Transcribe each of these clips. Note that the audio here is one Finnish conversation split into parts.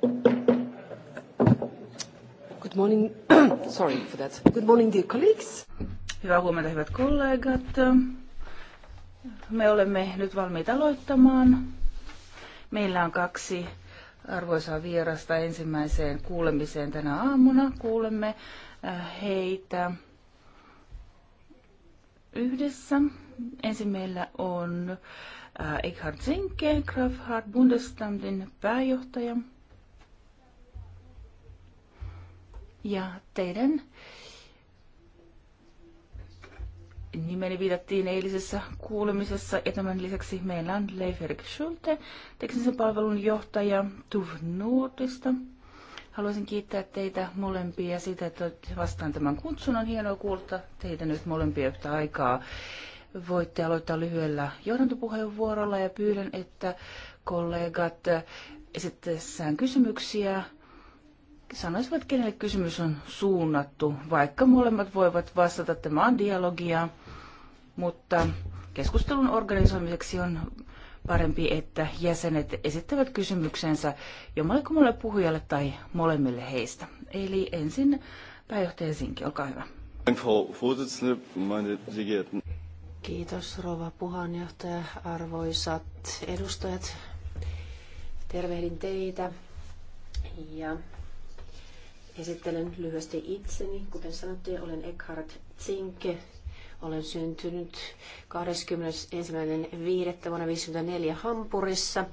Good morning. Sorry for that. Good morning, dear colleagues. Hyvää huomenta, hyvät kollegat. Me olemme nyt valmiita aloittamaan. Meillä on kaksi arvoisaa vierasta ensimmäiseen kuulemiseen tänä aamuna. Kuulemme äh, heitä yhdessä. Ensin meillä on äh, Eckhard Zinke, Graf Hart Bundeslandin pääjohtaja. Ja teidän nimeni viitattiin eilisessä kuulemisessa ja tämän lisäksi meillä on Erik Schulte, teknisen palvelun johtaja TUV Nordista. Haluaisin kiittää teitä molempia siitä, että vastaan tämän kutsun. On hienoa kuulla teitä nyt molempia yhtä aikaa. Voitte aloittaa lyhyellä johdantopuheenvuorolla ja pyydän, että kollegat esittäessään kysymyksiä sanoisivat, kenelle kysymys on suunnattu, vaikka molemmat voivat vastata, tämän dialogia, mutta keskustelun organisoimiseksi on parempi, että jäsenet esittävät kysymyksensä jommallekummalle puhujalle tai molemmille heistä. Eli ensin pääjohtaja Sinki, olkaa hyvä. Kiitos rouva puheenjohtaja, arvoisat edustajat. Tervehdin teitä ja Esittelen lyhyesti itseni. Kuten sanottiin, olen Eckhard Zinke. Olen syntynyt 21.5.1954 Hampurissa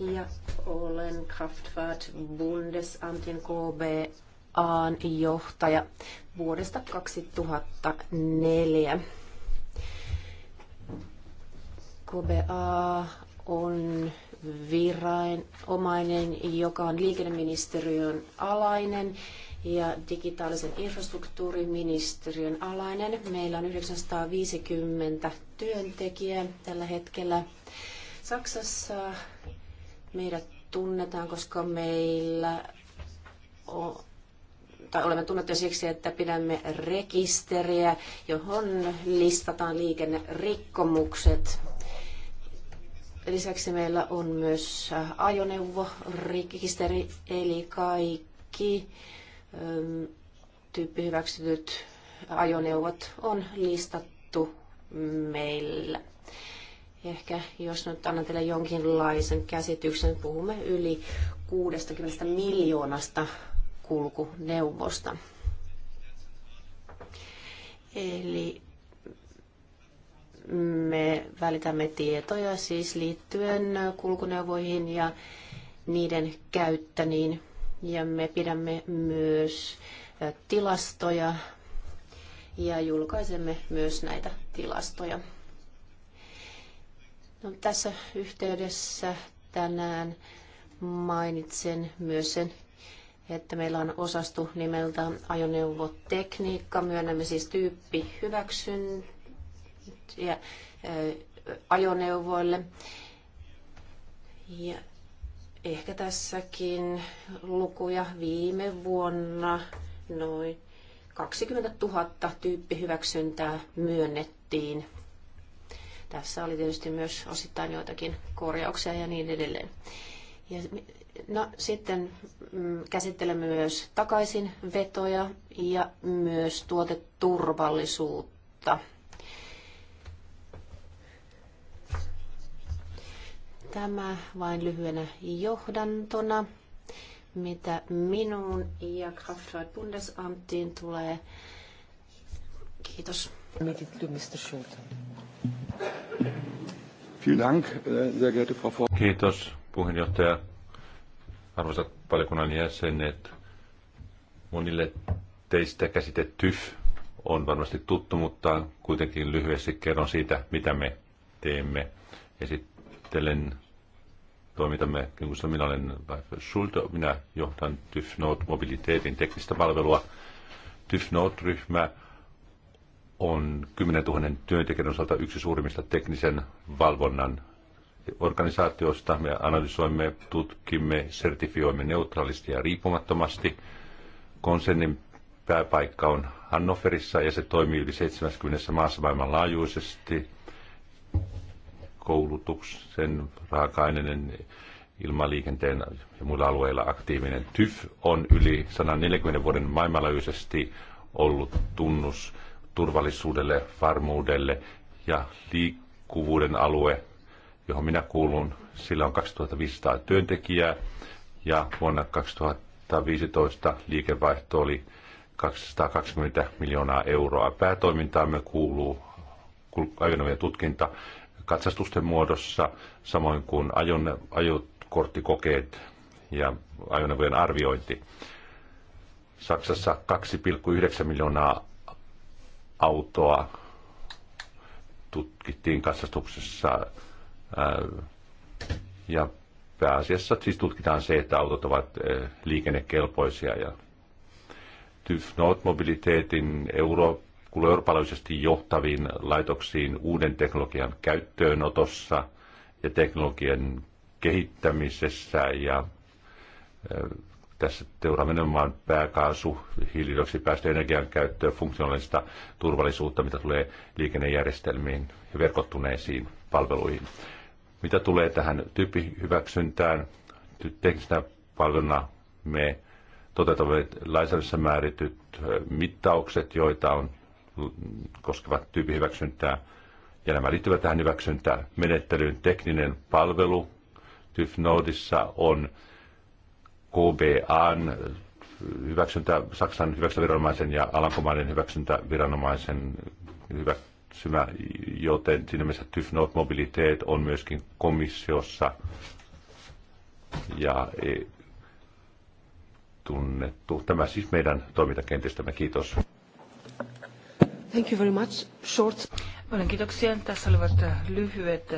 ja olen Kraftfahrt Bundesamtin KBAn johtaja vuodesta 2004. KBA on viranomainen, joka on liikenneministeriön alainen ja digitaalisen infrastruktuuriministeriön alainen. Meillä on 950 työntekijää tällä hetkellä. Saksassa meidät tunnetaan, koska meillä on, tai olemme tunnettuja siksi, että pidämme rekisteriä, johon listataan liikennerikkomukset. Lisäksi meillä on myös äh, rikkihisteri, eli kaikki ähm, tyyppihyväksytyt ajoneuvot on listattu meillä. Ehkä jos nyt annan teille jonkinlaisen käsityksen, puhumme yli 60 miljoonasta kulkuneuvosta. Eli me välitämme tietoja siis liittyen kulkuneuvoihin ja niiden käyttäniin. Ja me pidämme myös tilastoja ja julkaisemme myös näitä tilastoja. No, tässä yhteydessä tänään mainitsen myös sen, että meillä on osastu nimeltä ajoneuvotekniikka. Myönnämme siis tyyppi hyväksyn ää, ajoneuvoille. Ja ehkä tässäkin lukuja viime vuonna noin 20 000 tyyppihyväksyntää myönnettiin. Tässä oli tietysti myös osittain joitakin korjauksia ja niin edelleen. Ja, no, sitten mm, käsittelemme myös takaisinvetoja ja myös tuoteturvallisuutta. Tämä vain lyhyenä johdantona, mitä minun ja Kraftwerk Bundesamtiin tulee. Kiitos. Kiitos puheenjohtaja, arvoisat valiokunnan jäsenet. Monille teistä käsite TYF on varmasti tuttu, mutta kuitenkin lyhyesti kerron siitä, mitä me teemme. Ja sitten esittelen toimintamme, niin kuin minä olen Schulte, minä johdan TÜFNOT mobiliteetin teknistä palvelua. TÜFNOT-ryhmä on 10 000 työntekijän osalta yksi suurimmista teknisen valvonnan organisaatioista. Me analysoimme, tutkimme, sertifioimme neutraalisti ja riippumattomasti. Konsernin pääpaikka on Hannoverissa ja se toimii yli 70 maassa maailmanlaajuisesti koulutuksen, raaka-aineiden, ilmaliikenteen ja muilla alueilla aktiivinen. TYF on yli 140 vuoden maailmanlaajuisesti ollut tunnus turvallisuudelle, varmuudelle ja liikkuvuuden alue, johon minä kuulun. Sillä on 2500 työntekijää ja vuonna 2015 liikevaihto oli 220 miljoonaa euroa. Päätoimintaamme kuuluu ajoneuvojen tutkinta, katsastusten muodossa, samoin kuin ajon, ajokorttikokeet ja ajoneuvojen arviointi. Saksassa 2,9 miljoonaa autoa tutkittiin katsastuksessa ja pääasiassa siis tutkitaan se, että autot ovat liikennekelpoisia ja TÜV Nordmobilitätin Euroopan globaalisesti johtaviin laitoksiin uuden teknologian käyttöönotossa ja teknologian kehittämisessä ja tässä seuraamme nimenomaan pääkaasu, hiilidioksipäästö, energian käyttöä, funktionaalista turvallisuutta, mitä tulee liikennejärjestelmiin ja verkottuneisiin palveluihin. Mitä tulee tähän tyyppihyväksyntään, teknisenä palveluna me toteutamme lainsäädännössä määrityt mittaukset, joita on koskevat tyyppihyväksyntää. Ja nämä liittyvät tähän hyväksyntämenettelyyn. Tekninen palvelu TYF Nordissa on KBAn hyväksyntä, Saksan hyväksyntäviranomaisen ja Alankomaiden hyväksyntäviranomaisen hyväksymä, joten siinä mielessä TÜV Nord Mobiliteet on myöskin komissiossa ja e- tunnettu. Tämä siis meidän toimintakentistämme Kiitos. Paljon kiitoksia. Tässä olivat lyhyet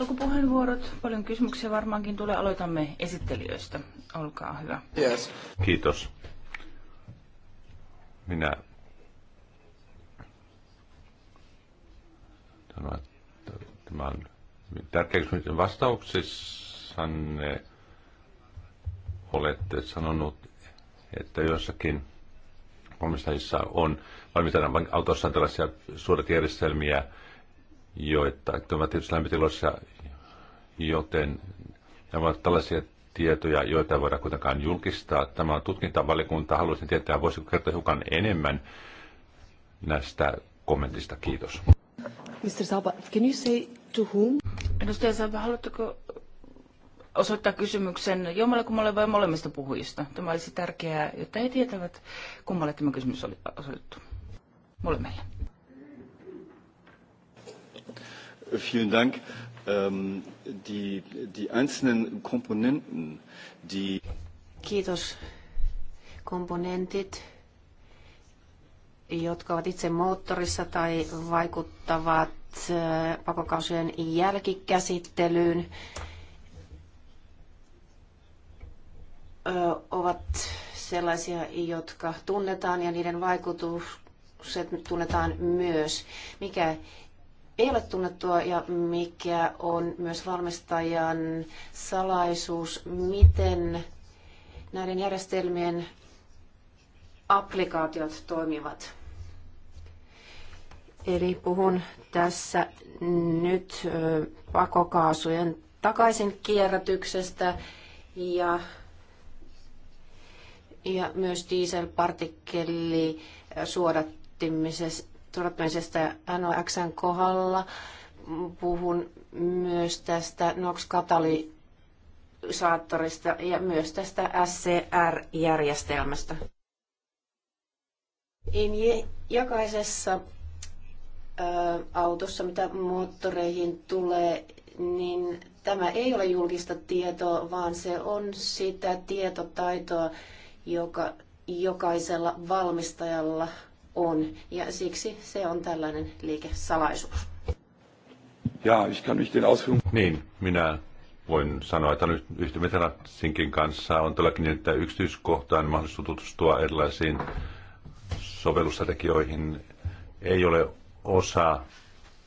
alkupuheenvuorot. Paljon kysymyksiä varmaankin tulee. Aloitamme esittelijöistä. Olkaa hyvä. Yes. Kiitos. Minä Tämä. tämä on tärkeä kysymys. Vastauksissanne olette sanonut, että jossakin valmistajissa on valmistetaan autossaan tällaisia suodatjärjestelmiä, joita ovat tietysti lämpötiloissa, joten nämä ovat tällaisia tietoja, joita ei voida kuitenkaan julkistaa. Tämä on tutkintavalikunta. Haluaisin tietää, voisiko kertoa hiukan enemmän näistä kommentista. Kiitos. Mr. Saba, can you say to whom? Edustaja Saba, haluatteko osoittaa kysymyksen jommalle kummalle vai molemmista puhujista. Tämä olisi tärkeää, jotta he tietävät, kummalle tämä kysymys oli osoitettu. Molemmille. Vielen Dank. Ähm, die, die einzelnen Komponenten, die... Kiitos. Komponentit, jotka ovat itse moottorissa tai vaikuttavat äh, pakokausien jälkikäsittelyyn ovat sellaisia, jotka tunnetaan ja niiden vaikutukset tunnetaan myös. Mikä ei ole tunnettua ja mikä on myös valmistajan salaisuus, miten näiden järjestelmien applikaatiot toimivat. Eli puhun tässä nyt pakokaasujen takaisin kierrätyksestä ja ja myös dieselpartikkeli äh, suodattimisesta NOXn kohdalla. Puhun myös tästä NOx-katalysaattorista ja myös tästä SCR-järjestelmästä. Jokaisessa äh, autossa, mitä moottoreihin tulee, niin tämä ei ole julkista tietoa, vaan se on sitä tietotaitoa, joka jokaisella valmistajalla on. Ja siksi se on tällainen liikesalaisuus. Ja, ich kann mich den Ausführung... Niin, minä voin sanoa, että nyt yhtä Sinkin kanssa on todellakin niin, että yksityiskohtaan mahdollisuus tutustua erilaisiin sovellustrategioihin ei ole osa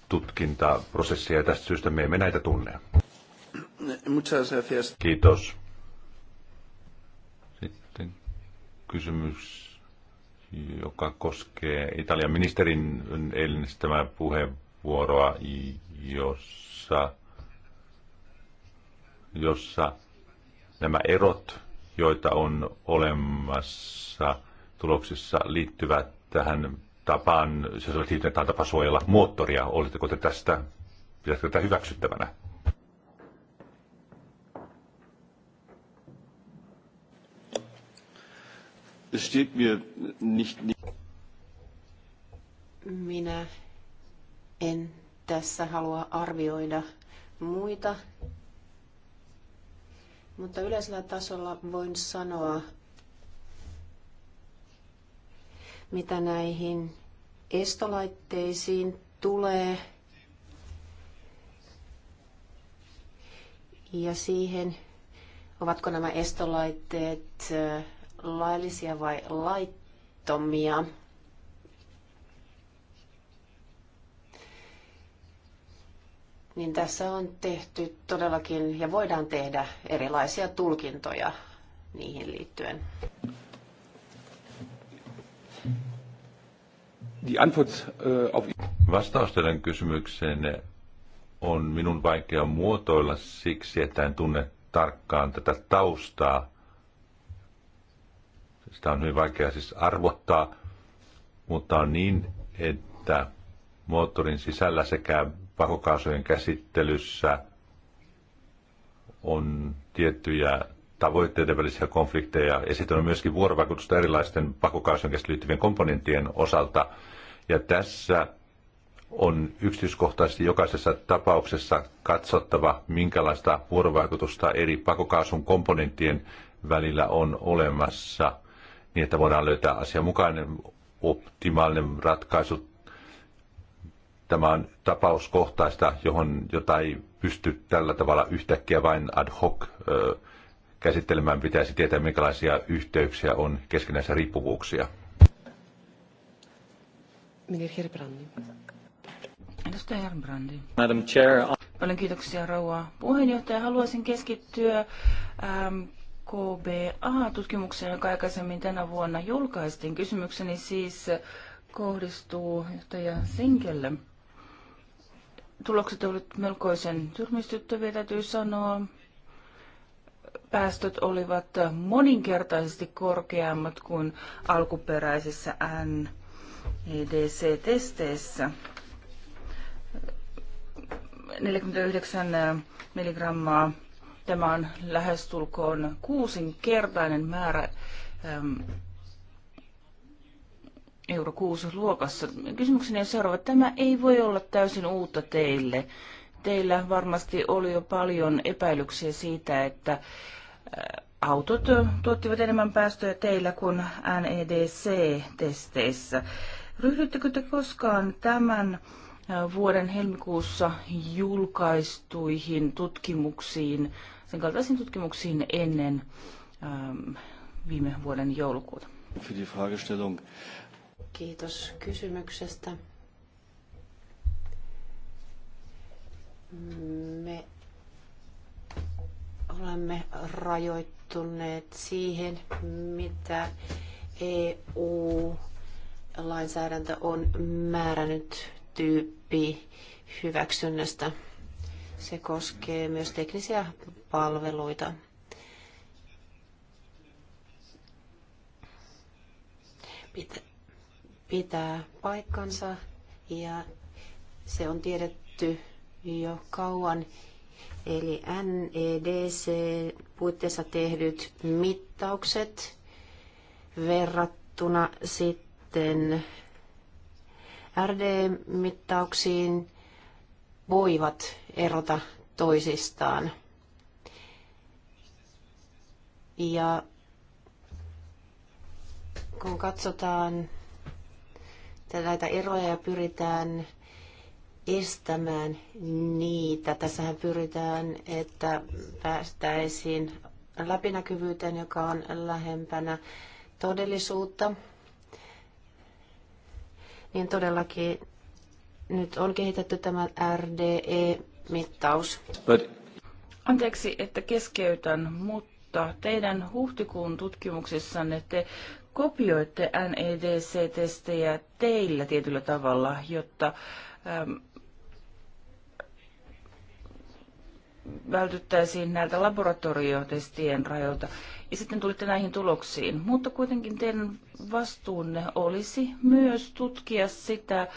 tutkintaprosessia ja tästä syystä me emme näitä tunne. Kiitos. kysymys, joka koskee Italian ministerin eilistämää puheenvuoroa, jossa, jossa nämä erot, joita on olemassa tuloksissa, liittyvät tähän tapaan, se liittyy tähän suojella moottoria. Oletteko te tästä, pidätkö tätä hyväksyttävänä? steht mir nicht, nicht. Minä en tässä halua arvioida muita, mutta yleisellä tasolla voin sanoa, mitä näihin estolaitteisiin tulee ja siihen, ovatko nämä estolaitteet äh, laillisia vai laittomia. Niin tässä on tehty todellakin ja voidaan tehdä erilaisia tulkintoja niihin liittyen. Äh, Vastaus teidän kysymykseenne on minun vaikea muotoilla siksi, että en tunne tarkkaan tätä taustaa, sitä on hyvin vaikea siis arvottaa, mutta on niin, että moottorin sisällä sekä pakokaasujen käsittelyssä on tiettyjä tavoitteiden välisiä konflikteja ja sitten on myöskin vuorovaikutusta erilaisten pakokaasujen käsittelyyn komponenttien osalta. Ja tässä on yksityiskohtaisesti jokaisessa tapauksessa katsottava, minkälaista vuorovaikutusta eri pakokaasun komponenttien välillä on olemassa – niin että voidaan löytää asianmukainen optimaalinen ratkaisu. Tämä on tapauskohtaista, johon jota ei pysty tällä tavalla yhtäkkiä vain ad hoc käsittelemään. Pitäisi tietää, minkälaisia yhteyksiä on keskinäisiä riippuvuuksia. Edustaja Madam Chair. Paljon kiitoksia rouva puheenjohtaja. Haluaisin keskittyä ähm, KBA-tutkimukseen, joka aikaisemmin tänä vuonna julkaistiin. Kysymykseni siis kohdistuu johtaja Sinkelle. Tulokset olivat melkoisen tyrmistyttäviä, täytyy sanoa. Päästöt olivat moninkertaisesti korkeammat kuin alkuperäisessä NEDC-testeissä. 49 milligrammaa Tämä on lähestulkoon kuusinkertainen määrä äm, euro kuusi luokassa. Kysymykseni on seuraava. Tämä ei voi olla täysin uutta teille. Teillä varmasti oli jo paljon epäilyksiä siitä, että äh, autot äh, tuottivat enemmän päästöjä teillä kuin NEDC-testeissä. Ryhdyttekö te koskaan tämän äh, vuoden helmikuussa julkaistuihin tutkimuksiin sen kaltaisiin tutkimuksiin ennen ähm, viime vuoden joulukuuta. Kiitos kysymyksestä. Me olemme rajoittuneet siihen, mitä EU-lainsäädäntö on määrännyt tyyppi hyväksynnästä. Se koskee myös teknisiä palveluita. Pitä, pitää paikkansa ja se on tiedetty jo kauan. Eli NEDC puitteissa tehdyt mittaukset verrattuna sitten RD-mittauksiin voivat erota toisistaan. Ja kun katsotaan näitä eroja ja pyritään estämään niitä. Tässähän pyritään, että päästäisiin läpinäkyvyyteen, joka on lähempänä todellisuutta. Niin todellakin nyt on kehitetty tämä RDE-mittaus. But... Anteeksi, että keskeytän, mutta teidän huhtikuun tutkimuksissanne te kopioitte NEDC-testejä teillä tietyllä tavalla, jotta äm, vältyttäisiin näiltä laboratoriotestien rajoilta. Ja sitten tulitte näihin tuloksiin. Mutta kuitenkin teidän vastuunne olisi myös tutkia sitä,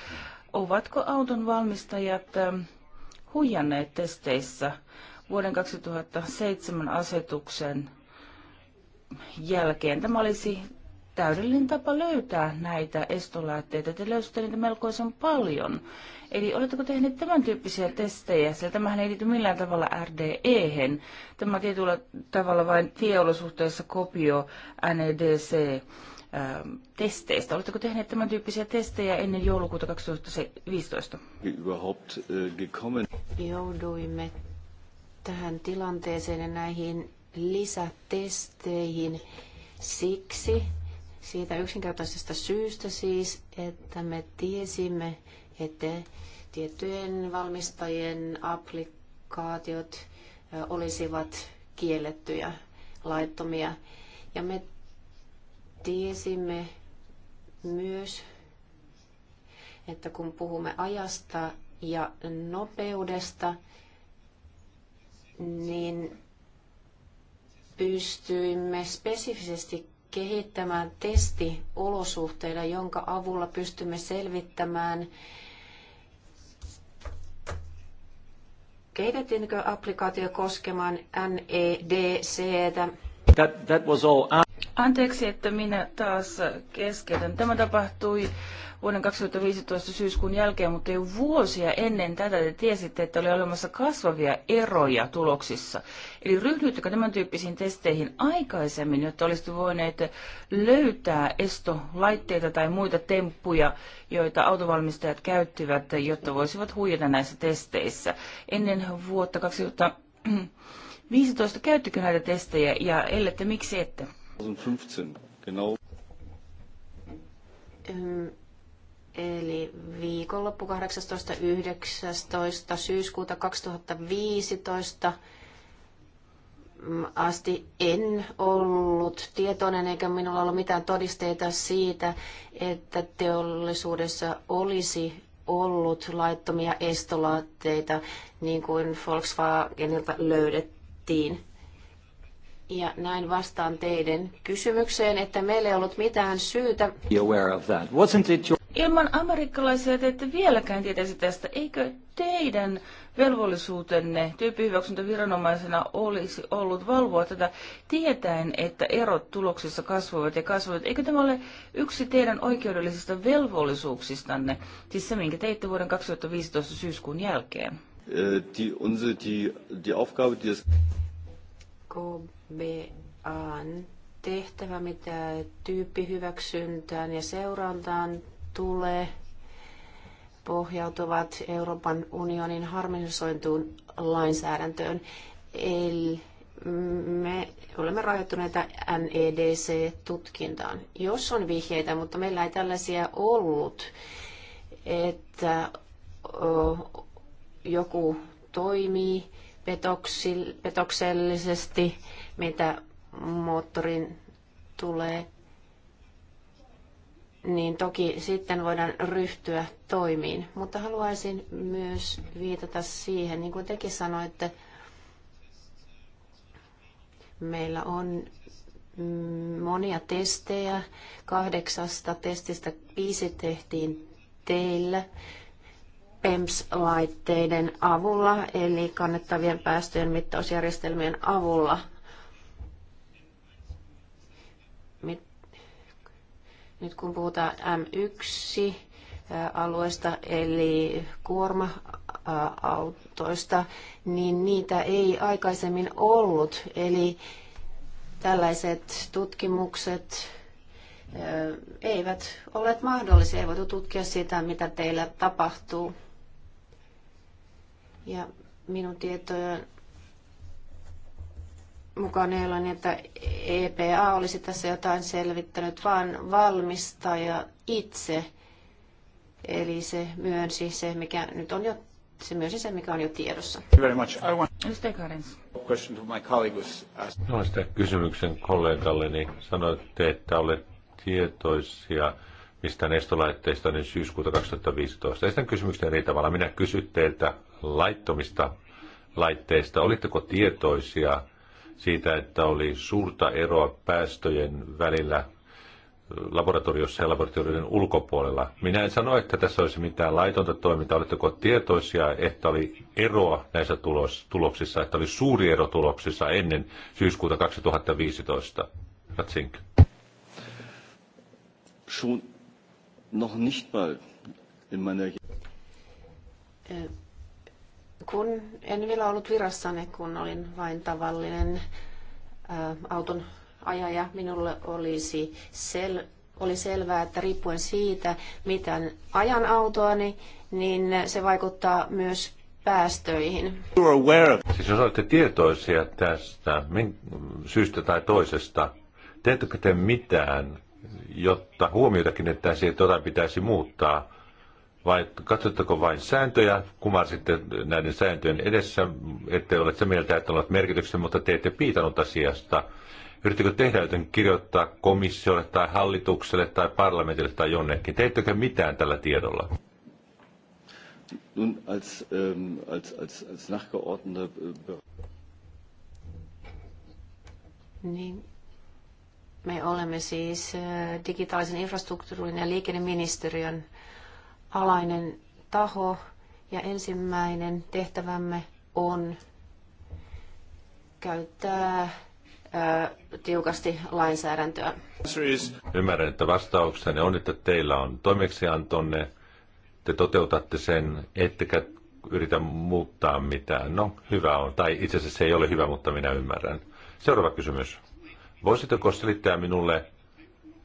ovatko auton valmistajat ähm, huijanneet testeissä vuoden 2007 asetuksen jälkeen. Tämä olisi täydellinen tapa löytää näitä estolaitteita. Te löysitte niitä melkoisen paljon. Eli oletteko tehneet tämän tyyppisiä testejä? Sillä tämähän ei liity millään tavalla RDE-hen. Tämä on tietyllä tavalla vain tieolosuhteessa kopio NEDC Ähm, testeistä. Oletteko tehneet tämän tyyppisiä testejä ennen joulukuuta 2015? Äh, Jouduimme tähän tilanteeseen ja näihin lisätesteihin siksi, siitä yksinkertaisesta syystä siis, että me tiesimme, että tiettyjen valmistajien applikaatiot olisivat kiellettyjä, laittomia. Ja me Tiesimme myös, että kun puhumme ajasta ja nopeudesta, niin pystyimme spesifisesti kehittämään testiolosuhteita, jonka avulla pystymme selvittämään, kehitettiinkö applikaatio koskemaan NEDC. -tä. That, that was all. Anteeksi, että minä taas keskeytän. Tämä tapahtui vuoden 2015 syyskuun jälkeen, mutta jo vuosia ennen tätä te tiesitte, että oli olemassa kasvavia eroja tuloksissa. Eli ryhdyttekö tämän tyyppisiin testeihin aikaisemmin, jotta olisitte voineet löytää estolaitteita tai muita temppuja, joita autovalmistajat käyttivät, jotta voisivat huijata näissä testeissä. Ennen vuotta 2015 käyttikö näitä testejä ja ellette, miksi ette? 2015, genau. Eli viikonloppu 18.19. syyskuuta 2015 mm, asti en ollut tietoinen eikä minulla ollut mitään todisteita siitä, että teollisuudessa olisi ollut laittomia estolaatteita, niin kuin Volkswagenilta löydettiin. Ja näin vastaan teidän kysymykseen, että meillä ei ollut mitään syytä. Ilman amerikkalaisia te ette vieläkään tietäisi tästä. Eikö teidän velvollisuutenne tyyppihyväksyntäviranomaisena olisi ollut valvoa tätä tietäen, että erot tuloksissa kasvoivat ja kasvoivat? Eikö tämä ole yksi teidän oikeudellisista velvollisuuksistanne, siis se, minkä teitte vuoden 2015 syyskuun jälkeen? Äh, die, unsere, die, die Aufgabe, die EBAn tehtävä, mitä tyyppihyväksyntään ja seurantaan tulee, pohjautuvat Euroopan unionin harmonisointuun lainsäädäntöön. Eli me olemme rajoittuneita NEDC-tutkintaan, jos on vihjeitä, mutta meillä ei tällaisia ollut, että joku toimii petoksellisesti mitä moottorin tulee, niin toki sitten voidaan ryhtyä toimiin. Mutta haluaisin myös viitata siihen, niin kuin tekin sanoitte, meillä on monia testejä. Kahdeksasta testistä viisi tehtiin teillä PEMS-laitteiden avulla, eli kannettavien päästöjen mittausjärjestelmien avulla – Nyt kun puhutaan M1 alueesta eli kuorma-autoista, niin niitä ei aikaisemmin ollut. Eli tällaiset tutkimukset eivät ole mahdollisia, ei voitu tutkia sitä, mitä teillä tapahtuu. Ja minun tietojen mukaan ei ole niin, että EPA olisi tässä jotain selvittänyt, vaan valmistaja itse. Eli se myönsi se, mikä nyt on jo se myönsi se, mikä on jo tiedossa. Haluan sitä kysymyksen kollegalleni. Sanoitte, että olet tietoisia mistä nestolaitteista niin syyskuuta 2015. Esitän kysymyksen eri tavalla. Minä kysyn teiltä laittomista laitteista. Olitteko tietoisia siitä, että oli suurta eroa päästöjen välillä laboratoriossa ja laboratorioiden ulkopuolella. Minä en sano, että tässä olisi mitään laitonta toimintaa. Oletteko tietoisia, että oli eroa näissä tulos, tuloksissa, että oli suuri ero tuloksissa ennen syyskuuta 2015? Ratsink. Schon noch nicht mal in meiner äh, kun en vielä ollut virassani, kun olin vain tavallinen auton ajaja, minulle olisi sel, oli selvää, että riippuen siitä, mitä ajan autoani, niin se vaikuttaa myös päästöihin. Siis jos olette tietoisia tästä syystä tai toisesta, teettekö te mitään, jotta huomioita että jotain pitäisi muuttaa? vai katsotteko vain sääntöjä, kumarsitte näiden sääntöjen edessä, ettei ole se mieltä, että ovat merkityksen, mutta te ette piitanut asiasta. Yrittikö tehdä joten kirjoittaa komissiolle tai hallitukselle tai parlamentille tai jonnekin? Teettekö mitään tällä tiedolla? Nun, als, ähm, als, als, als nachgeordneter äh, niin. Me olemme siis äh, digitaalisen infrastruktuurin ja liikenneministeriön alainen taho ja ensimmäinen tehtävämme on käyttää ää, tiukasti lainsäädäntöä. Ymmärrän, että vastauksenne on, että teillä on toimeksiantonne, te toteutatte sen, ettekä yritä muuttaa mitään. No, hyvä on. Tai itse asiassa se ei ole hyvä, mutta minä ymmärrän. Seuraava kysymys. Voisitteko selittää minulle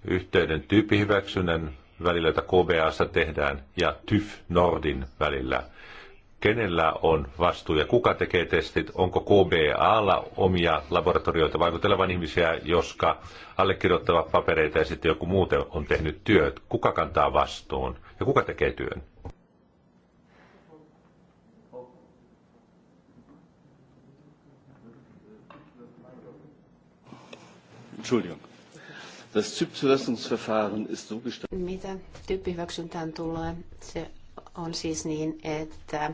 yhteyden tyyppihyväksynnän välillä, jota KBAssa tehdään, ja TYF Nordin välillä. Kenellä on vastuu ja kuka tekee testit? Onko KBAlla omia laboratorioita vai ihmisiä, jotka allekirjoittavat papereita ja sitten joku muu on tehnyt työt? Kuka kantaa vastuun ja kuka tekee työn? Entschuldigung. Das Typzulassungsverfahren ist so gestaltet. Mitä tyyppihyväksyntään tulee, se on siis niin, että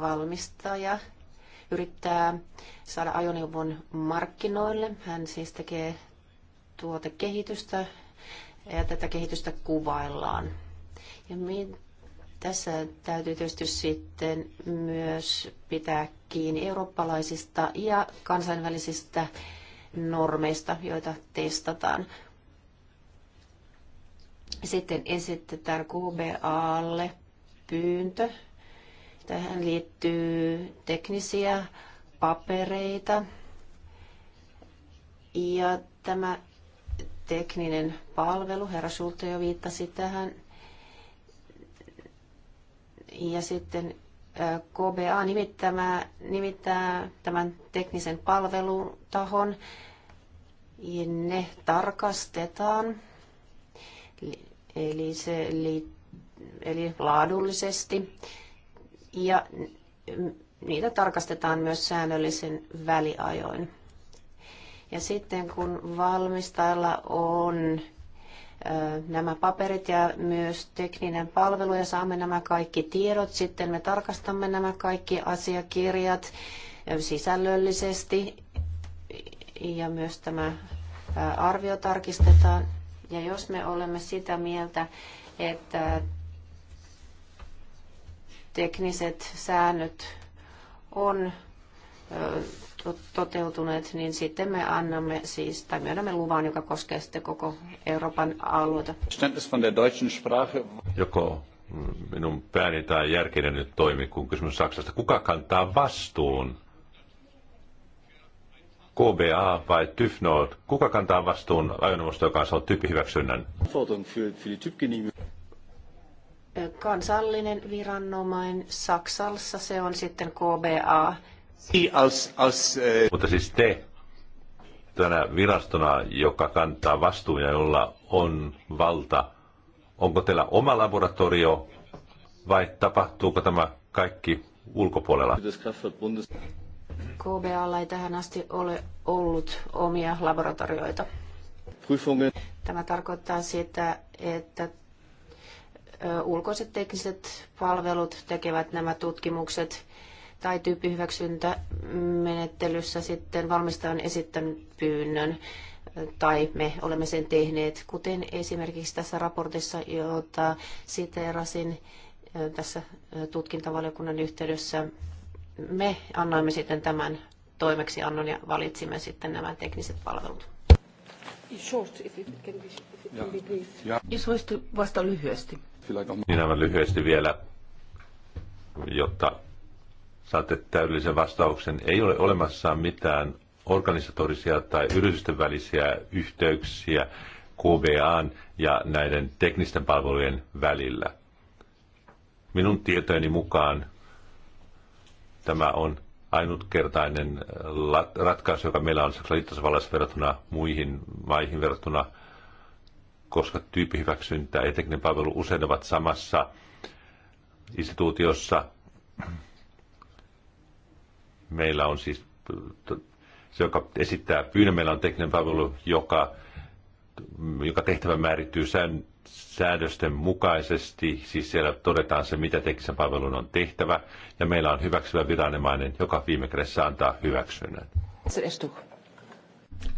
valmistaja yrittää saada ajoneuvon markkinoille. Hän siis tekee tuotekehitystä ja tätä kehitystä kuvaillaan. Ja tässä täytyy tietysti sitten myös pitää kiinni eurooppalaisista ja kansainvälisistä normeista, joita testataan. Sitten esitetään QBAlle pyyntö. Tähän liittyy teknisiä papereita. Ja tämä tekninen palvelu, herra Schulte jo viittasi tähän. Ja sitten KBA nimittämä, nimittää tämän teknisen palvelutahon. Ne tarkastetaan, eli, se, eli laadullisesti, ja niitä tarkastetaan myös säännöllisen väliajoin. Ja sitten kun valmistajalla on nämä paperit ja myös tekninen palvelu ja saamme nämä kaikki tiedot. Sitten me tarkastamme nämä kaikki asiakirjat sisällöllisesti ja myös tämä arvio tarkistetaan. Ja jos me olemme sitä mieltä, että tekniset säännöt on toteutuneet, niin sitten me annamme siis, tai me annamme luvan, joka koskee sitten koko Euroopan alueita. Joko minun pääni tai järkinen nyt toimi, kun kysymys Saksasta. Kuka kantaa vastuun? KBA vai TÜFNOD? Kuka kantaa vastuun ajoneuvosta, joka on saanut tyyppihyväksynnän? Kansallinen viranomainen Saksassa se on sitten KBA Als, als, äh... Mutta siis te tänä virastona, joka kantaa vastuun ja jolla on valta, onko teillä oma laboratorio vai tapahtuuko tämä kaikki ulkopuolella? KBAlla ei tähän asti ole ollut omia laboratorioita. Tämä tarkoittaa sitä, että ulkoiset tekniset palvelut tekevät nämä tutkimukset tai tyyppihyväksyntämenettelyssä sitten valmistaja on esittänyt pyynnön tai me olemme sen tehneet, kuten esimerkiksi tässä raportissa, jota siteerasin tässä tutkintavaliokunnan yhteydessä. Me annoimme sitten tämän toimeksiannon ja valitsimme sitten nämä tekniset palvelut. Jos voisit vasta lyhyesti. Niin aivan lyhyesti vielä, jotta saatte täydellisen vastauksen. Ei ole olemassa mitään organisatorisia tai yritysten välisiä yhteyksiä QBAn ja näiden teknisten palvelujen välillä. Minun tietojeni mukaan tämä on ainutkertainen ratkaisu, joka meillä on liittosvallassa verrattuna muihin maihin verrattuna, koska tyyppihyväksyntä ja tekninen palvelu usein ovat samassa instituutiossa Meillä on siis se, joka esittää pyynnön, meillä on tekninen palvelu, joka, joka tehtävä määrittyy sään, säädösten mukaisesti, siis siellä todetaan se, mitä teknisen palvelun on tehtävä, ja meillä on hyväksyvä viranomainen, joka viime kädessä antaa hyväksynnän.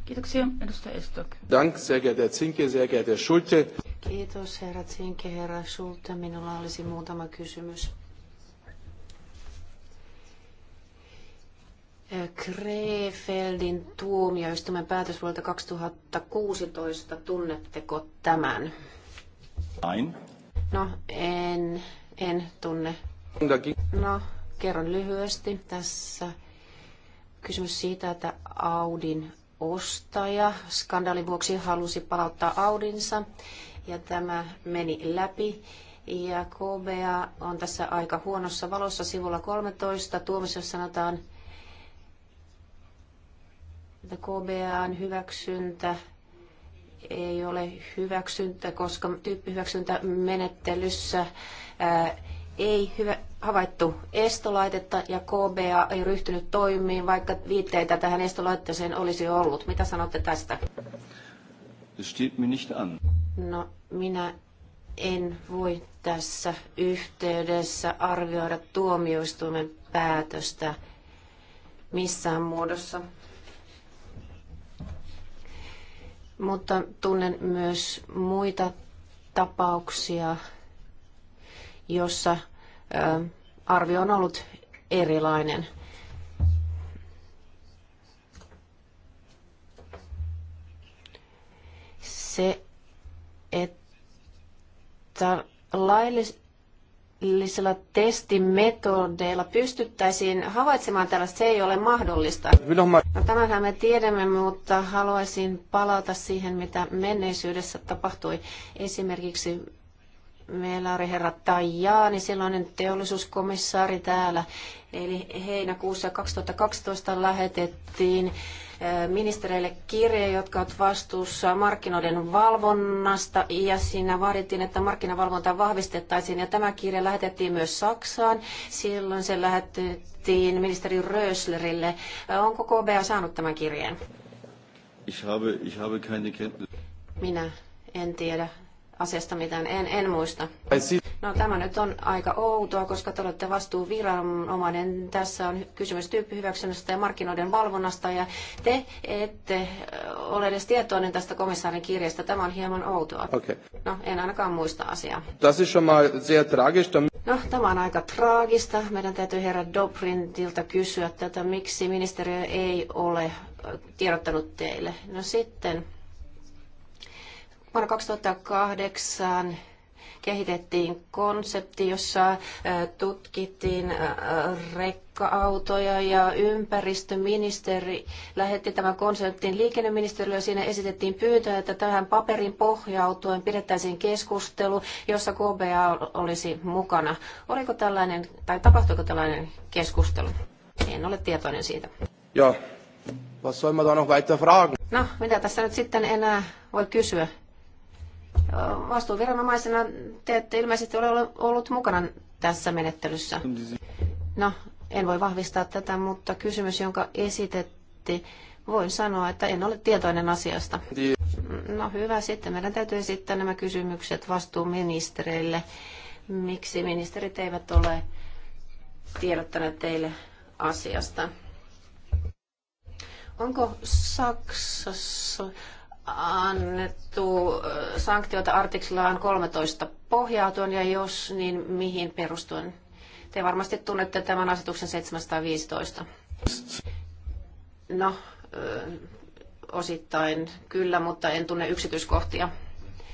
Kiitoksia, edustaja Estok. Dank, sehr Zinke, sehr geehrter Schulte. Kiitos, herra Zinke, herra Schulte. Minulla olisi muutama kysymys. Krefeldin tuomioistuimen päätös vuodelta 2016. Tunnetteko tämän? Ain. No, en, en tunne. No, kerron lyhyesti. Tässä kysymys siitä, että Audin ostaja skandaalin vuoksi halusi palauttaa Audinsa ja tämä meni läpi. Ja KBA on tässä aika huonossa valossa sivulla 13. Tuomisessa sanotaan, että KBAn hyväksyntä ei ole hyväksyntä, koska tyyppihyväksyntämenettelyssä ää, ei hyvä, havaittu estolaitetta ja KBA ei ryhtynyt toimiin, vaikka viitteitä tähän estolaitteeseen olisi ollut. Mitä sanotte tästä? No, minä en voi tässä yhteydessä arvioida tuomioistuimen päätöstä missään muodossa. mutta tunnen myös muita tapauksia, jossa arvio on ollut erilainen. Se, että laillis- tällaisilla testimetodeilla pystyttäisiin havaitsemaan tällaista, se ei ole mahdollista. No, tämänhän me tiedämme, mutta haluaisin palata siihen, mitä menneisyydessä tapahtui. Esimerkiksi Meillä oli herra Tajani, silloinen teollisuuskomissaari täällä. Eli heinäkuussa 2012 lähetettiin eh, ministereille kirje, jotka ovat vastuussa markkinoiden valvonnasta ja siinä vaadittiin, että markkinavalvontaa vahvistettaisiin ja tämä kirje lähetettiin myös Saksaan. Silloin se lähetettiin ministeri Röslerille. Eh, onko KBA saanut tämän kirjeen? Ich habe, ich habe keine Minä en tiedä asiasta mitään, en, en muista. No tämä nyt on aika outoa, koska te olette vastuuviranomainen. Tässä on kysymys tyyppihyväksynnästä ja markkinoiden valvonnasta ja te ette ole edes tietoinen tästä komissaarin kirjasta. Tämä on hieman outoa. Okay. No en ainakaan muista asiaa. Das ist schon mal sehr tragisch. No, tämä on aika traagista. Meidän täytyy herra Dobrintilta kysyä tätä, miksi ministeriö ei ole tiedottanut teille. No sitten Vuonna 2008 kehitettiin konsepti, jossa tutkittiin rekka-autoja ja ympäristöministeri lähetti tämän konseptin liikenneministeriölle. Siinä esitettiin pyyntö, että tähän paperin pohjautuen pidettäisiin keskustelu, jossa KBA olisi mukana. Oliko tällainen, tai tapahtuiko tällainen keskustelu? En ole tietoinen siitä. Joo. Was soll man da noch weiter fragen? No, mitä tässä nyt sitten enää voi kysyä? vastuuviranomaisena te ette ilmeisesti ole ollut mukana tässä menettelyssä. No, en voi vahvistaa tätä, mutta kysymys, jonka esitetti, voin sanoa, että en ole tietoinen asiasta. No hyvä, sitten meidän täytyy esittää nämä kysymykset vastuuministereille. Miksi ministerit eivät ole tiedottaneet teille asiasta? Onko Saksassa annettu sanktioita artiklaan 13 pohjautuen ja jos, niin mihin perustuen? Te varmasti tunnette tämän asetuksen 715. No, osittain kyllä, mutta en tunne yksityiskohtia.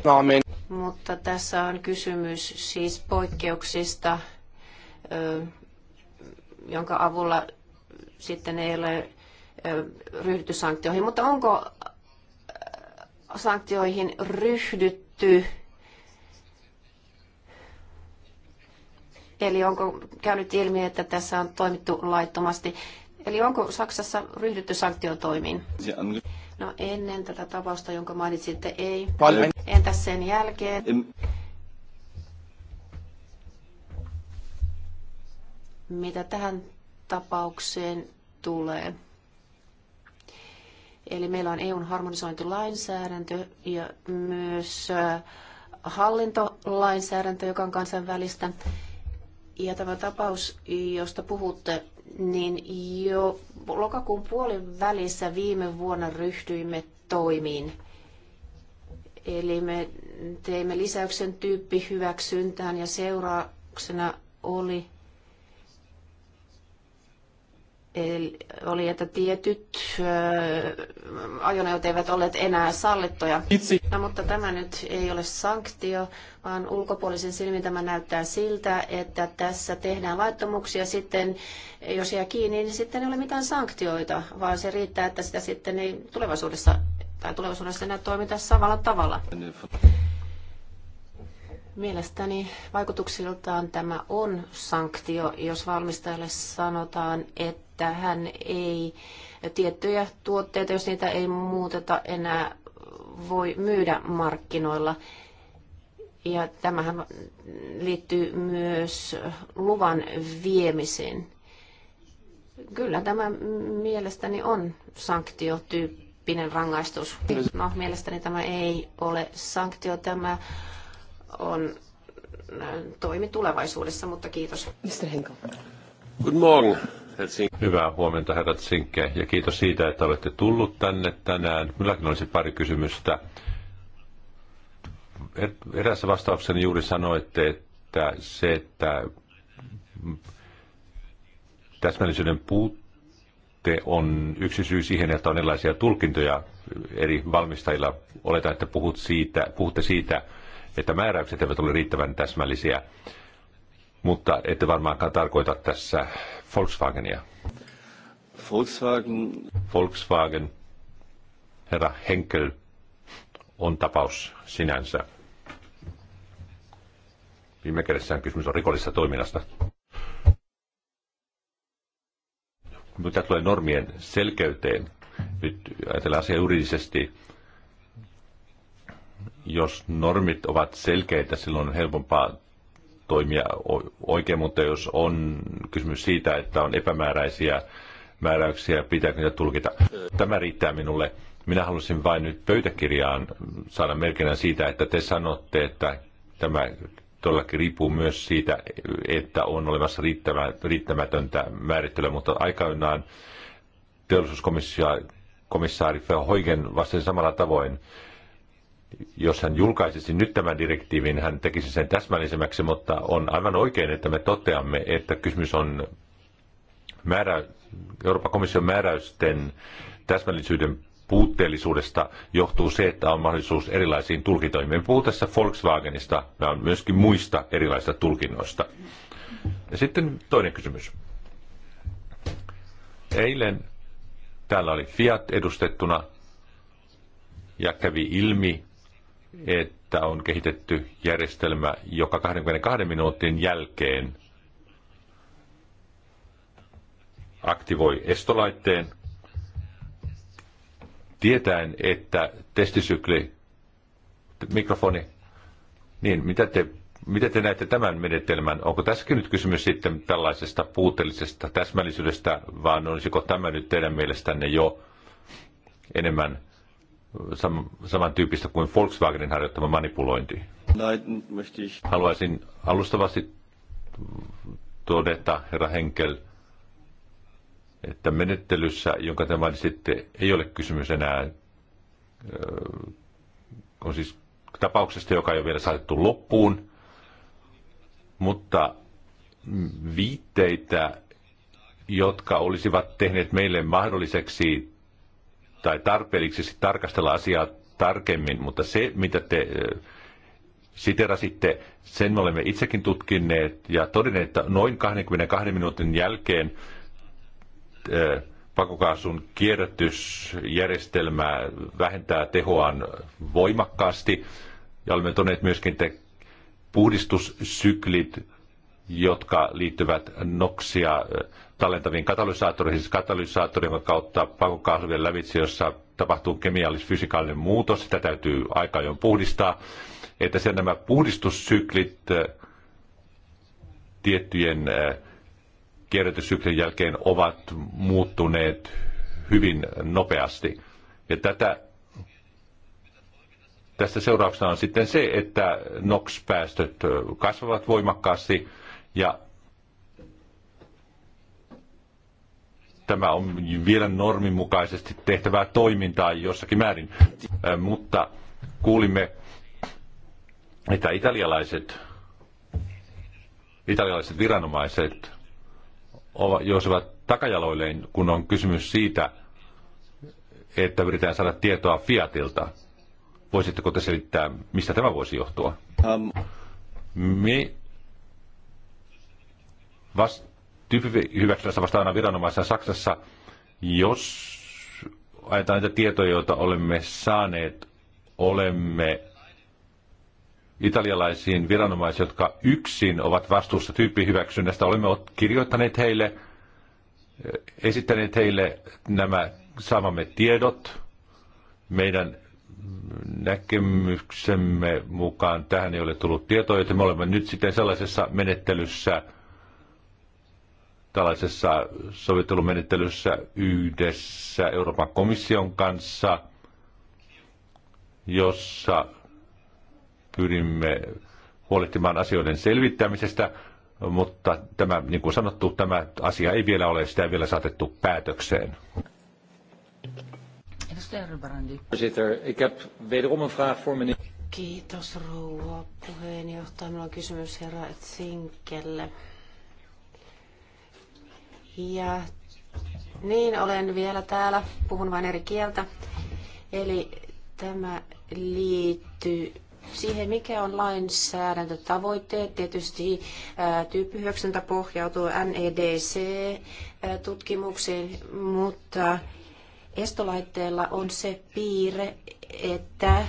Aamen. Mutta tässä on kysymys siis poikkeuksista, jonka avulla sitten ei ole ryhdytty sanktioihin. Mutta onko sanktioihin ryhdytty? Eli onko käynyt ilmi, että tässä on toimittu laittomasti? Eli onko Saksassa ryhdytty sanktiotoimiin? No ennen tätä tapausta, jonka mainitsitte, ei. Entä sen jälkeen? Mitä tähän tapaukseen tulee? Eli meillä on EUn harmonisointilainsäädäntö ja myös hallintolainsäädäntö, joka on kansainvälistä. Ja tämä tapaus, josta puhutte, niin jo lokakuun puolin välissä viime vuonna ryhtyimme toimiin. Eli me teimme lisäyksen tyyppihyväksyntään ja seurauksena oli Eli oli, että tietyt ajoneuvot eivät olleet enää sallittuja. No, mutta tämä nyt ei ole sanktio, vaan ulkopuolisen silmin tämä näyttää siltä, että tässä tehdään laittomuuksia sitten, jos jää kiinni, niin sitten ei ole mitään sanktioita, vaan se riittää, että sitä sitten ei tulevaisuudessa tai tulevaisuudessa enää toimita samalla tavalla. Mielestäni vaikutuksiltaan tämä on sanktio, jos valmistajalle sanotaan, että että hän ei tiettyjä tuotteita, jos niitä ei muuteta enää, voi myydä markkinoilla. Ja tämähän liittyy myös luvan viemiseen. Kyllä tämä mielestäni on sanktiotyyppinen rangaistus. No, mielestäni tämä ei ole sanktio, tämä on äh, toimi tulevaisuudessa, mutta kiitos. Mr. Henkel. Good morning. Hyvää huomenta, herrat Sinkke, ja kiitos siitä, että olette tullut tänne tänään. Minullakin olisi pari kysymystä. Erässä vastauksessa juuri sanoitte, että se, että täsmällisyyden puutte on yksi syy siihen, että on erilaisia tulkintoja eri valmistajilla. Oletan, että puhut siitä, puhutte siitä, että määräykset eivät ole riittävän täsmällisiä mutta ette varmaankaan tarkoita tässä Volkswagenia. Volkswagen. Volkswagen, herra Henkel, on tapaus sinänsä. Viime kädessään kysymys on rikollisesta toiminnasta. Mitä tulee normien selkeyteen, nyt ajatellaan asia juridisesti, jos normit ovat selkeitä, silloin on helpompaa toimia oikein, mutta jos on kysymys siitä, että on epämääräisiä määräyksiä, pitääkö niitä tulkita. Tämä riittää minulle. Minä halusin vain nyt pöytäkirjaan saada merkinnän siitä, että te sanotte, että tämä todellakin riippuu myös siitä, että on olemassa riittämätöntä määrittelyä, mutta aikoinaan teollisuuskomissaari Hoigen vastasi samalla tavoin jos hän julkaisisi nyt tämän direktiivin, hän tekisi sen täsmällisemmäksi, mutta on aivan oikein, että me toteamme, että kysymys on määrä, Euroopan komission määräysten täsmällisyyden puutteellisuudesta johtuu se, että on mahdollisuus erilaisiin tulkintoihin. Me puhutaan tässä Volkswagenista, vaan myöskin muista erilaisista tulkinnoista. Ja sitten toinen kysymys. Eilen täällä oli Fiat edustettuna ja kävi ilmi, että on kehitetty järjestelmä, joka 22 minuutin jälkeen aktivoi estolaitteen, tietäen, että testisykli, mikrofoni, niin mitä te, mitä te näette tämän menetelmän? Onko tässäkin nyt kysymys sitten tällaisesta puutteellisesta täsmällisyydestä, vaan olisiko tämä nyt teidän mielestänne jo enemmän – sam- samantyyppistä kuin Volkswagenin harjoittama manipulointi? Haluaisin alustavasti todeta, herra Henkel, että menettelyssä, jonka te mainitsitte, ei ole kysymys enää, on siis tapauksesta, joka ei ole vielä saatettu loppuun, mutta viitteitä, jotka olisivat tehneet meille mahdolliseksi tai tarpeelliseksi tarkastella asiaa tarkemmin, mutta se, mitä te siterasitte, sen me olemme itsekin tutkineet ja todenneet, että noin 22 minuutin jälkeen pakokaasun kierrätysjärjestelmä vähentää tehoaan voimakkaasti. Ja olemme todenneet myöskin, että puhdistussyklit, jotka liittyvät noksia tallentaviin katalysaattoreihin, siis katalysaattorin kautta pakokaasujen lävitse, jossa tapahtuu kemiallis-fysikaalinen muutos, sitä täytyy aika ajoin puhdistaa, että sen nämä puhdistussyklit tiettyjen kierrätyssyklin jälkeen ovat muuttuneet hyvin nopeasti. Ja tätä, tästä seurauksena on sitten se, että NOx-päästöt kasvavat voimakkaasti ja tämä on vielä normin mukaisesti tehtävää toimintaa jossakin määrin. Mutta kuulimme, että italialaiset, italialaiset viranomaiset jousivat takajaloilleen, kun on kysymys siitä, että yritetään saada tietoa Fiatilta. Voisitteko te selittää, mistä tämä voisi johtua? Um. Me vast, tyyppihyväksynnästä vastaavana viranomaisena Saksassa, jos ajatellaan niitä tietoja, joita olemme saaneet, olemme italialaisiin viranomaisiin, jotka yksin ovat vastuussa tyyppihyväksynnästä. Olemme kirjoittaneet heille, esittäneet heille nämä saamamme tiedot. Meidän näkemyksemme mukaan tähän ei ole tullut tietoa, joten me olemme nyt sitten sellaisessa menettelyssä – tällaisessa sovittelumenettelyssä yhdessä Euroopan komission kanssa, jossa pyrimme huolehtimaan asioiden selvittämisestä, mutta tämä, niin kuin sanottu, tämä asia ei vielä ole, sitä ei vielä saatettu päätökseen. Kiitos rouva puheenjohtaja. Minulla on kysymys herra Zinkelle. Ja niin, olen vielä täällä. Puhun vain eri kieltä. Eli tämä liittyy siihen, mikä on lainsäädäntötavoitteet. Tietysti tyyppi 9 pohjautuu nedc tutkimuksiin, mutta estolaitteella on se piirre, että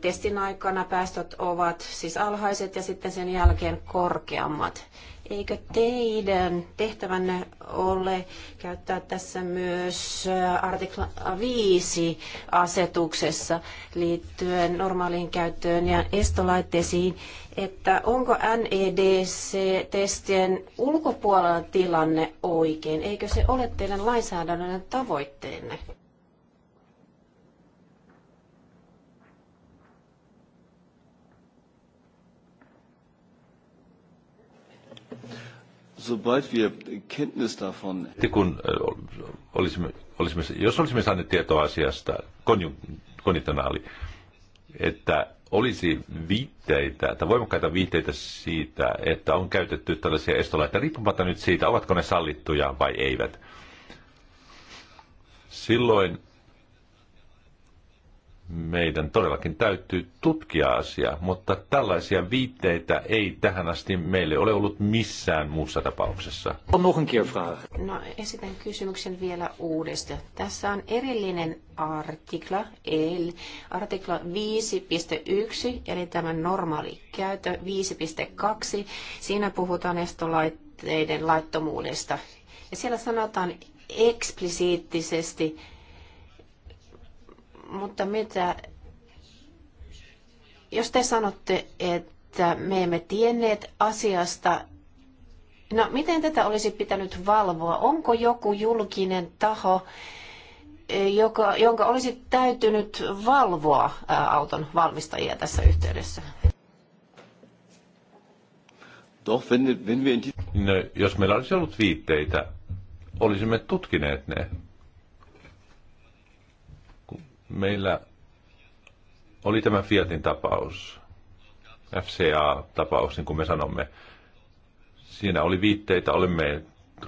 testin aikana päästöt ovat siis alhaiset ja sitten sen jälkeen korkeammat. Eikö teidän tehtävänne ole käyttää tässä myös äh, artikla 5 asetuksessa liittyen normaaliin käyttöön ja estolaitteisiin, että onko NEDC-testien ulkopuolella tilanne oikein? Eikö se ole teidän lainsäädännön tavoitteenne? sobald wir Kenntnis davon... Kun olisimme, olisimme, jos olisimme saaneet tietoa asiasta, konjunktionaali, että olisi viitteitä tai voimakkaita viitteitä siitä, että on käytetty tällaisia estolaita, riippumatta nyt siitä, ovatko ne sallittuja vai eivät. Silloin meidän todellakin täytyy tutkia asiaa, mutta tällaisia viitteitä ei tähän asti meille ole ollut missään muussa tapauksessa. On nog een keer No, esitän kysymyksen vielä uudestaan. Tässä on erillinen artikla, eli artikla 5.1, eli tämä normaali käytö 5.2. Siinä puhutaan estolaitteiden laittomuudesta. Ja siellä sanotaan eksplisiittisesti, mutta mitä, jos te sanotte, että me emme tienneet asiasta, no miten tätä olisi pitänyt valvoa? Onko joku julkinen taho, e, joka, jonka olisi täytynyt valvoa auton valmistajia tässä yhteydessä? no, jos meillä olisi ollut viitteitä, olisimme tutkineet ne. Meillä oli tämä Fiatin tapaus, FCA-tapaus, niin kuin me sanomme. Siinä oli viitteitä, olemme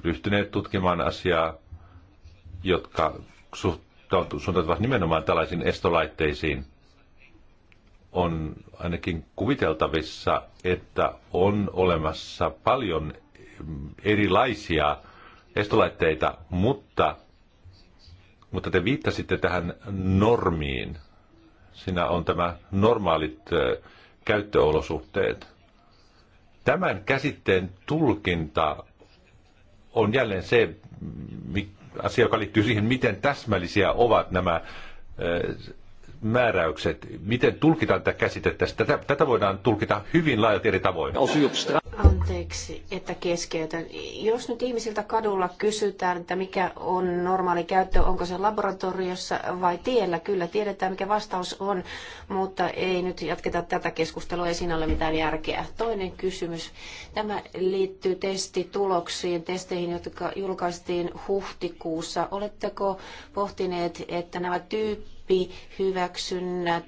ryhtyneet tutkimaan asiaa, jotka suuntautuvat nimenomaan tällaisiin estolaitteisiin. On ainakin kuviteltavissa, että on olemassa paljon erilaisia estolaitteita, mutta mutta te viittasitte tähän normiin. Siinä on tämä normaalit käyttöolosuhteet. Tämän käsitteen tulkinta on jälleen se asia, joka liittyy siihen, miten täsmällisiä ovat nämä määräykset. Miten tulkitaan tätä käsitettä? Tätä, tätä voidaan tulkita hyvin laajalti eri tavoin. Anteeksi, että keskeytän. Jos nyt ihmisiltä kadulla kysytään, että mikä on normaali käyttö, onko se laboratoriossa vai tiellä, kyllä tiedetään mikä vastaus on, mutta ei nyt jatketa tätä keskustelua, ei siinä ole mitään järkeä. Toinen kysymys. Tämä liittyy testituloksiin, testeihin, jotka julkaistiin huhtikuussa. Oletteko pohtineet, että nämä tyyppihyväksynnät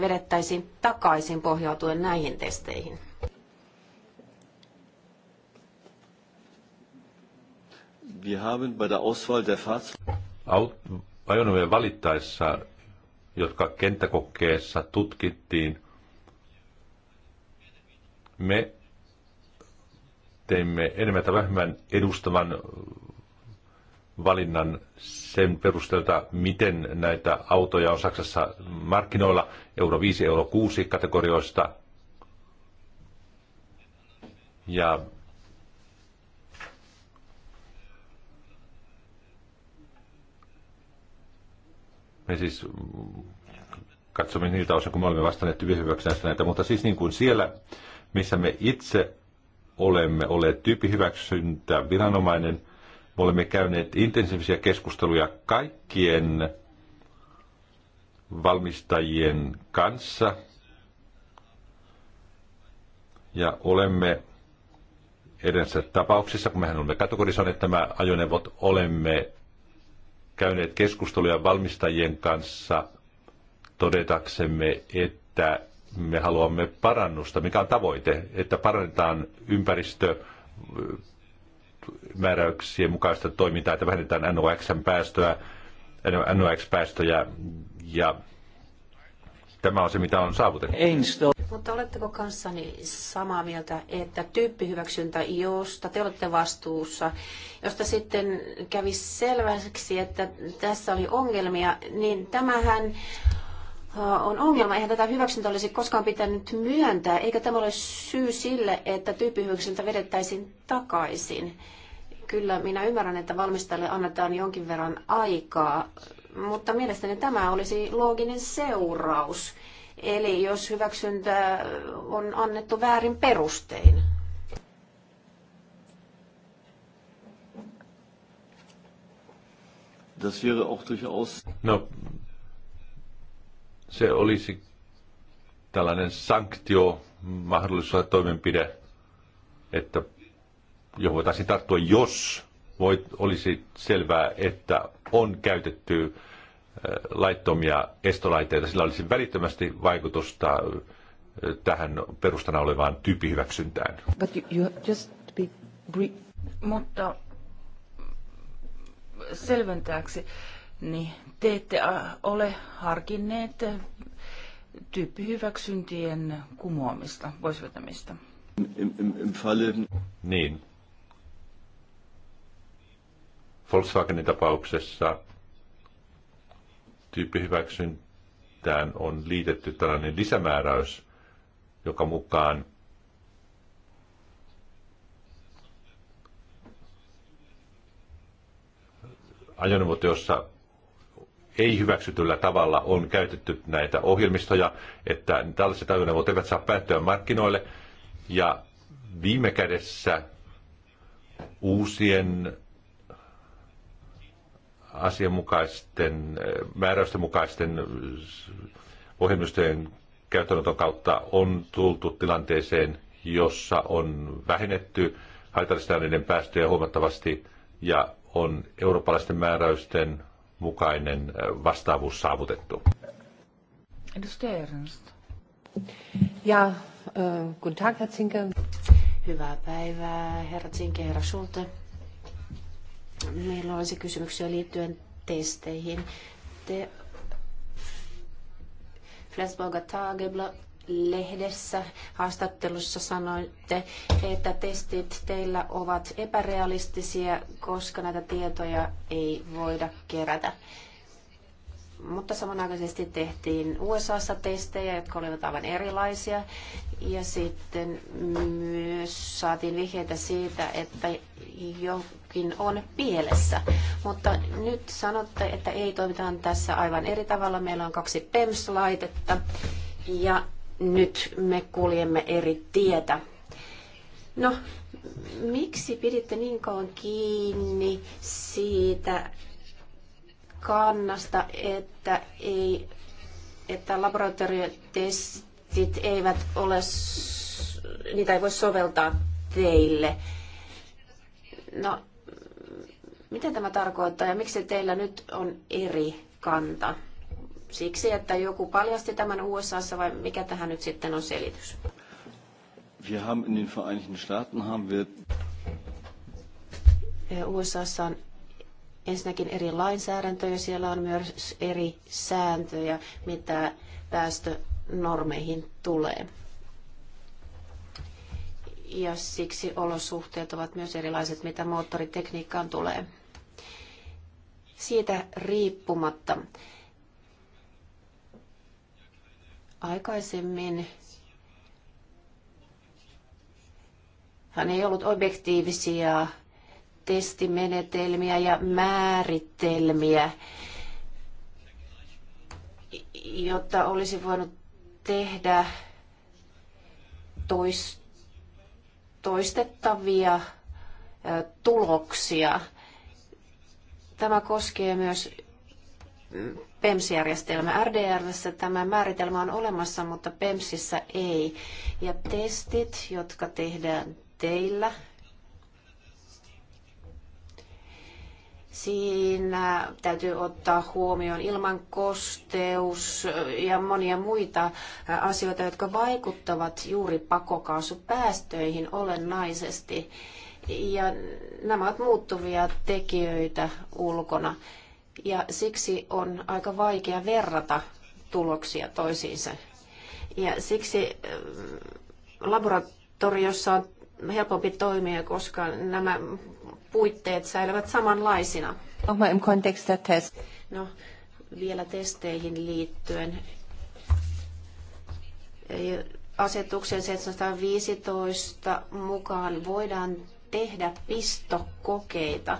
vedettäisiin takaisin pohjautuen näihin testeihin? Wir haben bei der Auswahl der Fahrzeuge... valittaessa, jotka kenttäkokeessa tutkittiin, me teimme enemmän tai vähemmän edustavan valinnan sen perusteelta, miten näitä autoja on Saksassa markkinoilla euro 5, euro 6 kategorioista. Ja Me siis katsomme niiltä osin, kun me olemme vastanneet tyyppihyväksynnästä näitä, mutta siis niin kuin siellä, missä me itse olemme olleet tyyppihyväksyntä viranomainen, me olemme käyneet intensiivisiä keskusteluja kaikkien valmistajien kanssa ja olemme edessä tapauksissa, kun mehän olemme kategorisoineet nämä ajoneuvot, olemme käyneet keskusteluja valmistajien kanssa todetaksemme, että me haluamme parannusta, mikä on tavoite, että parannetaan ympäristö määräyksien mukaista toimintaa, että vähennetään NOx-päästöjä, NOx-päästöjä ja tämä on se, mitä on saavutettu. Niin mutta oletteko kanssani samaa mieltä, että tyyppihyväksyntä, josta te olette vastuussa, josta sitten kävi selväksi, että tässä oli ongelmia, niin tämähän äh, on ongelma. Eihän tätä hyväksyntä olisi koskaan pitänyt myöntää, eikä tämä ole syy sille, että tyyppihyväksyntä vedettäisiin takaisin. Kyllä minä ymmärrän, että valmistajalle annetaan jonkin verran aikaa, mutta mielestäni tämä olisi looginen seuraus. Eli jos hyväksyntä on annettu väärin perustein. Das wäre auch durchaus... No, se olisi tällainen sanktio, mahdollisuus toimenpide, että johon voitaisiin tarttua, jos voit, olisi selvää, että on käytetty laittomia estolaitteita, sillä olisi välittömästi vaikutusta tähän perustana olevaan tyyppihyväksyntään. Mutta selventääksi, niin te ette ole harkinneet tyyppihyväksyntien kumoamista, poisvetämistä. Niin. Volkswagenin tapauksessa tyyppihyväksyntään on liitetty tällainen lisämääräys, joka mukaan ajoneuvoteossa ei hyväksytyllä tavalla on käytetty näitä ohjelmistoja, että tällaiset ajoneuvot eivät saa päättyä markkinoille. Ja viime kädessä uusien asianmukaisten, eh, määräysten mukaisten eh, ohjelmistojen käyttöönoton kautta on tultu tilanteeseen, jossa on vähennetty haitallisten aineiden päästöjä huomattavasti ja on eurooppalaisten määräysten mukainen eh, vastaavuus saavutettu. Edustaja Ernst. Ja, äh, guten Tag, Herr Zinke. Hyvää päivää, herra Zinke, herra Schulte. Meillä olisi kysymyksiä liittyen testeihin. Te Flensburg Tageblatt lehdessä haastattelussa sanoitte, että testit teillä ovat epärealistisia, koska näitä tietoja ei voida kerätä. Mutta samanaikaisesti tehtiin USAssa testejä, jotka olivat aivan erilaisia. Ja sitten myös saatiin vihjeitä siitä, että jo jokin on pielessä. Mutta nyt sanotte, että ei toimitaan tässä aivan eri tavalla. Meillä on kaksi PEMS-laitetta ja nyt me kuljemme eri tietä. No, miksi piditte niin kauan kiinni siitä kannasta, että, ei, että laboratoriotestit eivät ole, niitä ei voi soveltaa teille? No, mitä tämä tarkoittaa ja miksi teillä nyt on eri kanta? Siksi, että joku paljasti tämän USAssa vai mikä tähän nyt sitten on selitys? Wir haben in den Vereinigten Staaten haben wir USAssa on ensinnäkin eri lainsäädäntöjä, siellä on myös eri sääntöjä, mitä päästönormeihin tulee. Ja siksi olosuhteet ovat myös erilaiset, mitä moottoritekniikkaan tulee siitä riippumatta. Aikaisemmin hän ei ollut objektiivisia testimenetelmiä ja määritelmiä, jotta olisi voinut tehdä toistettavia tuloksia. Tämä koskee myös PEMS-järjestelmä. RDRssä tämä määritelmä on olemassa, mutta PEMSissä ei. Ja testit, jotka tehdään teillä, Siinä täytyy ottaa huomioon ilman kosteus ja monia muita asioita, jotka vaikuttavat juuri pakokaasupäästöihin olennaisesti. Ja nämä ovat muuttuvia tekijöitä ulkona. Ja siksi on aika vaikea verrata tuloksia toisiinsa. Ja siksi ähm, laboratoriossa on helpompi toimia, koska nämä puitteet säilyvät samanlaisina. No, vielä testeihin liittyen. Asetuksen 715 mukaan voidaan tehdä pistokokeita.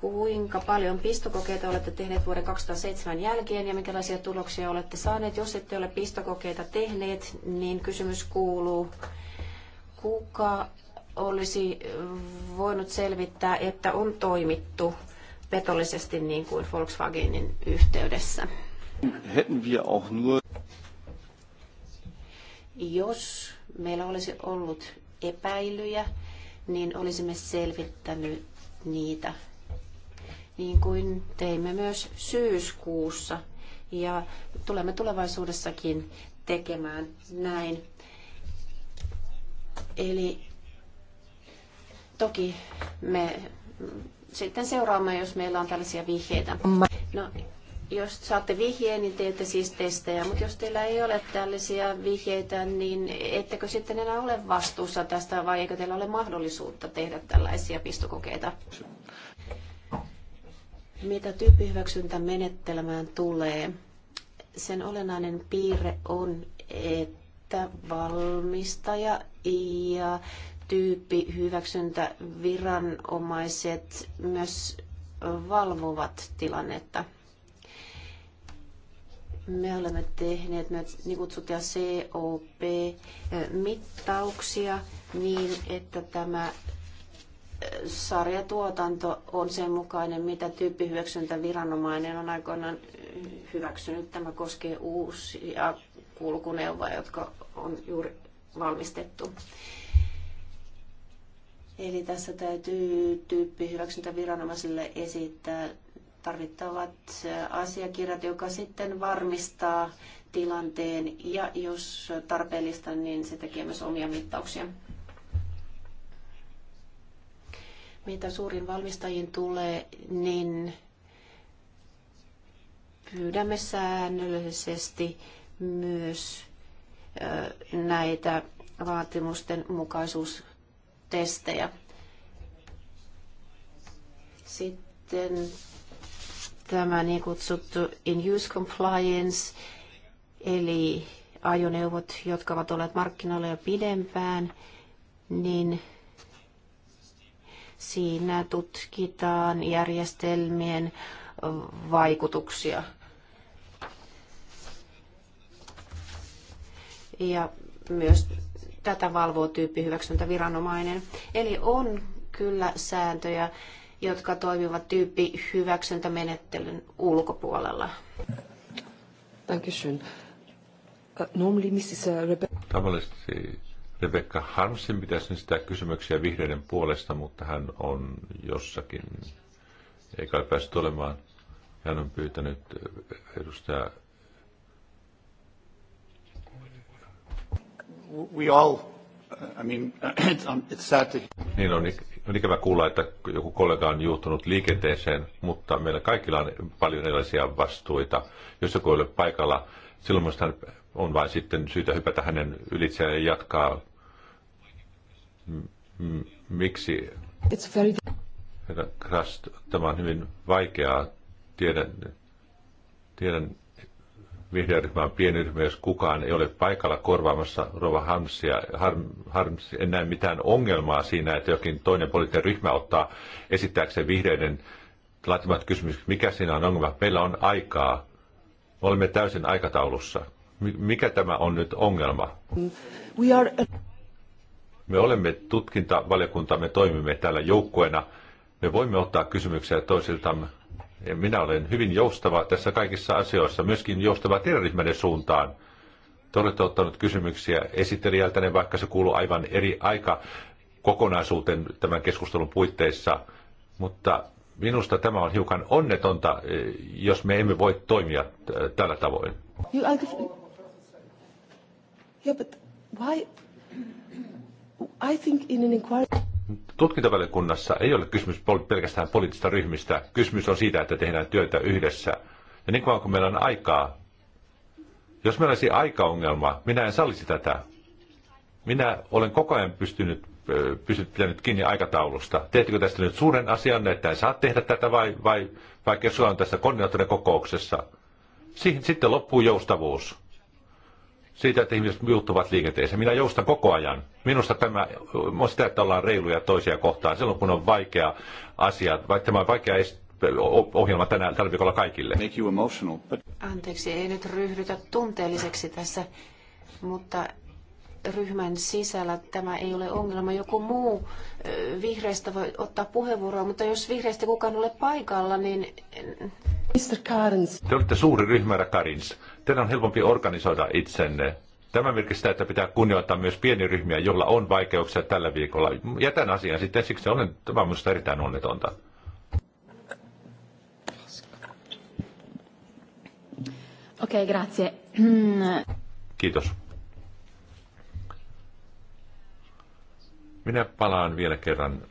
Kuinka paljon pistokokeita olette tehneet vuoden 2007 jälkeen ja minkälaisia tuloksia olette saaneet? Jos ette ole pistokokeita tehneet, niin kysymys kuuluu, kuka olisi voinut selvittää, että on toimittu petollisesti niin kuin Volkswagenin yhteydessä? Jos meillä olisi ollut epäilyjä, niin olisimme selvittänyt niitä, niin kuin teimme myös syyskuussa. Ja tulemme tulevaisuudessakin tekemään näin. Eli toki me sitten seuraamme, jos meillä on tällaisia vihjeitä. No, jos saatte vihjeen, niin teette siis testejä, mutta jos teillä ei ole tällaisia vihjeitä, niin ettekö sitten enää ole vastuussa tästä vai eikö teillä ole mahdollisuutta tehdä tällaisia pistokokeita? Mitä tyyppihyväksyntämenettelmään tulee, sen olennainen piirre on, että valmistaja ja tyyppihyväksyntäviranomaiset myös valvovat tilannetta. Me olemme tehneet myös niin kutsuttuja COP-mittauksia niin, että tämä sarjatuotanto on sen mukainen, mitä tyyppihyväksyntäviranomainen on aikoinaan hyväksynyt. Tämä koskee uusia kulkuneuvoja, jotka on juuri valmistettu. Eli tässä täytyy tyyppihyväksyntäviranomaisille esittää tarvittavat asiakirjat, joka sitten varmistaa tilanteen ja jos tarpeellista, niin se tekee myös omia mittauksia. Mitä suurin valmistajiin tulee, niin pyydämme säännöllisesti myös näitä vaatimusten mukaisuustestejä. Sitten tämä niin kutsuttu in-use compliance, eli ajoneuvot, jotka ovat olleet markkinoilla jo pidempään, niin siinä tutkitaan järjestelmien vaikutuksia. Ja myös tätä valvoo tyyppihyväksyntäviranomainen. Eli on kyllä sääntöjä, jotka toimivat tyyppi hyväksyntämenettelyn ulkopuolella. Dankeschön. Äh, normally Mrs. Äh, Rebecca... Tavallisesti Rebecca Harmsin pitäisi sitä kysymyksiä vihreiden puolesta, mutta hän on jossakin, ei kai päässyt olemaan. Hän on pyytänyt äh, edustaja we all, I mean, um, it's, sad to... Niin on on ikävä kuulla, että joku kollega on juuttunut liikenteeseen, mutta meillä kaikilla on paljon erilaisia vastuita. Jos joku ei ole paikalla, silloin on vain sitten syytä hypätä hänen ylitseen ja jatkaa. miksi? It's very... Krast, tämä on hyvin vaikeaa. Tiedän, tiedän Vihreä ryhmä on pieni ryhmä, jos kukaan ei ole paikalla korvaamassa Rova Harmsia. Harm, Harms, en näe mitään ongelmaa siinä, että jokin toinen poliittinen ryhmä ottaa esittääkseen vihreiden laatimat kysymykset. Mikä siinä on ongelma? Meillä on aikaa. Me olemme täysin aikataulussa. Mikä tämä on nyt ongelma? We are... Me olemme tutkintavaliokunta, me toimimme täällä joukkueena. Me voimme ottaa kysymyksiä toisiltamme minä olen hyvin joustava tässä kaikissa asioissa, myöskin joustava terrorismin suuntaan. Te olette ottanut kysymyksiä esittelijältäne, niin vaikka se kuuluu aivan eri aika kokonaisuuteen tämän keskustelun puitteissa. Mutta minusta tämä on hiukan onnetonta, eh, jos me emme voi toimia eh, tällä tavoin. You are the... yeah, but why... I think in an inquiry tutkintavaliokunnassa ei ole kysymys pelkästään poliittisista ryhmistä. Kysymys on siitä, että tehdään työtä yhdessä. Ja niin kuin kun meillä on aikaa, jos meillä olisi aikaongelma, minä en sallisi tätä. Minä olen koko ajan pystynyt, pystynyt pitänyt kiinni aikataulusta. Tehtikö tästä nyt suuren asian, että en saa tehdä tätä vai, vai, vai keskustella tässä koordinaattorin kokouksessa? Siihen sitten loppuu joustavuus siitä, että ihmiset muuttuvat liikenteeseen. Minä joustan koko ajan. Minusta tämä on sitä, että ollaan reiluja toisia kohtaan silloin, kun on vaikea asia, vaikka tämä on vaikea ohjelma tänään, tällä viikolla kaikille. Anteeksi, ei nyt ryhdytä tunteelliseksi tässä, mutta ryhmän sisällä tämä ei ole ongelma. Joku muu vihreistä voi ottaa puheenvuoroa, mutta jos vihreistä kukaan ole paikalla, niin... Mr. Karins. Te olette suuri ryhmä, Karins. Teidän on helpompi organisoida itsenne. Tämä merkki sitä, että pitää kunnioittaa myös pieniä ryhmiä, joilla on vaikeuksia tällä viikolla. Jätän asian sitten, siksi olen, tämä on minusta erittäin onnetonta. Okei, okay, grazie. Kiitos. Minä palaan vielä kerran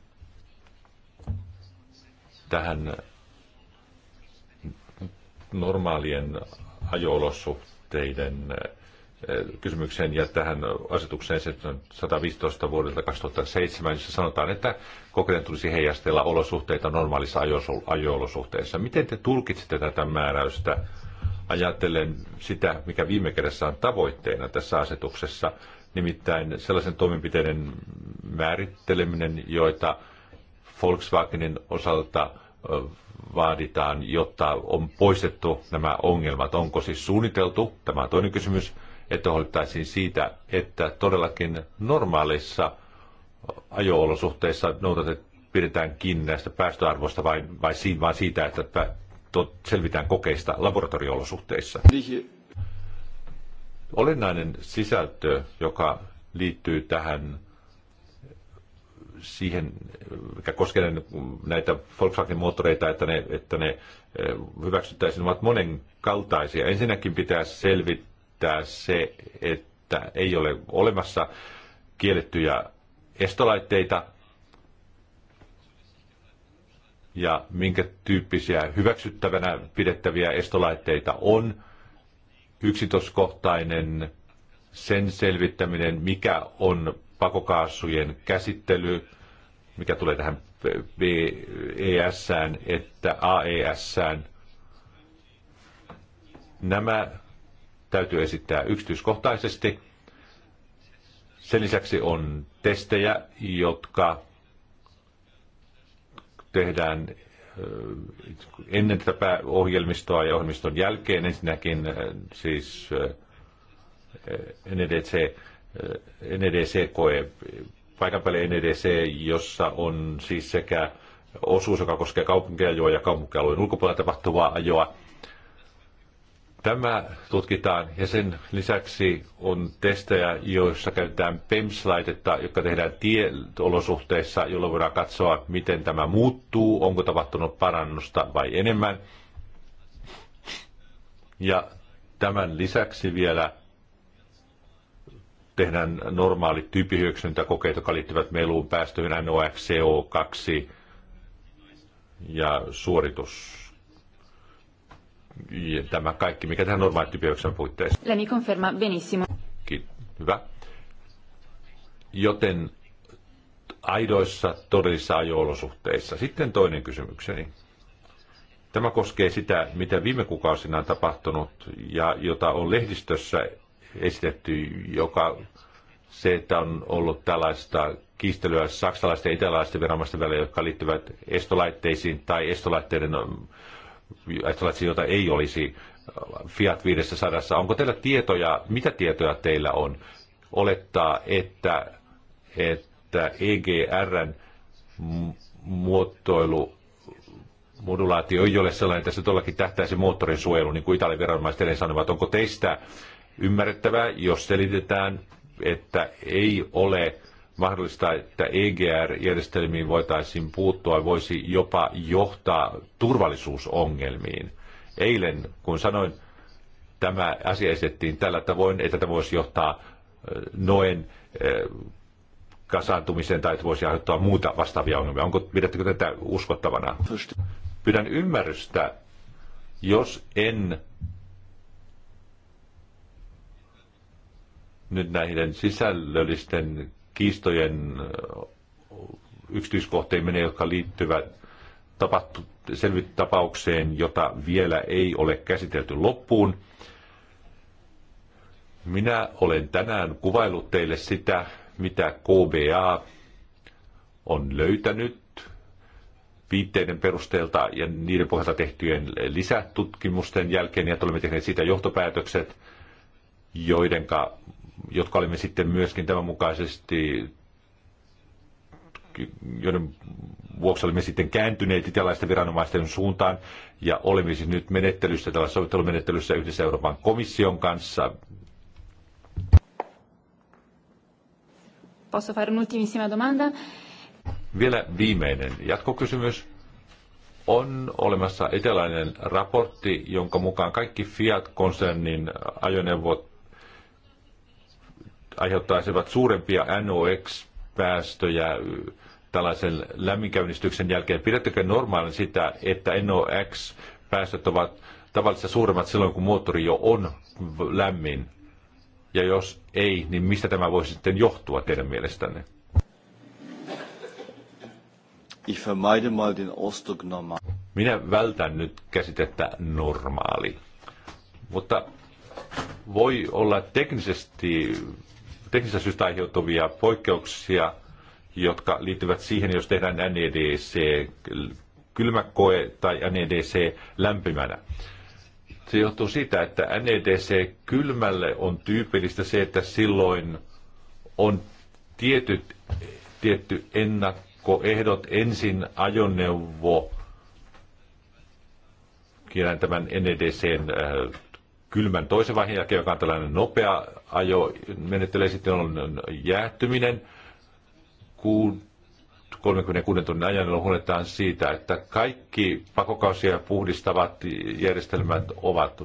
tähän normaalien ajoolosuhteiden eh, kysymykseen ja tähän asetukseen 115 vuodelta 2007, jossa sanotaan, että kokeen tulisi heijastella olosuhteita normaalissa ajoolosuhteissa. Miten te tulkitsette tätä määräystä? Ajattelen sitä, mikä viime kädessä on tavoitteena tässä asetuksessa, nimittäin sellaisen toimenpiteiden määritteleminen, joita Volkswagenin osalta vaaditaan, jotta on poistettu nämä ongelmat. Onko siis suunniteltu, tämä on toinen kysymys, että huolittaisiin siitä, että todellakin normaalissa ajo-olosuhteissa pidetään kiinni näistä päästöarvoista vai, vai, vai siitä, että selvitään kokeista laboratorioolosuhteissa? olennainen sisältö, joka liittyy tähän siihen, mikä koskee näitä Volkswagen-moottoreita, että ne, että ne eh, hyväksyttäisiin, ovat monenkaltaisia. Ensinnäkin pitää selvittää se, että ei ole olemassa kiellettyjä estolaitteita ja minkä tyyppisiä hyväksyttävänä pidettäviä estolaitteita on – yksitoskohtainen sen selvittäminen, mikä on pakokaasujen käsittely, mikä tulee tähän ves että AES. Nämä täytyy esittää yksityiskohtaisesti. Sen lisäksi on testejä, jotka tehdään ennen tätä ohjelmistoa ja ohjelmiston jälkeen ensinnäkin siis NEDC, NDC, e koe paikan päälle NEDC, jossa on siis sekä osuus, joka koskee kaupunkiajoa ja kaupunkialueen ulkopuolella tapahtuvaa ajoa, Tämä tutkitaan ja sen lisäksi on testejä, joissa käytetään PEMS-laitetta, joka tehdään tieolosuhteissa, jolloin voidaan katsoa, miten tämä muuttuu, onko tapahtunut parannusta vai enemmän. Ja tämän lisäksi vielä tehdään normaali tyyppihyöksyntäkokeet, jotka liittyvät meluun päästöihin NOx, CO2 ja suoritus tämä kaikki, mikä tähän normaalityyppiyksen puitteissa. Lemi konferma benissimo. Kiit, hyvä. Joten aidoissa todellisissa ajo-olosuhteissa. Sitten toinen kysymykseni. Tämä koskee sitä, mitä viime kuukausina on tapahtunut ja jota on lehdistössä esitetty, joka se, että on ollut tällaista kiistelyä saksalaisten ja italaisten viranomaisten välillä, jotka liittyvät estolaitteisiin tai estolaitteiden että sijoita ei olisi Fiat 500. Onko teillä tietoja, mitä tietoja teillä on olettaa, että, että EGRn muotoilu modulaatio ei ole sellainen, että se todellakin tähtäisi moottorin suojelu, niin kuin italian viranomaiset edelleen sanovat. Onko teistä ymmärrettävää, jos selitetään, että ei ole mahdollista, että EGR-järjestelmiin voitaisiin puuttua, voisi jopa johtaa turvallisuusongelmiin. Eilen, kun sanoin, tämä asia esitettiin tällä tavoin, että tämä voisi johtaa noen kasaantumiseen tai että voisi aiheuttaa muuta vastaavia ongelmia. Onko, pidättekö tätä uskottavana? Pyydän ymmärrystä, jos en nyt näiden sisällöllisten kiistojen yksityiskohteen menee, jotka liittyvät tapahtu, selvitapaukseen, jota vielä ei ole käsitelty loppuun. Minä olen tänään kuvaillut teille sitä, mitä KBA on löytänyt viitteiden perusteelta ja niiden pohjalta tehtyjen lisätutkimusten jälkeen, ja olemme tehneet siitä johtopäätökset, joidenka jotka olimme sitten myöskin tämän mukaisesti joiden vuoksi olimme sitten kääntyneet itälaisten viranomaisten suuntaan ja olemme siis nyt menettelyssä, tällaisessa sovittelumenettelyssä yhdessä Euroopan komission kanssa. Posso fare un'ultimissima domanda? Vielä viimeinen jatkokysymys. On olemassa eteläinen raportti, jonka mukaan kaikki Fiat-konsernin ajoneuvot aiheuttaisivat suurempia NOx-päästöjä tällaisen lämminkäynnistyksen jälkeen. Pidättekö normaalin sitä, että NOx-päästöt ovat tavallista suuremmat silloin, kun moottori jo on lämmin? Ja jos ei, niin mistä tämä voisi sitten johtua teidän mielestänne? Ich vermeide mal den Ausdruck normal. Minä vältän nyt käsitettä normaali. Mutta voi olla teknisesti teknisistä syistä aiheutuvia poikkeuksia, jotka liittyvät siihen, jos tehdään NEDC kylmäkoe tai NEDC lämpimänä. Se johtuu siitä, että NEDC kylmälle on tyypillistä se, että silloin on tietyt, tietty ennakkoehdot. Ensin ajoneuvo, kielän tämän NEDCn äh, kylmän toisen vaiheen jälkeen, joka on tällainen nopea ajo menettelee sitten on jäähtyminen. 36 tunnin ajan huolehditaan siitä, että kaikki pakokausia puhdistavat järjestelmät ovat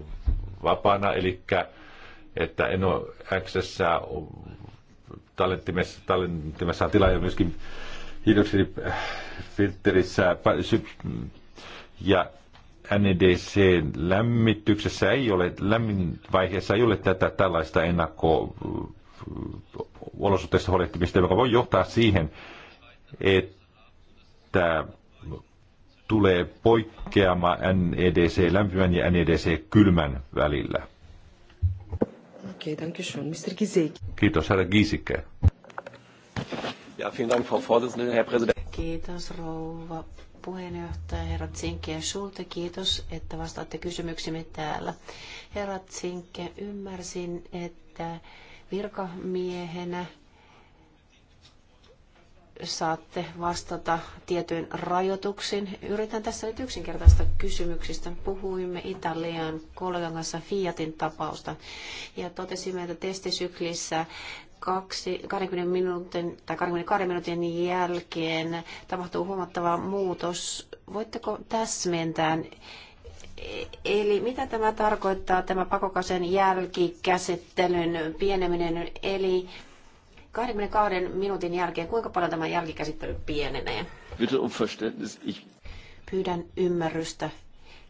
vapaana, eli että Eno X tallentimessa, tallentimessa on tilaa ja myöskin hiilidioksidifilterissä ja NEDC-lämmityksessä ei ole, lämmin vaiheessa ei ole tätä tällaista ennakko äh, olosuhteista huolehtimista, joka voi johtaa siihen, että tulee poikkeama NEDC lämpimän ja NEDC kylmän välillä. Okei, okay, danke Mr. Kiitos, herra Giesecke. Ja, vielen Dank, Frau Vorsitzende, Herr Präsident. Kiitos, rouva puheenjohtaja herra Zinke ja Schulte. Kiitos, että vastaatte kysymyksimme täällä. Herra Zinke, ymmärsin, että virkamiehenä saatte vastata tietyin rajoituksin. Yritän tässä nyt yksinkertaista kysymyksistä. Puhuimme Italian kollegan kanssa Fiatin tapausta ja totesimme, että testisyklissä kaksi, 20 minuutin tai 22 minuutin jälkeen tapahtuu huomattava muutos. Voitteko täsmentää, Eli mitä tämä tarkoittaa, tämä pakokasen jälkikäsittelyn pieneminen? Eli 22 minuutin jälkeen, kuinka paljon tämä jälkikäsittely pienenee? Um Pyydän ymmärrystä.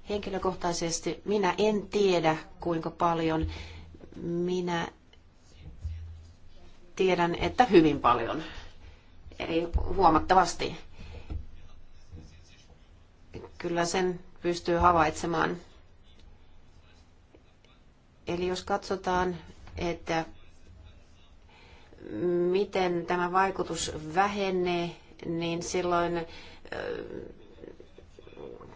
Henkilökohtaisesti minä en tiedä, kuinka paljon minä tiedän, että hyvin paljon, eli huomattavasti. Kyllä sen pystyy havaitsemaan. Eli jos katsotaan, että miten tämä vaikutus vähenee, niin silloin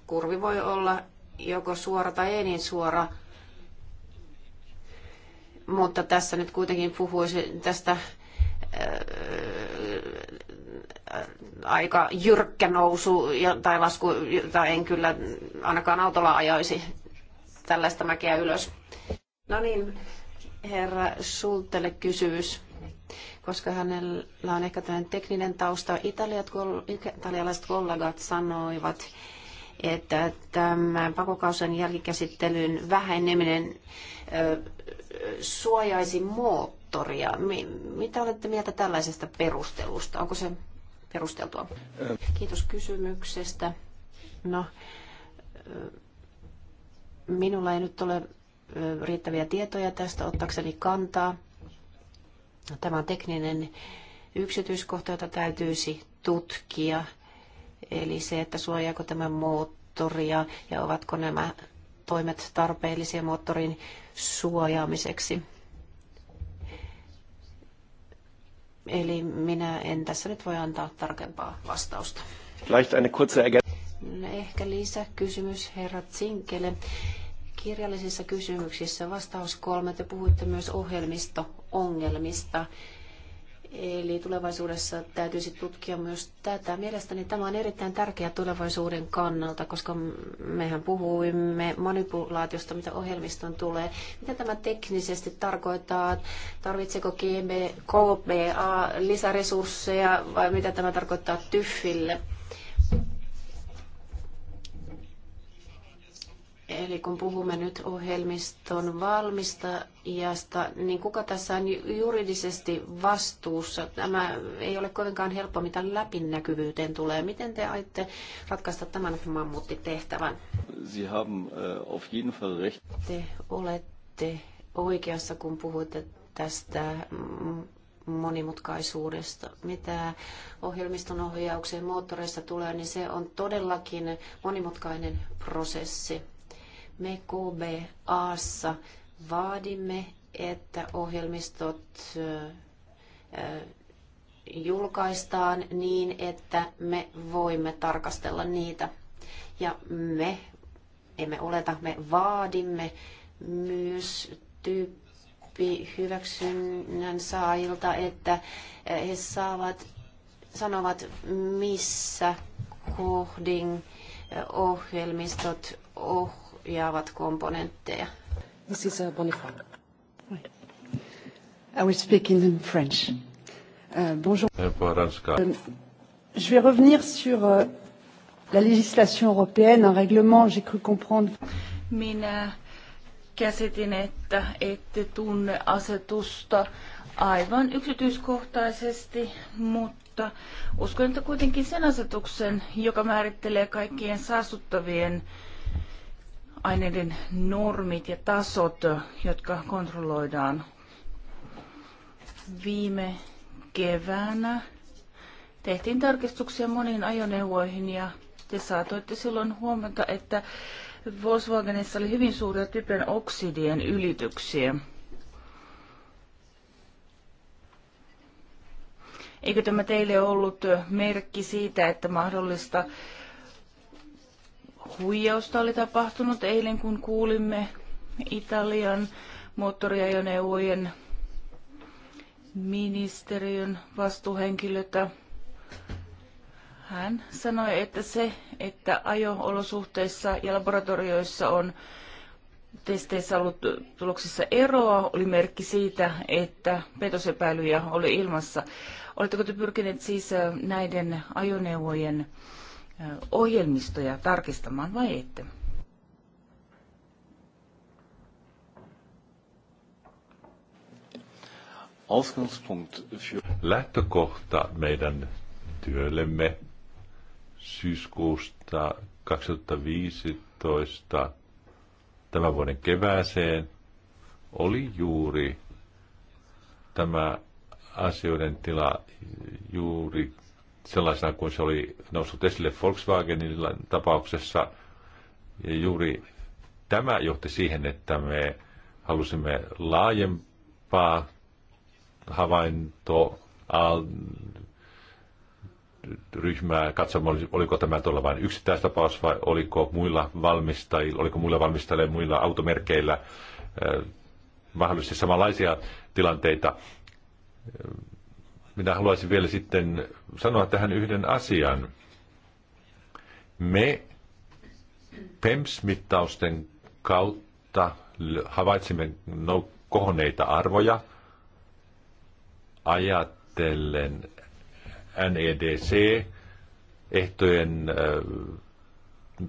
kurvi voi olla joko suora tai ei niin suora – mutta tässä nyt kuitenkin puhuisin tästä äh, aika jyrkkä nousu tai lasku, jota en kyllä ainakaan autolla ajaisi tällaista mäkeä ylös. No niin, herra Schultelle kysymys, koska hänellä on ehkä tämmöinen tekninen tausta. Italiat, italialaiset kollegat sanoivat, että tämä pakokausen jälkikäsittelyn väheneminen suojaisi moottoria. Mitä olette mieltä tällaisesta perustelusta? Onko se perusteltua? Kiitos kysymyksestä. No, minulla ei nyt ole riittäviä tietoja tästä ottaakseni kantaa. Tämä on tekninen yksityiskohta, jota täytyisi tutkia Eli se, että suojaako tämä moottoria ja ovatko nämä toimet tarpeellisia moottorin suojaamiseksi. Eli minä en tässä nyt voi antaa tarkempaa vastausta. No, ehkä lisäkysymys herra Zinkele. Kirjallisissa kysymyksissä vastaus kolme. Te puhuitte myös ohjelmisto-ongelmista. Eli tulevaisuudessa täytyisi tutkia myös tätä. Mielestäni tämä on erittäin tärkeä tulevaisuuden kannalta, koska mehän puhuimme manipulaatiosta, mitä ohjelmiston tulee. Mitä tämä teknisesti tarkoittaa? Tarvitseeko KBA lisäresursseja vai mitä tämä tarkoittaa TYFille? Eli kun puhumme nyt ohjelmiston valmistajasta, niin kuka tässä on juridisesti vastuussa? Tämä ei ole kovinkaan helppo, mitä läpinäkyvyyteen tulee. Miten te aitte ratkaista tämän mammuttitehtävän? Sie haben äh, auf jeden Fall recht. Te olette oikeassa, kun puhutte tästä monimutkaisuudesta. Mitä ohjelmiston ohjaukseen moottoreista tulee, niin se on todellakin monimutkainen prosessi. Me KBAssa vaadimme, että ohjelmistot julkaistaan niin, että me voimme tarkastella niitä. Ja me, emme oleta, me vaadimme myös tyyppi hyväksynnän saajilta, että he saavat, sanovat, missä kohdin ohjelmistot oh, korjaavat komponentteja. This is uh, Bonifant. I will speak in French. Uh, bonjour. Ranskaa. Um, je vais revenir sur uh, la législation européenne, un règlement, j'ai cru comprendre. Minä käsitin, että ette tunne asetusta aivan yksityiskohtaisesti, mutta uskon, että kuitenkin sen asetuksen, joka määrittelee kaikkien saastuttavien uh, aineiden normit ja tasot, jotka kontrolloidaan. Viime keväänä tehtiin tarkistuksia moniin ajoneuvoihin ja te saatoitte silloin huomata, että Volkswagenissa oli hyvin suuria typen oksidien ylityksiä. Eikö tämä teille ollut merkki siitä, että mahdollista huijausta oli tapahtunut eilen, kun kuulimme Italian moottoriajoneuvojen ministeriön vastuuhenkilötä. Hän sanoi, että se, että ajo-olosuhteissa ja laboratorioissa on testeissä ollut tuloksissa eroa, oli merkki siitä, että petosepäilyjä oli ilmassa. Oletteko te pyrkineet siis näiden ajoneuvojen ohjelmistoja tarkistamaan vai ette? Lähtökohta meidän työllemme syyskuusta 2015 tämän vuoden kevääseen oli juuri tämä asioiden tila juuri sellaisena kuin se oli noussut esille Volkswagenin tapauksessa. Ja juuri tämä johti siihen, että me halusimme laajempaa havaintoa ryhmää katsomaan, oliko tämä tuolla vain yksittäistapaus vai oliko muilla valmistajilla, oliko muilla valmistajilla muilla automerkeillä eh, mahdollisesti samanlaisia tilanteita minä haluaisin vielä sitten sanoa tähän yhden asian. Me PEMS-mittausten kautta havaitsimme no, kohonneita arvoja ajatellen NEDC-ehtojen äh,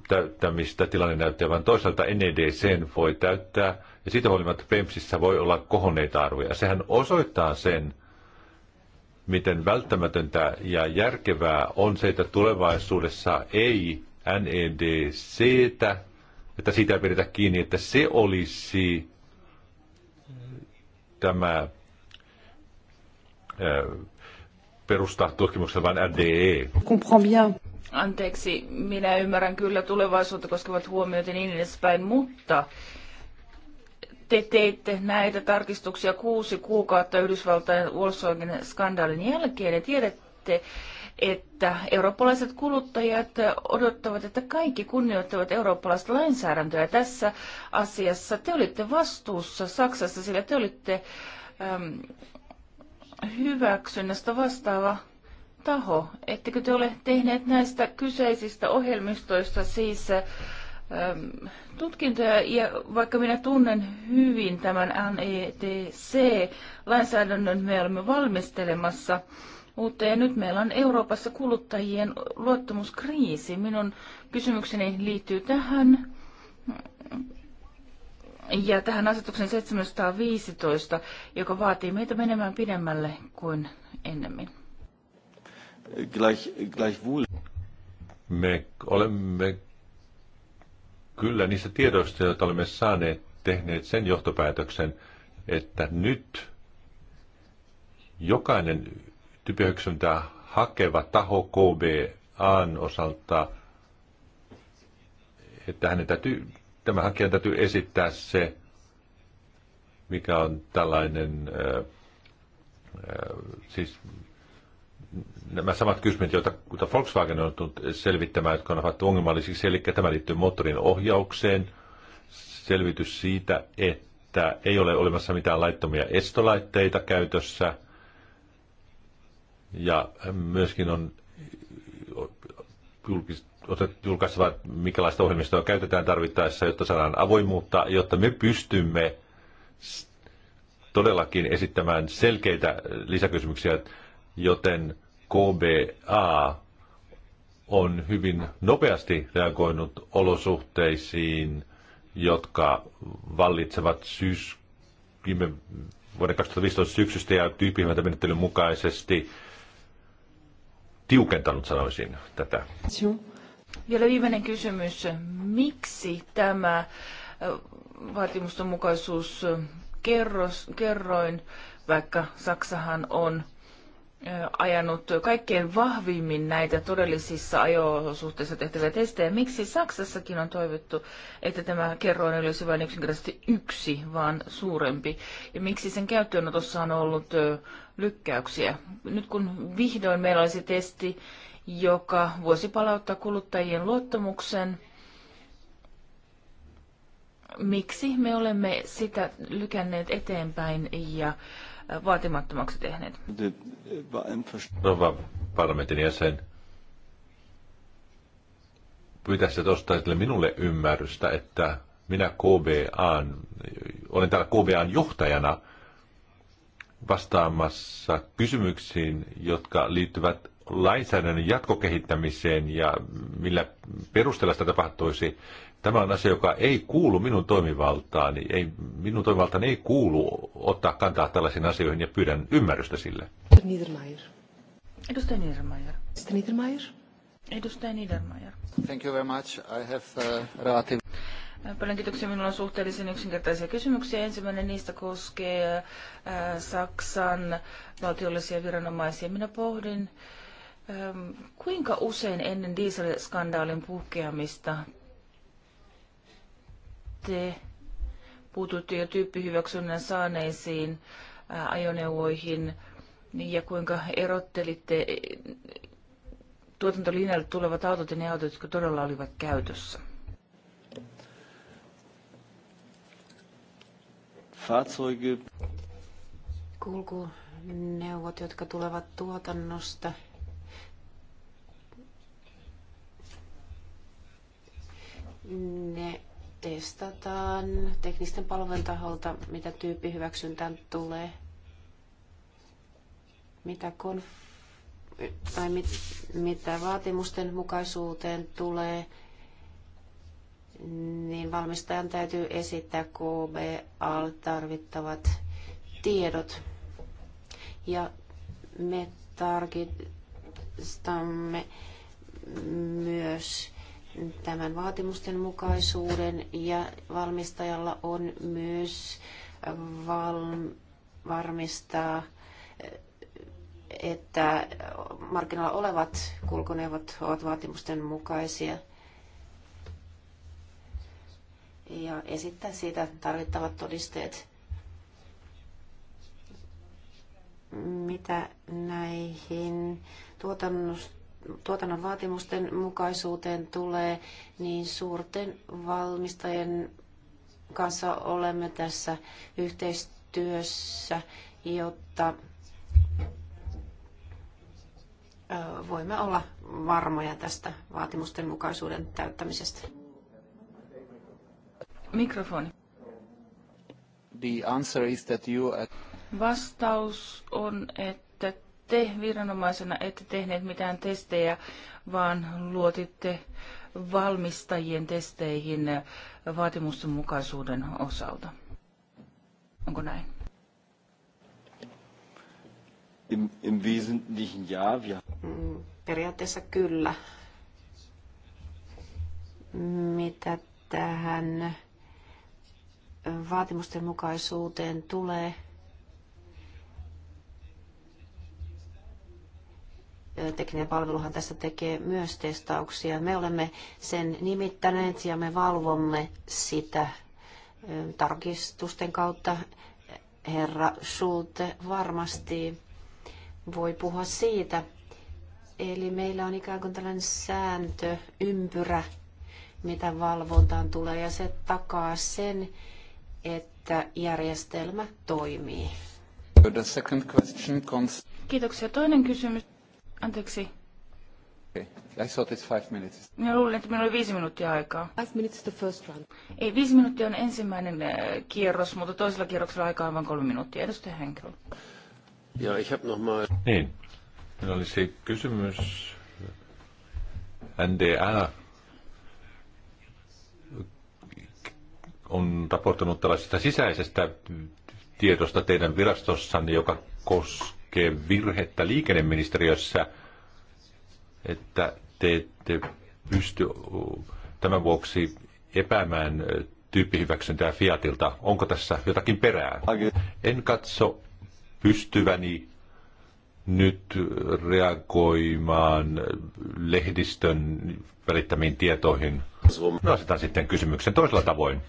täyttämistä. Tilanne näyttää vain toisaalta NEDC voi täyttää ja siitä huolimatta PEMSissä voi olla kohoneita arvoja. Sehän osoittaa sen, miten välttämätöntä ja järkevää on se, että tulevaisuudessa ei NEDC, että sitä pidetä kiinni, että se olisi tämä perusta tutkimuksella vain RDE. Anteeksi, minä ymmärrän kyllä tulevaisuutta koskevat huomiot ja niin edespäin, mutta te teitte näitä tarkistuksia kuusi kuukautta Yhdysvaltain Volkswagen skandaalin jälkeen ja tiedätte, että eurooppalaiset kuluttajat odottavat, että kaikki kunnioittavat eurooppalaista lainsäädäntöä tässä asiassa. Te olitte vastuussa Saksassa, sillä te olitte äm, hyväksynnästä vastaava taho. Ettekö te ole tehneet näistä kyseisistä ohjelmistoista siis äh, tutkintoja, ja vaikka minä tunnen hyvin tämän NETC-lainsäädännön, me olemme valmistelemassa uutta, ja nyt meillä on Euroopassa kuluttajien luottamuskriisi. Minun kysymykseni liittyy tähän ja tähän asetuksen 715, joka vaatii meitä menemään pidemmälle kuin ennemmin. Gleich, gleich Me olemme kyllä niistä tiedoista, joita olemme saaneet, tehneet sen johtopäätöksen, että nyt jokainen typiöksyntää hakeva taho KBAn osalta, että hänen täytyy, tämä hakijan täytyy esittää se, mikä on tällainen, siis nämä samat kysymykset, joita Volkswagen on tullut selvittämään, jotka on havaittu ongelmallisiksi, eli tämä liittyy moottorin ohjaukseen, selvitys siitä, että ei ole olemassa mitään laittomia estolaitteita käytössä, ja myöskin on julkista julkaistava, minkälaista ohjelmistoa käytetään tarvittaessa, jotta saadaan avoimuutta, jotta me pystymme todellakin esittämään selkeitä eh, lisäkysymyksiä, joten KBA on hyvin nopeasti reagoinut olosuhteisiin, jotka vallitsevat syys, viime vuoden 2015 syksystä ja menettelyn mukaisesti tiukentanut, sanoisin, tätä. Vielä viimeinen kysymys. Miksi tämä vaatimustenmukaisuus kerros, kerroin, vaikka Saksahan on ajanut kaikkein vahvimmin näitä todellisissa ajo-olosuhteissa tehtäviä testejä. Miksi Saksassakin on toivottu, että tämä kerroin olisi vain yksinkertaisesti yksi, vaan suurempi? Ja miksi sen käyttöönotossa on ollut lykkäyksiä? Nyt kun vihdoin meillä olisi testi, joka voisi palauttaa kuluttajien luottamuksen, miksi me olemme sitä lykänneet eteenpäin ja äh, vaatimattomaksi tehneet. Rova parlamentin jäsen, pyytäisit tuosta minulle ymmärrystä, että minä KBAn, olen täällä KBAn johtajana vastaamassa kysymyksiin, jotka liittyvät lainsäädännön jatkokehittämiseen ja millä perusteella sitä tapahtuisi. Tämä on asia, joka ei kuulu minun toimivaltaani. Ei, minun toimivaltaani ei kuulu ottaa kantaa tällaisiin asioihin ja pyydän ymmärrystä sille. Niedermayer. Edustaja Niedermayer. Edustaja Niedermayer. Edustaja Niedermayer. Thank you very much. I have uh, relative... Äh, paljon kiitoksia. Minulla on suhteellisen yksinkertaisia kysymyksiä. Ensimmäinen niistä koskee äh, Saksan valtiollisia viranomaisia. Minä pohdin, ähm, kuinka usein ennen dieselskandaalin puhkeamista te puututte jo tyyppihyväksynnän saaneisiin äh, ajoneuvoihin ja kuinka erottelitte e, tuotantolinjalle tulevat autot ja ne autot, jotka todella olivat käytössä? Fahrzeuge. Kulkuneuvot, jotka tulevat tuotannosta. Ne testataan teknisten palvelujen taholta, mitä tyyppihyväksyntään tulee, mitä, konf- tai mit, mitä vaatimusten mukaisuuteen tulee, niin valmistajan täytyy esittää KBAL tarvittavat tiedot. Ja me tarkistamme myös tämän vaatimusten mukaisuuden ja valmistajalla on myös val- varmistaa, että markkinoilla olevat kulkuneuvot ovat vaatimusten mukaisia ja esittää siitä tarvittavat todisteet. Mitä näihin tuotannosta tuotannon vaatimusten mukaisuuteen tulee, niin suurten valmistajien kanssa olemme tässä yhteistyössä, jotta voimme olla varmoja tästä vaatimusten mukaisuuden täyttämisestä. Mikrofoni. The answer is that you... Uh, Vastaus on, että te viranomaisena ette tehneet mitään testejä, vaan luotitte valmistajien testeihin vaatimusten mukaisuuden osalta. Onko näin? Im, im Wesentlichen ja. Wir... Mm, periaatteessa kyllä. Mitä tähän vaatimusten mukaisuuteen tulee, tekninen palveluhan tässä tekee myös testauksia. Me olemme sen nimittäneet ja me valvomme sitä tarkistusten kautta. Herra Schulte varmasti voi puhua siitä. Eli meillä on ikään kuin tällainen sääntö, ympyrä, mitä valvontaan tulee, ja se takaa sen, että järjestelmä toimii. Kiitoksia. Toinen kysymys Anteeksi. Okay. I thought it's five minutes. Minä luulin, että minulla oli viisi minuuttia aikaa. Five minutes the first round. Ei, viisi minuuttia on ensimmäinen eh, kierros, mutta toisella kierroksella aikaa on vain kolme minuuttia. Edustaja Henkel. Ja, ich hab noch mal... Niin. Minulla olisi kysymys NDR on raportoinut tällaisesta sisäisestä tiedosta teidän virastossanne, joka koskee koskee virhettä liikenneministeriössä, että te ette pysty tämän vuoksi epäämään tyyppihyväksyntää Fiatilta. Onko tässä jotakin perää? En katso pystyväni nyt reagoimaan lehdistön välittämiin tietoihin. No, sitten kysymyksen toisella tavoin.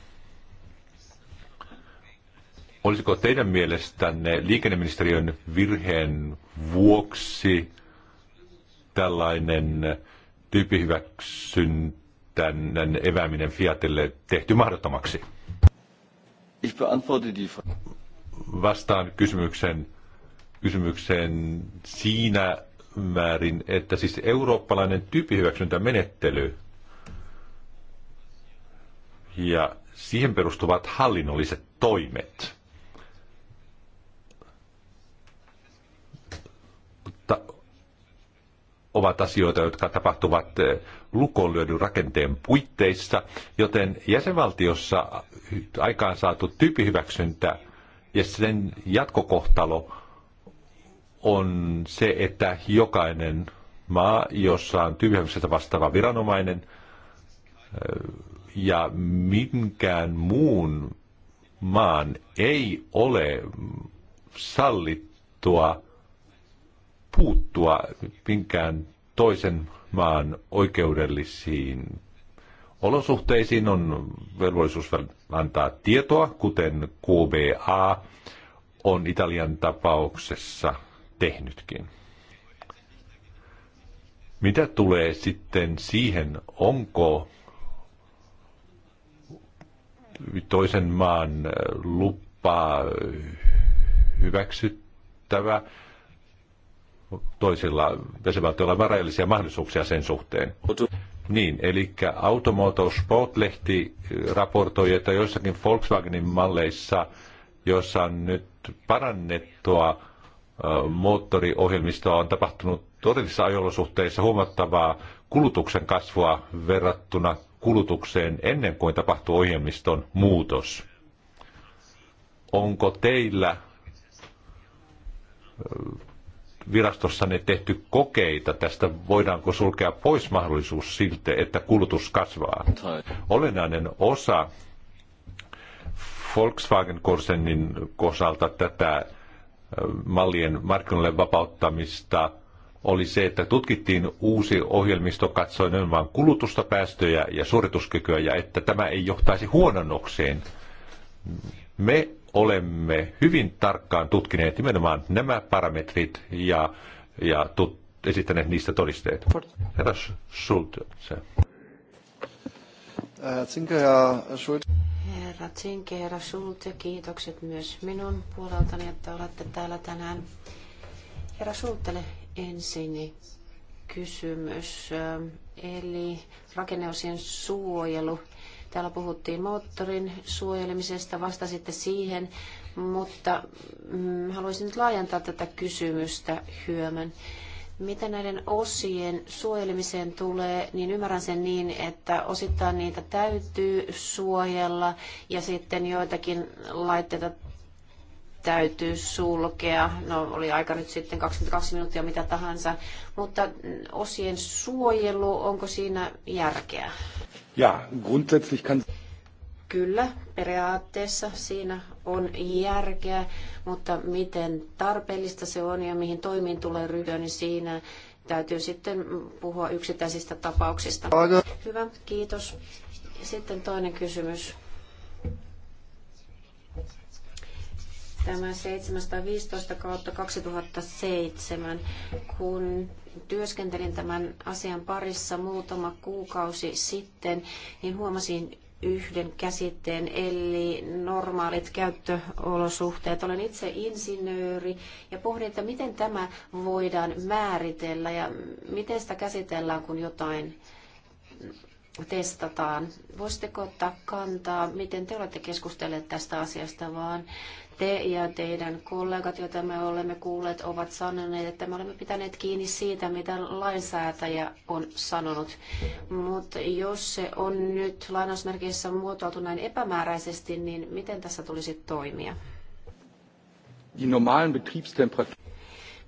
Olisiko teidän mielestänne liikenneministeriön virheen vuoksi tällainen tyyppihyväksyntän evääminen Fiatille tehty mahdottomaksi? Ich beantworte die Vastaan kysymyksen, kysymykseen siinä määrin, että siis eurooppalainen tyyppihyväksyntämenettely ja siihen perustuvat hallinnolliset toimet – ovat asioita, jotka tapahtuvat eh, lukonlyödyn rakenteen puitteissa, joten jäsenvaltiossa aikaan saatu tyyppihyväksyntä ja sen jatkokohtalo on se, että jokainen maa, jossa on tyyppihyväksynnästä vastaava viranomainen eh, ja minkään muun maan ei ole sallittua puuttua minkään toisen maan oikeudellisiin olosuhteisiin. On velvollisuus antaa tietoa, kuten QBA on Italian tapauksessa tehnytkin. Mitä tulee sitten siihen, onko toisen maan lupaa hyväksyttävä? toisilla jäsenvaltioilla varallisia mahdollisuuksia sen suhteen. Niin, eli Automotorsport-lehti raportoi, että joissakin Volkswagenin malleissa, joissa on nyt parannettua moottoriohjelmistoa, on tapahtunut todellisissa ajolosuhteissa huomattavaa kulutuksen kasvua verrattuna kulutukseen ennen kuin tapahtuu ohjelmiston muutos. Onko teillä virastossanne tehty kokeita tästä, voidaanko sulkea pois mahdollisuus siltä, että kulutus kasvaa. Olennainen osa Volkswagen-konsernin osalta tätä mallien markkinoille vapauttamista oli se, että tutkittiin uusi ohjelmisto katsoen vain kulutusta, päästöjä ja suorituskykyä, ja että tämä ei johtaisi huononnokseen. Me olemme hyvin tarkkaan tutkineet nimenomaan nämä parametrit ja, ja tut, esittäneet niistä todisteet. Herra Schultz. Äh, herra Tsinke, herra Schultz, kiitokset myös minun puoleltani, että olette täällä tänään. Herra Schultzelle ensin kysymys, äh, eli rakenneosien suojelu. Täällä puhuttiin moottorin suojelemisesta, vastasitte siihen, mutta mm, haluaisin nyt laajentaa tätä kysymystä hyömän. Mitä näiden osien suojelemiseen tulee, niin ymmärrän sen niin, että osittain niitä täytyy suojella ja sitten joitakin laitteita täytyy sulkea. No oli aika nyt sitten 22 minuuttia mitä tahansa, mutta mm, osien suojelu, onko siinä järkeä? Ja, grundsätzlich kann... Kyllä, periaatteessa siinä on järkeä, mutta miten tarpeellista se on ja mihin toimiin tulee ryhtyä, niin siinä täytyy sitten puhua yksittäisistä tapauksista. Hyvä, kiitos. Sitten toinen kysymys. Tämä 715 kautta 2007, kun työskentelin tämän asian parissa muutama kuukausi sitten, niin huomasin yhden käsitteen, eli normaalit käyttöolosuhteet. Olen itse insinööri ja pohdin, että miten tämä voidaan määritellä ja miten sitä käsitellään, kun jotain testataan. Voisitteko ottaa kantaa, miten te olette keskustelleet tästä asiasta, vaan te ja teidän kollegat, joita me olemme kuulleet, ovat sanoneet, että me olemme pitäneet kiinni siitä, mitä lainsäätäjä on sanonut. Mutta jos se on nyt lainausmerkeissä muotoiltu näin epämääräisesti, niin miten tässä tulisi toimia? Die normalen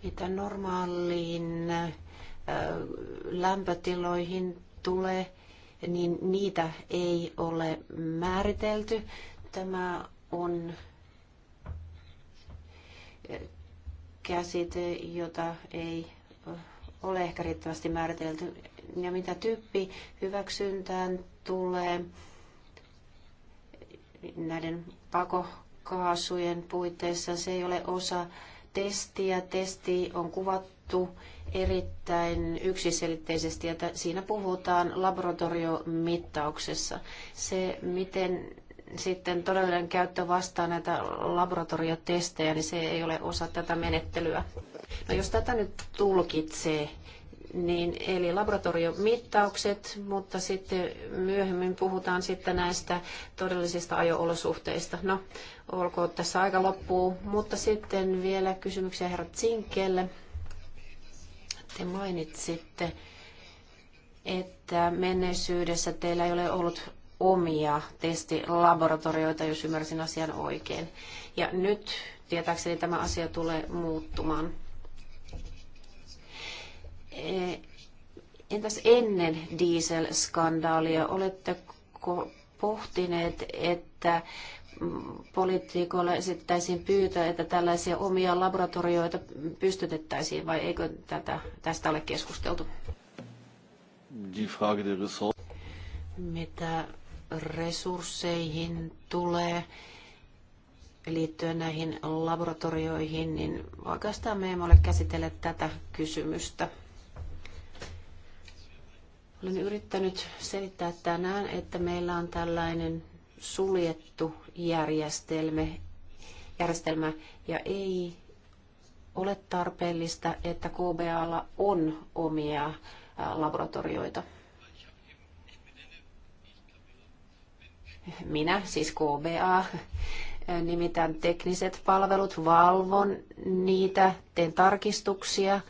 Mitä normaaliin lämpötiloihin tulee, niin niitä ei ole määritelty. Tämä on käsite, jota ei ole ehkä riittävästi määritelty. Ja mitä tyyppi hyväksyntään tulee näiden pakokaasujen puitteissa, se ei ole osa testiä. Testi on kuvattu erittäin yksiselitteisesti ja siinä puhutaan laboratoriomittauksessa. Se, miten sitten todellinen käyttö vastaa näitä laboratoriotestejä, niin se ei ole osa tätä menettelyä. No jos tätä nyt tulkitsee, niin eli laboratoriomittaukset, mutta sitten myöhemmin puhutaan sitten näistä todellisista ajoolosuhteista. No, olkoon tässä aika loppuu, mutta sitten vielä kysymyksiä herra Zinkelle. Te mainitsitte, että menneisyydessä teillä ei ole ollut omia testilaboratorioita, jos ymmärsin asian oikein. Ja nyt tietääkseni tämä asia tulee muuttumaan. Eh, entäs ennen dieselskandaalia, oletteko pohtineet, että mm, poliitikoille esittäisiin pyytää, että tällaisia omia laboratorioita pystytettäisiin, vai eikö tätä, tästä ole keskusteltu? Mitä resursseihin tulee liittyen näihin laboratorioihin, niin oikeastaan me emme ole käsitelleet tätä kysymystä. Olen yrittänyt selittää tänään, että meillä on tällainen suljettu järjestelmä, järjestelmä ja ei ole tarpeellista, että KBAlla on omia laboratorioita. minä, siis KBA, nimitän tekniset palvelut, valvon niitä, teen tarkistuksia.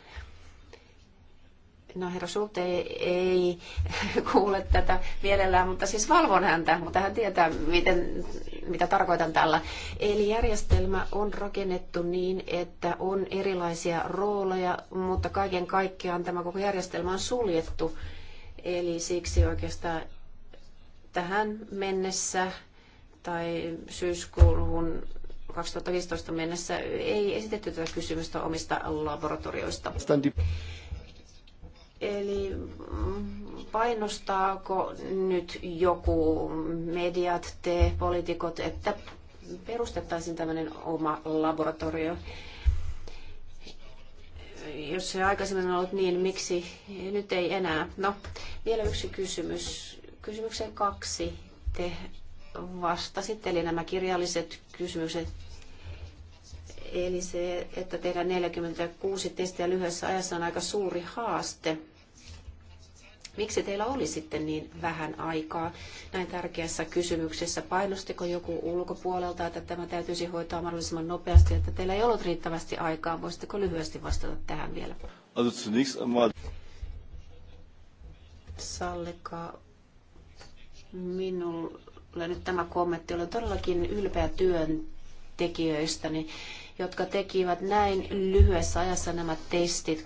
No herra Sulte ei, ei kuule tätä mielellään, mutta siis valvon häntä, mutta hän tietää, miten, mitä tarkoitan tällä. Eli järjestelmä on rakennettu niin, että on erilaisia rooleja, mutta kaiken kaikkiaan tämä koko järjestelmä on suljettu. Eli siksi oikeastaan tähän mennessä tai syyskuuhun 2015 mennessä ei esitetty tätä kysymystä omista laboratorioista. Eli painostaako nyt joku mediat, te, poliitikot, että perustettaisiin tämmöinen oma laboratorio? Jos se aikaisemmin on ollut niin, miksi nyt ei enää? No, vielä yksi kysymys Kysymykseen kaksi te vastasitte, eli nämä kirjalliset kysymykset. Eli se, että tehdään 46 testiä lyhyessä ajassa on aika suuri haaste. Miksi teillä oli sitten niin vähän aikaa näin tärkeässä kysymyksessä? Painostiko joku ulkopuolelta, että tämä täytyisi hoitaa mahdollisimman nopeasti, että teillä ei ollut riittävästi aikaa? Voisitteko lyhyesti vastata tähän vielä? Also Sallikaa minulle nyt tämä kommentti. Olen todellakin ylpeä työntekijöistäni, jotka tekivät näin lyhyessä ajassa nämä testit,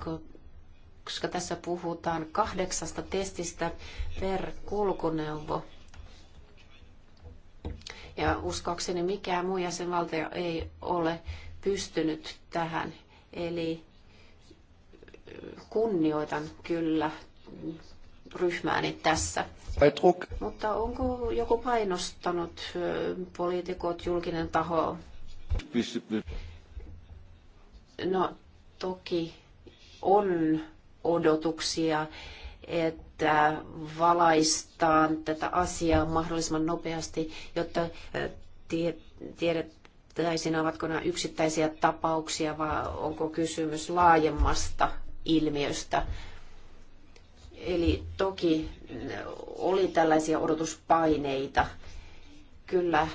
koska tässä puhutaan kahdeksasta testistä per kulkuneuvo. Ja uskoakseni mikään muu jäsenvaltio ei ole pystynyt tähän. Eli kunnioitan kyllä ryhmääni tässä. Mutta onko joku painostanut poliitikot, julkinen taho? No toki on odotuksia, että valaistaan tätä asiaa mahdollisimman nopeasti, jotta tie, tiedettäisiin, ovatko nämä yksittäisiä tapauksia vai onko kysymys laajemmasta ilmiöstä. Eli toki oli tällaisia odotuspaineita. Kyllä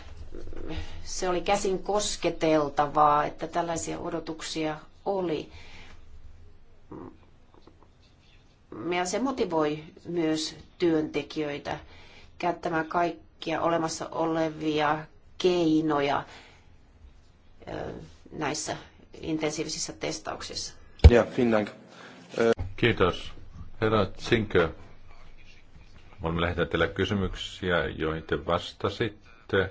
se oli käsin kosketeltavaa, että tällaisia odotuksia oli. Ja se motivoi myös työntekijöitä käyttämään kaikkia olemassa olevia keinoja näissä intensiivisissä testauksissa. Ja, Kiitos. Herra Tsinkö, voimme lähettää teille kysymyksiä, joihin te vastasitte.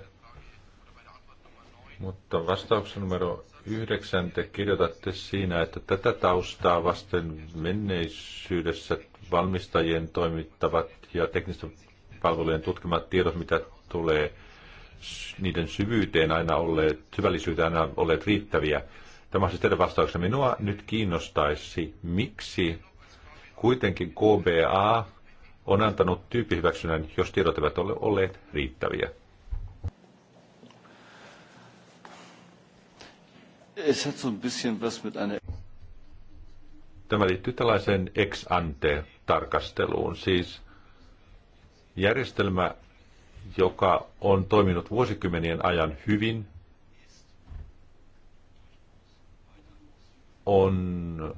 Mutta vastauksen numero yhdeksän te kirjoitatte siinä, että tätä taustaa vasten menneisyydessä valmistajien toimittavat ja teknisten palvelujen tutkimat tiedot, mitä tulee niiden syvyyteen aina olleet, syvällisyyteen aina olleet riittäviä. Tämä on siis teidän vastauksena. Minua nyt kiinnostaisi, miksi Kuitenkin KBA on antanut tyyppihyväksynnän, jos tiedot eivät ole olleet riittäviä. Tämä liittyy tällaiseen ex ante tarkasteluun, siis järjestelmä, joka on toiminut vuosikymmenien ajan hyvin, on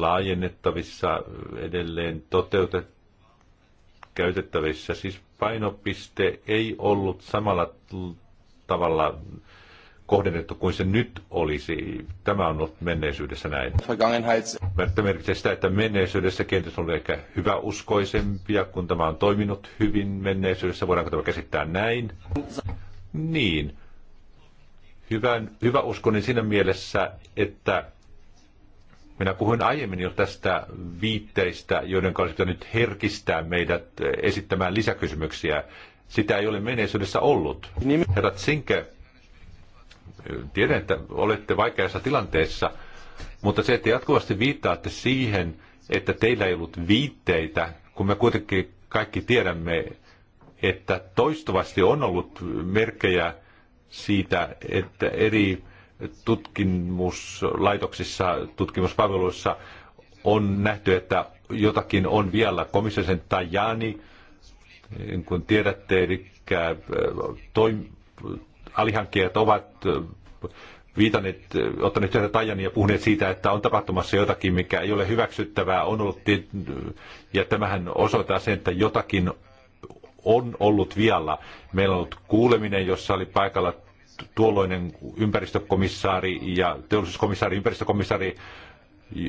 laajennettavissa, edelleen toteutettavissa, käytettävissä. Siis painopiste ei ollut samalla tavalla kohdennettu kuin se nyt olisi. Tämä on ollut menneisyydessä näin. Tämä merkitsee sitä, että menneisyydessä kenties on ollut ehkä hyväuskoisempia, kun tämä on toiminut hyvin menneisyydessä. Voidaanko tämä käsittää näin? Niin. Hyvän, hyvä usko niin siinä mielessä, että minä puhuin aiemmin jo tästä viitteistä, joiden kanssa nyt herkistää meidät esittämään lisäkysymyksiä. Sitä ei ole menneisyydessä ollut. Herra Tsinke, tiedän, että olette vaikeassa tilanteessa, mutta se, että jatkuvasti viittaatte siihen, että teillä ei ollut viitteitä, kun me kuitenkin kaikki tiedämme, että toistuvasti on ollut merkkejä siitä, että eri tutkimuslaitoksissa, tutkimuspalveluissa on nähty, että jotakin on vielä. Komissiosen Tajani, niin kuin tiedätte, eli toim- alihankkijat ovat viitanneet, ottaneet yhteyttä Tajani ja puhuneet siitä, että on tapahtumassa jotakin, mikä ei ole hyväksyttävää, on ollut, ja tämähän osoittaa sen, että jotakin on ollut vielä. Meillä on ollut kuuleminen, jossa oli paikalla tuolloinen ympäristökomissaari ja teollisuuskomissaari, ympäristökomissaari,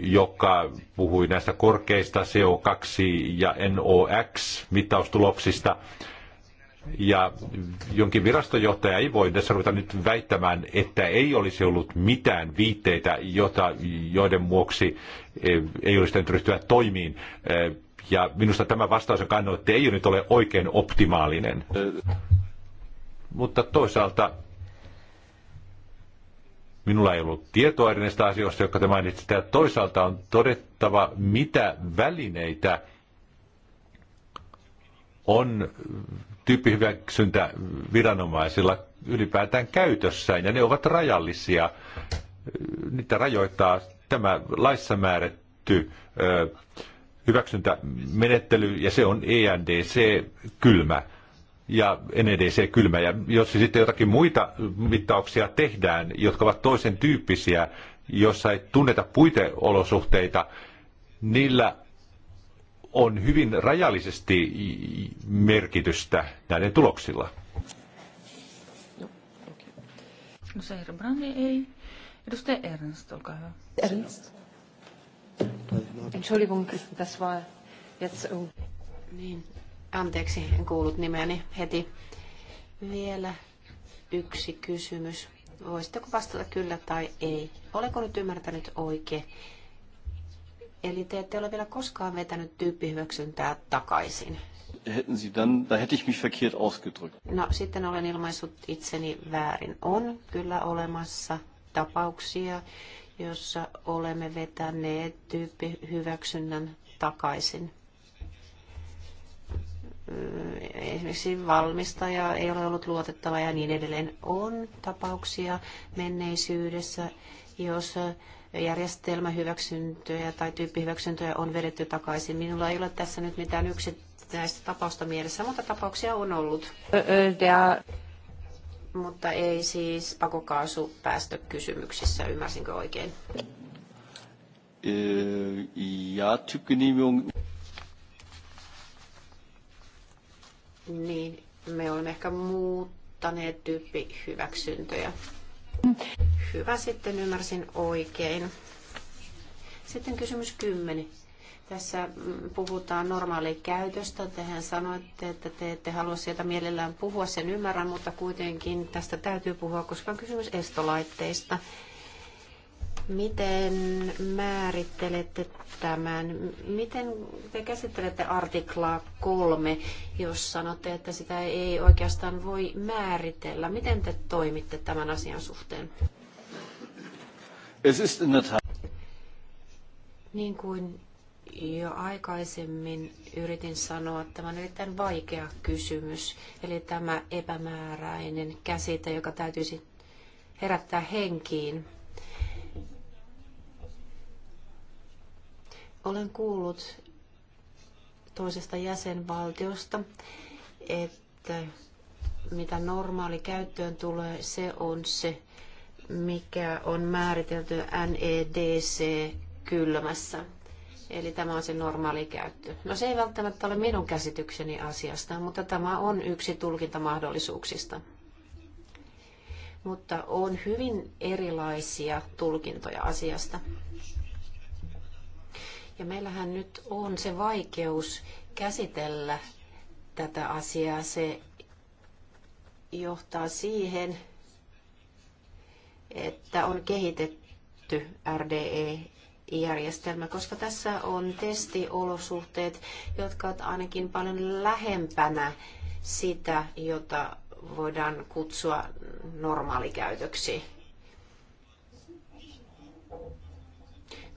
joka puhui näistä korkeista CO2 ja NOx-mittaustuloksista. Ja jonkin virastojohtaja ei voi tässä ruveta nyt väittämään, että ei olisi ollut mitään viitteitä, jota, joiden vuoksi e, ei olisi täytynyt ryhtyä toimiin. E, ja minusta tämä vastaus, on kannalta, että ei nyt ole oikein optimaalinen. Mutta toisaalta Minulla ei ollut tietoa näistä asioista, jotka te mainitsitte. Ja toisaalta on todettava, mitä välineitä on tyyppihyväksyntä viranomaisilla ylipäätään käytössään, ja ne ovat rajallisia. Niitä rajoittaa tämä laissa määrätty hyväksyntämenettely, ja se on ENDC kylmä ja NEDC kylmä. Ja jos sitten jotakin muita mittauksia tehdään, jotka ovat toisen tyyppisiä, jossa ei tunneta puiteolosuhteita, niillä on hyvin rajallisesti merkitystä näiden tuloksilla. No, no Brandi ei. Edustaja Ernst, olkaa hyvä. Ernst. Entschuldigung, das war jetzt... Niin, Anteeksi, en kuullut nimeäni heti. Vielä yksi kysymys. Voisitteko vastata kyllä tai ei? Oleko nyt ymmärtänyt oikein? Eli te ette ole vielä koskaan vetänyt tyyppihyväksyntää takaisin. Hätten Sie dann, da hätte ich mich verkehrt ausgedrückt. No sitten olen ilmaissut itseni väärin. On kyllä olemassa tapauksia, jossa olemme vetäneet tyyppihyväksynnän takaisin esimerkiksi valmistaja ei ole ollut luotettava ja niin edelleen. On tapauksia menneisyydessä, jos järjestelmähyväksyntöjä tai tyyppihyväksyntöjä on vedetty takaisin. Minulla ei ole tässä nyt mitään yksittäistä tapausta mielessä, mutta tapauksia on ollut. Mutta ei siis pakokaasupäästökysymyksissä, ymmärsinkö oikein? Ja, niin me olemme ehkä muuttaneet tyyppihyväksyntöjä. Hyvä, sitten ymmärsin oikein. Sitten kysymys 10. Tässä puhutaan käytöstä Tehän sanoitte, että te ette halua sieltä mielellään puhua, sen ymmärrän, mutta kuitenkin tästä täytyy puhua, koska on kysymys estolaitteista. Miten määrittelette tämän? Miten te käsittelette artiklaa kolme, jos sanotte, että sitä ei oikeastaan voi määritellä? Miten te toimitte tämän asian suhteen? Niin kuin jo aikaisemmin yritin sanoa, että tämä on erittäin vaikea kysymys, eli tämä epämääräinen käsite, joka täytyisi herättää henkiin Olen kuullut toisesta jäsenvaltiosta, että mitä normaali käyttöön tulee, se on se, mikä on määritelty NEDC kylmässä. Eli tämä on se normaali käyttö. No se ei välttämättä ole minun käsitykseni asiasta, mutta tämä on yksi tulkintamahdollisuuksista. Mutta on hyvin erilaisia tulkintoja asiasta. Ja meillähän nyt on se vaikeus käsitellä tätä asiaa. Se johtaa siihen, että on kehitetty RDE-järjestelmä, koska tässä on testiolosuhteet, jotka ovat ainakin paljon lähempänä sitä, jota voidaan kutsua normaalikäytöksi.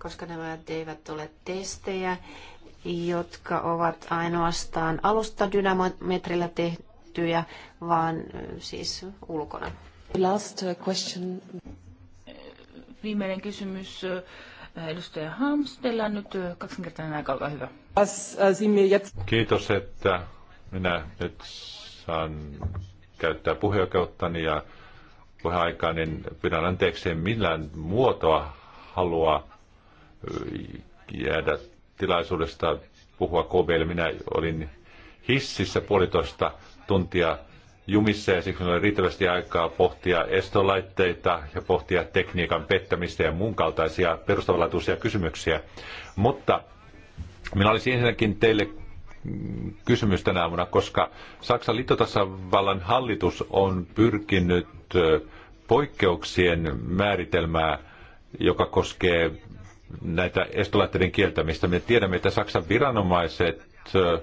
koska nämä eivät ole testejä, jotka ovat ainoastaan alustadynamometrillä tehtyjä, vaan siis ulkona. Last question. Viimeinen kysymys. Edustaja Hams, teillä on nyt kaksinkertainen aika, olkaa hyvä. Kiitos, että minä nyt saan käyttää puheenjohtajani ja puheaikainen niin pidän anteeksi, millään muotoa halua jäädä tilaisuudesta puhua KBL. Minä olin hississä puolitoista tuntia jumissa ja siksi oli riittävästi aikaa pohtia estolaitteita ja pohtia tekniikan pettämistä ja muun kaltaisia perustavanlaatuisia kysymyksiä. Mutta minä olisin ensinnäkin teille kysymys tänä aamuna, koska Saksan liittotasavallan hallitus on pyrkinyt poikkeuksien määritelmää, joka koskee näitä estolaitteiden kieltämistä. Me tiedämme, että Saksan viranomaiset äh,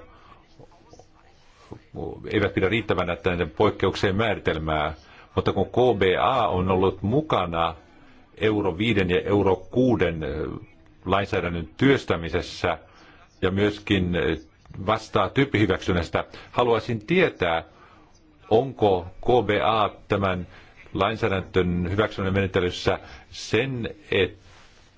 eivät pidä riittävänä näiden poikkeuksien määritelmää, mutta kun KBA on ollut mukana euro 5 ja euro 6 äh, lainsäädännön työstämisessä ja myöskin äh, vastaa tyyppihyväksynnästä, haluaisin tietää, onko KBA tämän lainsäädäntön hyväksynnän menettelyssä sen, että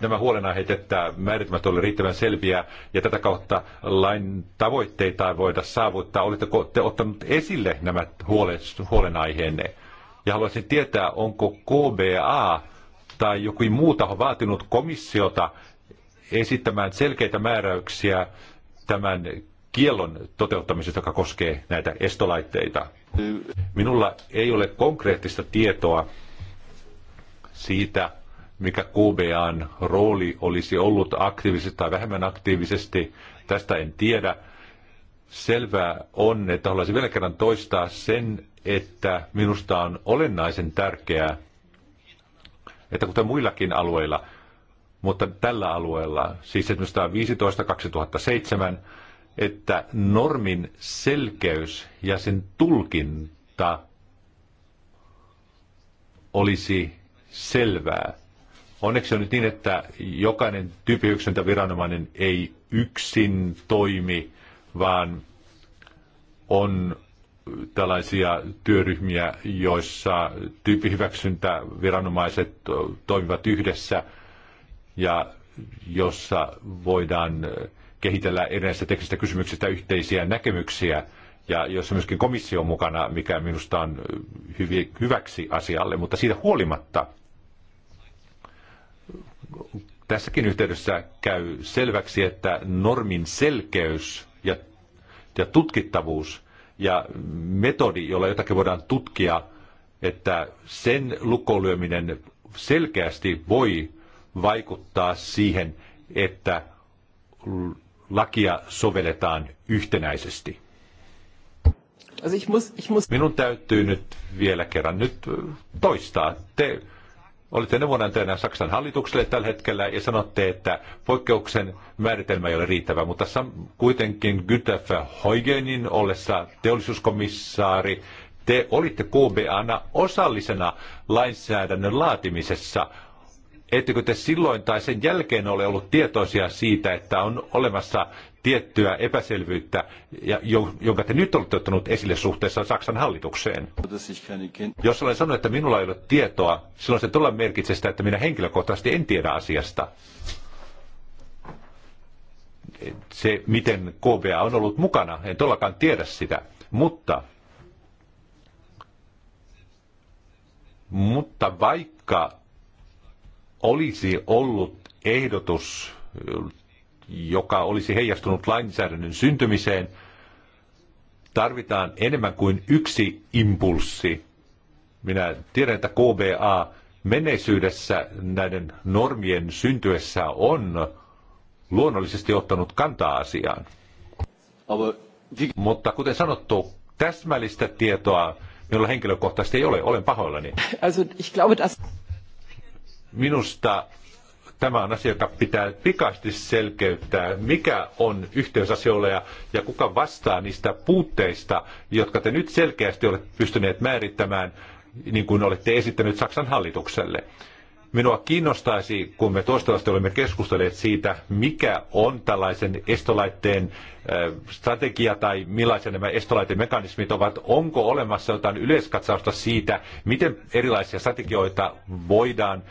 nämä huolenaiheet, että määritelmät olivat riittävän selviä ja tätä kautta lain tavoitteita ei voida saavuttaa. Oletteko te ottanut esille nämä huolenaiheenne? Ja haluaisin tietää, onko KBA tai joku muu taho vaatinut komissiota esittämään selkeitä määräyksiä tämän kiellon toteuttamisesta, joka koskee näitä estolaitteita. Minulla ei ole konkreettista tietoa siitä, mikä QBAn rooli olisi ollut aktiivisesti tai vähemmän aktiivisesti, tästä en tiedä. Selvää on, että haluaisin vielä kerran toistaa sen, että minusta on olennaisen tärkeää, että kuten muillakin alueilla, mutta tällä alueella, siis esimerkiksi 2007 että normin selkeys ja sen tulkinta olisi selvää. Onneksi on nyt niin, että jokainen viranomainen ei yksin toimi, vaan on tällaisia työryhmiä, joissa tyyppihyväksyntäviranomaiset toimivat yhdessä ja jossa voidaan kehitellä erinäisistä teknisistä kysymyksistä yhteisiä näkemyksiä ja jossa myöskin komissio on mukana, mikä minusta on hyvi, hyväksi asialle, mutta siitä huolimatta – tässäkin yhteydessä käy selväksi, että normin selkeys ja, ja tutkittavuus ja metodi, jolla jotakin voidaan tutkia, että sen lukolyöminen selkeästi voi vaikuttaa siihen, että lakia sovelletaan yhtenäisesti. Minun täytyy nyt vielä kerran nyt toistaa. Te Olette neuvonantajana Saksan hallitukselle tällä hetkellä ja sanotte, että poikkeuksen määritelmä ei ole riittävä, mutta kuitenkin Günther Heugenin ollessa teollisuuskomissaari te olitte KBAna osallisena lainsäädännön laatimisessa. Ettekö te silloin tai sen jälkeen ole ollut tietoisia siitä, että on olemassa tiettyä epäselvyyttä, ja, jonka te nyt olette ottanut esille suhteessa Saksan hallitukseen. Jos olen sanonut, että minulla ei ole tietoa, silloin se tulla merkitsee sitä, että minä henkilökohtaisesti en tiedä asiasta. Se, miten KBA on ollut mukana, en todellakaan tiedä sitä. Mutta Mutta vaikka olisi ollut ehdotus joka olisi heijastunut lainsäädännön syntymiseen, tarvitaan enemmän kuin yksi impulssi. Minä tiedän, että KBA menneisyydessä näiden normien syntyessä on luonnollisesti ottanut kantaa asiaan. Mutta kuten sanottu, täsmällistä tietoa minulla henkilökohtaisesti ei ole, olen pahoillani. Minusta Tämä on asia, joka pitää pikasti selkeyttää, mikä on yhteys ja, kuka vastaa niistä puutteista, jotka te nyt selkeästi olette pystyneet määrittämään, niin kuin olette esittänyt Saksan hallitukselle. Minua kiinnostaisi, kun me toistuvasti olemme keskustelleet siitä, mikä on tällaisen estolaitteen strategia tai millaisia nämä estolaitteen mekanismit ovat. Onko olemassa jotain yleiskatsausta siitä, miten erilaisia strategioita voidaan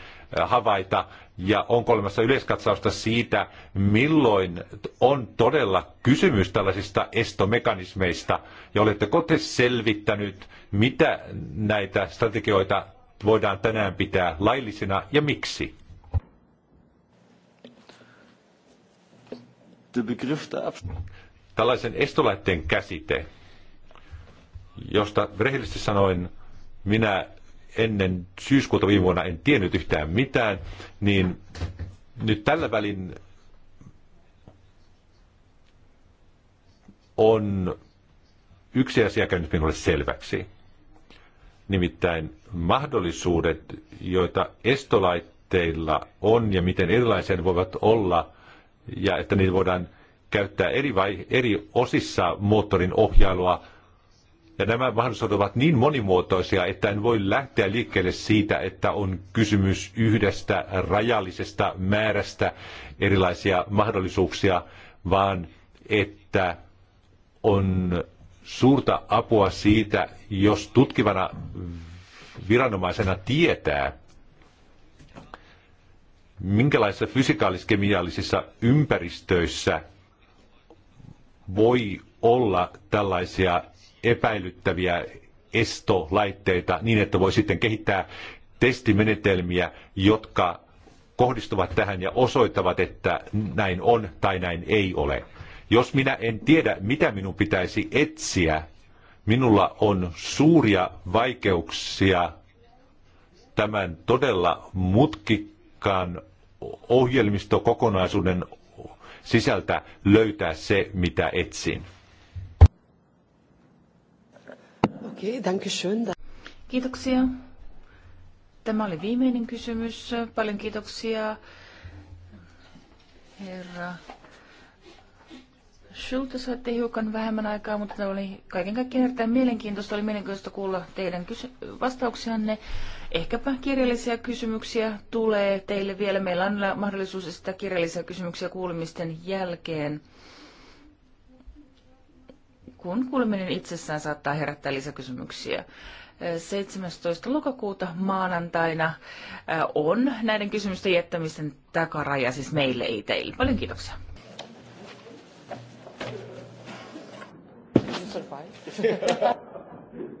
havaita ja onko olemassa yleiskatsausta siitä, milloin on todella kysymys tällaisista estomekanismeista, ja oletteko te selvittänyt, mitä näitä strategioita voidaan tänään pitää laillisina ja miksi? Tällaisen estolaitteen käsite, josta rehellisesti sanoen minä ennen syyskuuta viime vuonna en tiennyt yhtään mitään, niin nyt tällä välin on yksi asia käynyt minulle selväksi. Nimittäin mahdollisuudet, joita estolaitteilla on ja miten erilaisia ne voivat olla, ja että niitä voidaan käyttää eri, vai, eri osissa moottorin ohjailua – ja nämä mahdollisuudet ovat niin monimuotoisia, että en voi lähteä liikkeelle siitä, että on kysymys yhdestä rajallisesta määrästä erilaisia mahdollisuuksia, vaan että on suurta apua siitä, jos tutkivana viranomaisena tietää, minkälaisissa fysikaaliskemiallisissa ympäristöissä voi olla tällaisia epäilyttäviä estolaitteita niin, että voi sitten kehittää testimenetelmiä, jotka kohdistuvat tähän ja osoittavat, että näin on tai näin ei ole. Jos minä en tiedä, mitä minun pitäisi etsiä, minulla on suuria vaikeuksia tämän todella mutkikkaan ohjelmistokokonaisuuden sisältä löytää se, mitä etsin. Okay, danke schön. Kiitoksia. Tämä oli viimeinen kysymys. Paljon kiitoksia, herra Schulta. Saitte hiukan vähemmän aikaa, mutta tämä oli kaiken kaikkiaan erittäin mielenkiintoista. Oli mielenkiintoista kuulla teidän kysy- vastauksianne. Ehkäpä kirjallisia kysymyksiä tulee teille vielä. Meillä on mahdollisuus esittää kirjallisia kysymyksiä kuulemisten jälkeen kun kuuleminen itsessään saattaa herättää lisäkysymyksiä. 17. lokakuuta maanantaina on näiden kysymysten jättämisen takaraja, siis meille ei teille. Paljon kiitoksia. survive.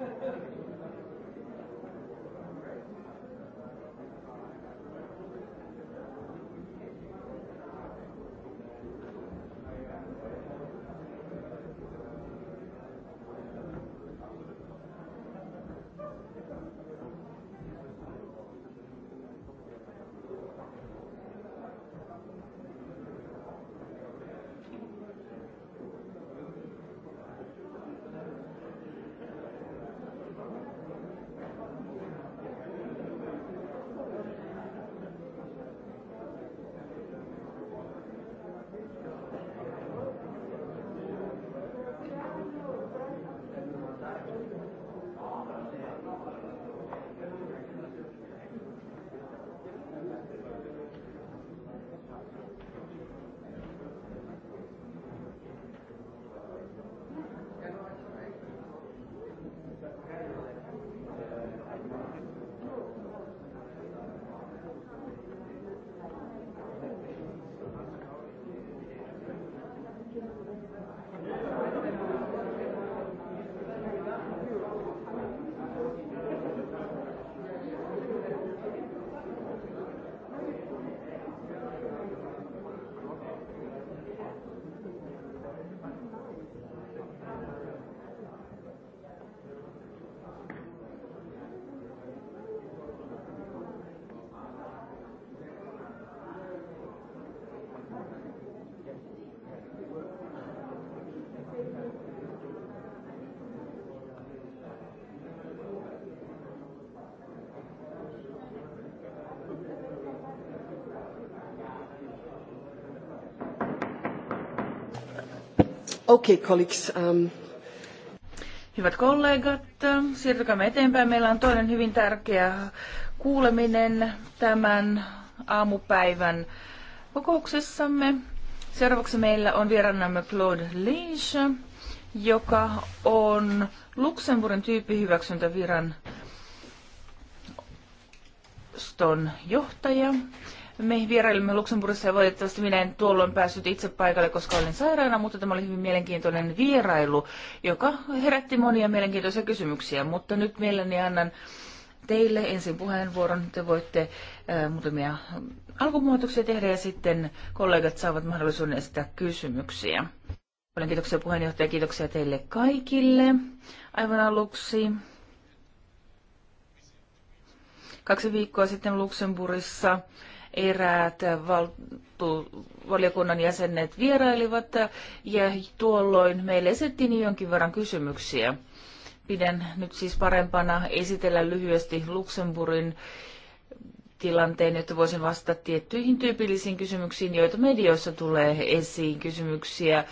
Thank you. Okay, colleagues. Um... Hyvät kollegat, siirtykäämme eteenpäin. Meillä on toinen hyvin tärkeä kuuleminen tämän aamupäivän kokouksessamme. Seuraavaksi meillä on vierannamme Claude Lynch, joka on Luxemburgin tyyppihyväksyntäviran johtaja. Me vierailimme Luxemburgissa ja valitettavasti minä en tuolloin päässyt itse paikalle, koska olin sairaana, mutta tämä oli hyvin mielenkiintoinen vierailu, joka herätti monia mielenkiintoisia kysymyksiä. Mutta nyt mielelläni annan teille ensin puheenvuoron. Te voitte äh, muutamia alkumuotoksia tehdä ja sitten kollegat saavat mahdollisuuden esittää kysymyksiä. Paljon kiitoksia puheenjohtaja, kiitoksia teille kaikille. Aivan aluksi kaksi viikkoa sitten Luxemburgissa eräät valtu- valiokunnan jäsenet vierailivat ja tuolloin meille esitettiin jonkin verran kysymyksiä. Pidän nyt siis parempana esitellä lyhyesti Luxemburgin tilanteen, jotta voisin vastata tiettyihin tyypillisiin kysymyksiin, joita medioissa tulee esiin. Kysymyksiä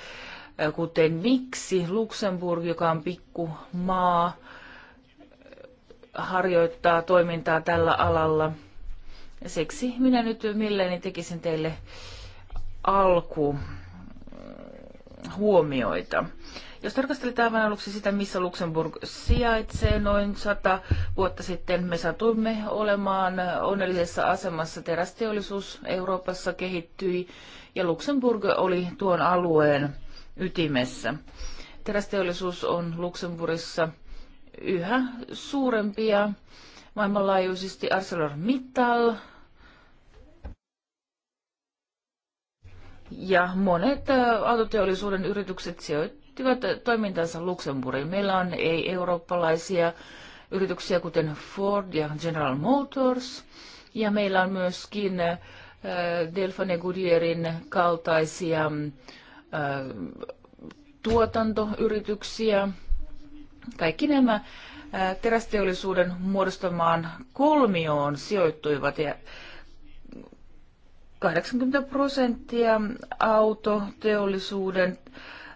kuten miksi Luxemburg, joka on pikku maa, harjoittaa toimintaa tällä alalla – ja siksi minä nyt mielelläni tekisin teille alku mm, huomioita. Jos tarkastelit aivan aluksi sitä, missä Luxemburg sijaitsee noin sata vuotta sitten, me satuimme olemaan onnellisessa asemassa. Terästeollisuus Euroopassa kehittyi ja Luxemburg oli tuon alueen ytimessä. Terästeollisuus on Luxemburgissa yhä suurempia maailmanlaajuisesti ArcelorMittal ja monet äh, autoteollisuuden yritykset sijoittivat äh, toimintansa Luxemburgiin. Meillä on ei-eurooppalaisia yrityksiä kuten Ford ja General Motors ja meillä on myöskin äh, Delphine ja Goodyearin kaltaisia tuotantoyrityksiä. Kaikki nämä terästeollisuuden muodostamaan kolmioon sijoittuivat ja 80 prosenttia autoteollisuuden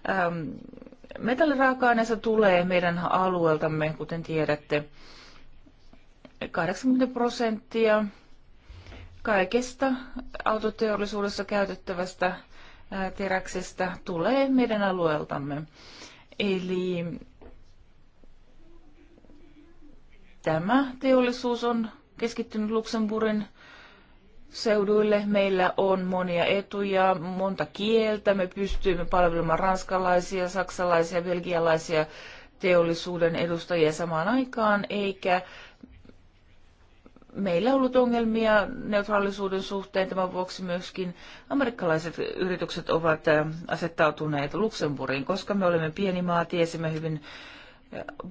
ähm, metalliraaka-aineista tulee meidän alueeltamme, kuten tiedätte. 80 prosenttia kaikesta autoteollisuudessa käytettävästä teräksestä tulee meidän alueeltamme. Eli Tämä teollisuus on keskittynyt Luxemburgin seuduille. Meillä on monia etuja, monta kieltä. Me pystymme palvelemaan ranskalaisia, saksalaisia, belgialaisia teollisuuden edustajia samaan aikaan, eikä meillä ollut ongelmia neutraalisuuden suhteen. Tämän vuoksi myöskin amerikkalaiset yritykset ovat äh, asettautuneet Luxemburgiin, koska me olemme pieni maa, tiesimme hyvin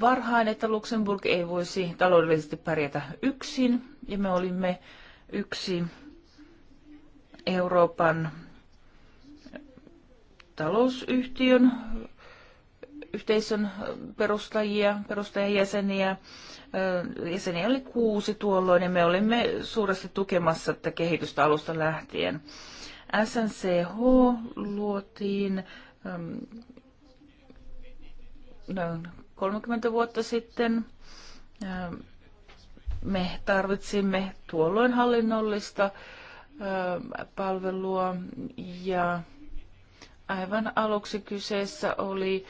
varhain, että Luxemburg ei voisi taloudellisesti pärjätä yksin, ja me olimme yksi Euroopan talousyhtiön yhteisön perustajia, perustajajäseniä. Jäseniä oli kuusi tuolloin ja me olimme suuresti tukemassa tätä kehitystä alusta lähtien. SNCH luotiin no, 30 vuotta sitten me tarvitsimme tuolloin hallinnollista palvelua ja aivan aluksi kyseessä oli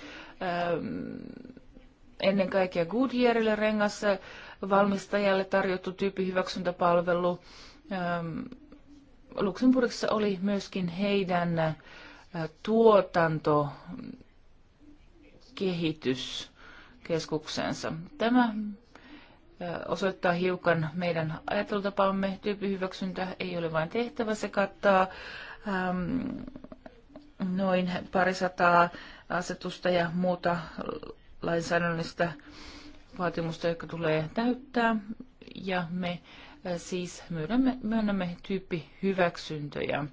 ennen kaikkea Goodyearille rengassa valmistajalle tarjottu tyyppihyväksyntäpalvelu. Luxemburgissa oli myöskin heidän tuotantokehitys keskukseensa. Tämä osoittaa hiukan meidän ajattelutapaamme. Tyyppihyväksyntä ei ole vain tehtävä, se kattaa äm, noin parisataa asetusta ja muuta lainsäädännöllistä vaatimusta, jotka tulee täyttää. Ja me siis myönnämme, myönnämme tyyppihyväksyntöjä.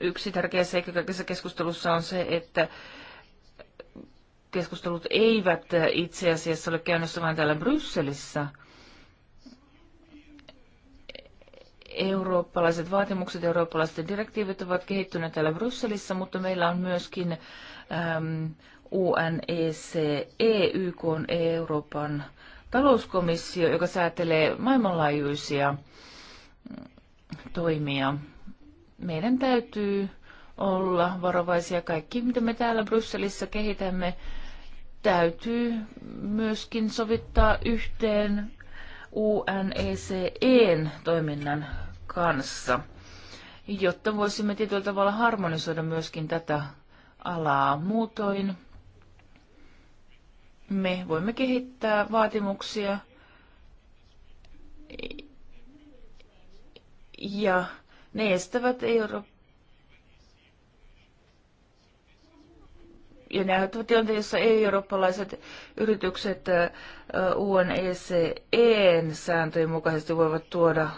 Yksi tärkeä seikka kaikessa keskustelussa on se, että keskustelut eivät itse asiassa ole käynnissä vain täällä Brysselissä. Eurooppalaiset vaatimukset, eurooppalaiset direktiivit ovat kehittyneet täällä Brysselissä, mutta meillä on myöskin äm, UNEC, EYK, Euroopan talouskomissio, joka säätelee maailmanlaajuisia toimia. Meidän täytyy olla varovaisia. Kaikki, mitä me täällä Brysselissä kehitämme, täytyy myöskin sovittaa yhteen UNECEn toiminnan kanssa, jotta voisimme tietyllä tavalla harmonisoida myöskin tätä alaa muutoin. Me voimme kehittää vaatimuksia ja ne estävät Euroopan ja ne aiheuttavat tilanteen, jossa ei-eurooppalaiset yritykset UNECEn sääntöjen mukaisesti voivat tuoda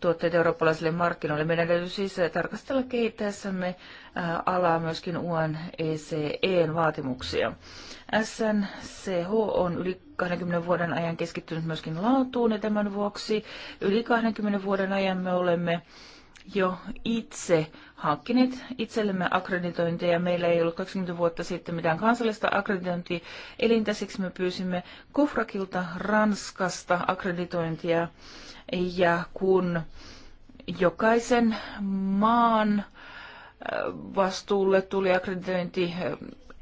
tuotteita eurooppalaisille markkinoille. Meidän täytyy siis tarkastella kehittäessämme alaa myöskin UNECEn vaatimuksia. SNCH on yli 20 vuoden ajan keskittynyt myöskin laatuun ja tämän vuoksi yli 20 vuoden ajan me olemme jo itse hankkineet itsellemme akkreditointeja. Meillä ei ollut 20 vuotta sitten mitään kansallista akkreditointielintä, siksi me pyysimme Kufrakilta Ranskasta akkreditointia. Ja kun jokaisen maan äh, vastuulle tuli akkreditointi,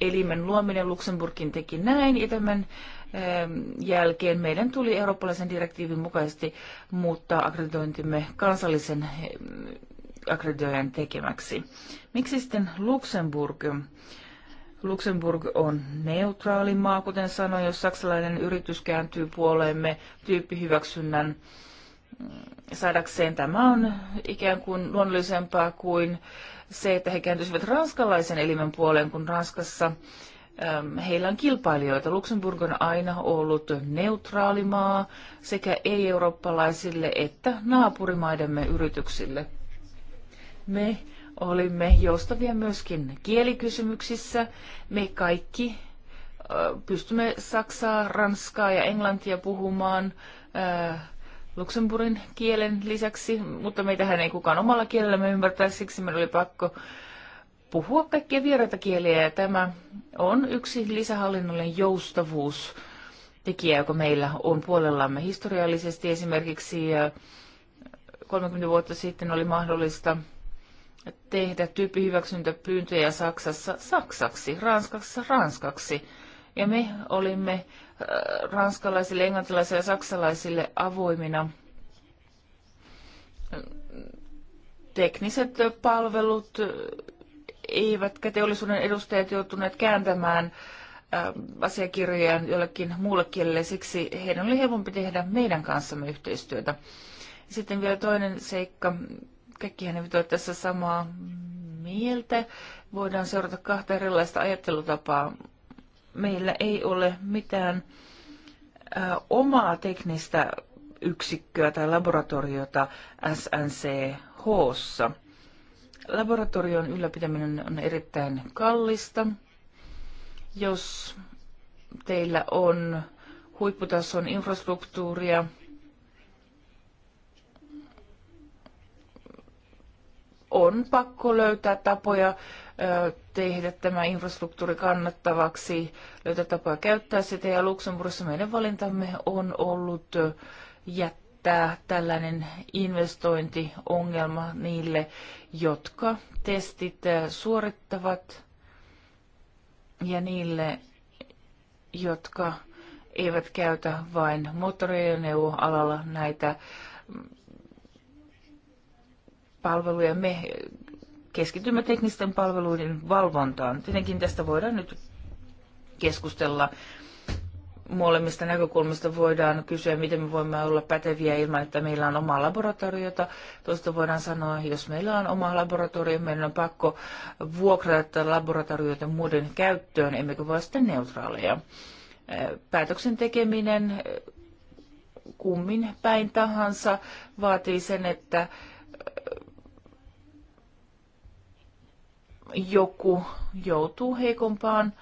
elimen luominen Luxemburgin teki näin ja tämän Ehm, jälkeen meidän tuli eurooppalaisen direktiivin mukaisesti muuttaa akkreditointimme kansallisen ehm, akkreditoijan tekemäksi. Miksi sitten Luxemburg? Luxemburg on neutraali maa, kuten sanoin, jos saksalainen yritys kääntyy puoleemme tyyppihyväksynnän mm, saadakseen. Tämä on ikään kuin luonnollisempaa kuin se, että he kääntyisivät ranskalaisen elimen puoleen, kun Ranskassa Ähm, heillä on kilpailijoita. Luxemburg on aina ollut neutraali maa sekä ei-eurooppalaisille että naapurimaidemme yrityksille. Me olimme joustavia myöskin kielikysymyksissä. Me kaikki äh, pystymme saksaa, ranskaa ja englantia puhumaan äh, Luxemburgin kielen lisäksi, mutta meitähän ei kukaan omalla kielellämme ymmärtää, siksi meillä oli pakko puhua kaikkia vieraita kieliä ja tämä on yksi lisähallinnollinen joustavuus tekijä, joka meillä on puolellamme historiallisesti. Esimerkiksi 30 äh, vuotta sitten oli mahdollista tehdä tyyppihyväksyntäpyyntöjä Saksassa saksaksi, Ranskassa ranskaksi. Ja me olimme äh, ranskalaisille, englantilaisille ja saksalaisille avoimina äh, tekniset palvelut eivätkä teollisuuden edustajat joutuneet kääntämään ähm, asiakirjoja jollekin muulle kielelle, siksi heidän oli helpompi tehdä meidän kanssamme yhteistyötä. Sitten vielä toinen seikka, kaikki eivät ole tässä samaa mieltä. Voidaan seurata kahta erilaista ajattelutapaa. Meillä ei ole mitään äh, omaa teknistä yksikköä tai laboratoriota SNCHssa laboratorion ylläpitäminen on erittäin kallista. Jos teillä on huipputason infrastruktuuria, on pakko löytää tapoja tehdä tämä infrastruktuuri kannattavaksi, löytää tapoja käyttää sitä. Ja Luxemburgissa meidän valintamme on ollut jättää välttää tällainen investointiongelma niille, jotka testit suorittavat ja niille, jotka eivät käytä vain moottoriajoneuvoalalla näitä palveluja. Me keskitymme teknisten palveluiden valvontaan. Tietenkin tästä voidaan nyt keskustella molemmista näkökulmista voidaan kysyä, miten me voimme olla päteviä ilman, että meillä on omaa laboratoriota. Toista voidaan sanoa, että jos meillä on oma laboratorio, meidän on pakko vuokrata laboratorioita muiden käyttöön, emmekä voi sitten neutraaleja. Äh, päätöksen tekeminen äh, kummin päin tahansa vaatii sen, että äh, joku joutuu heikompaan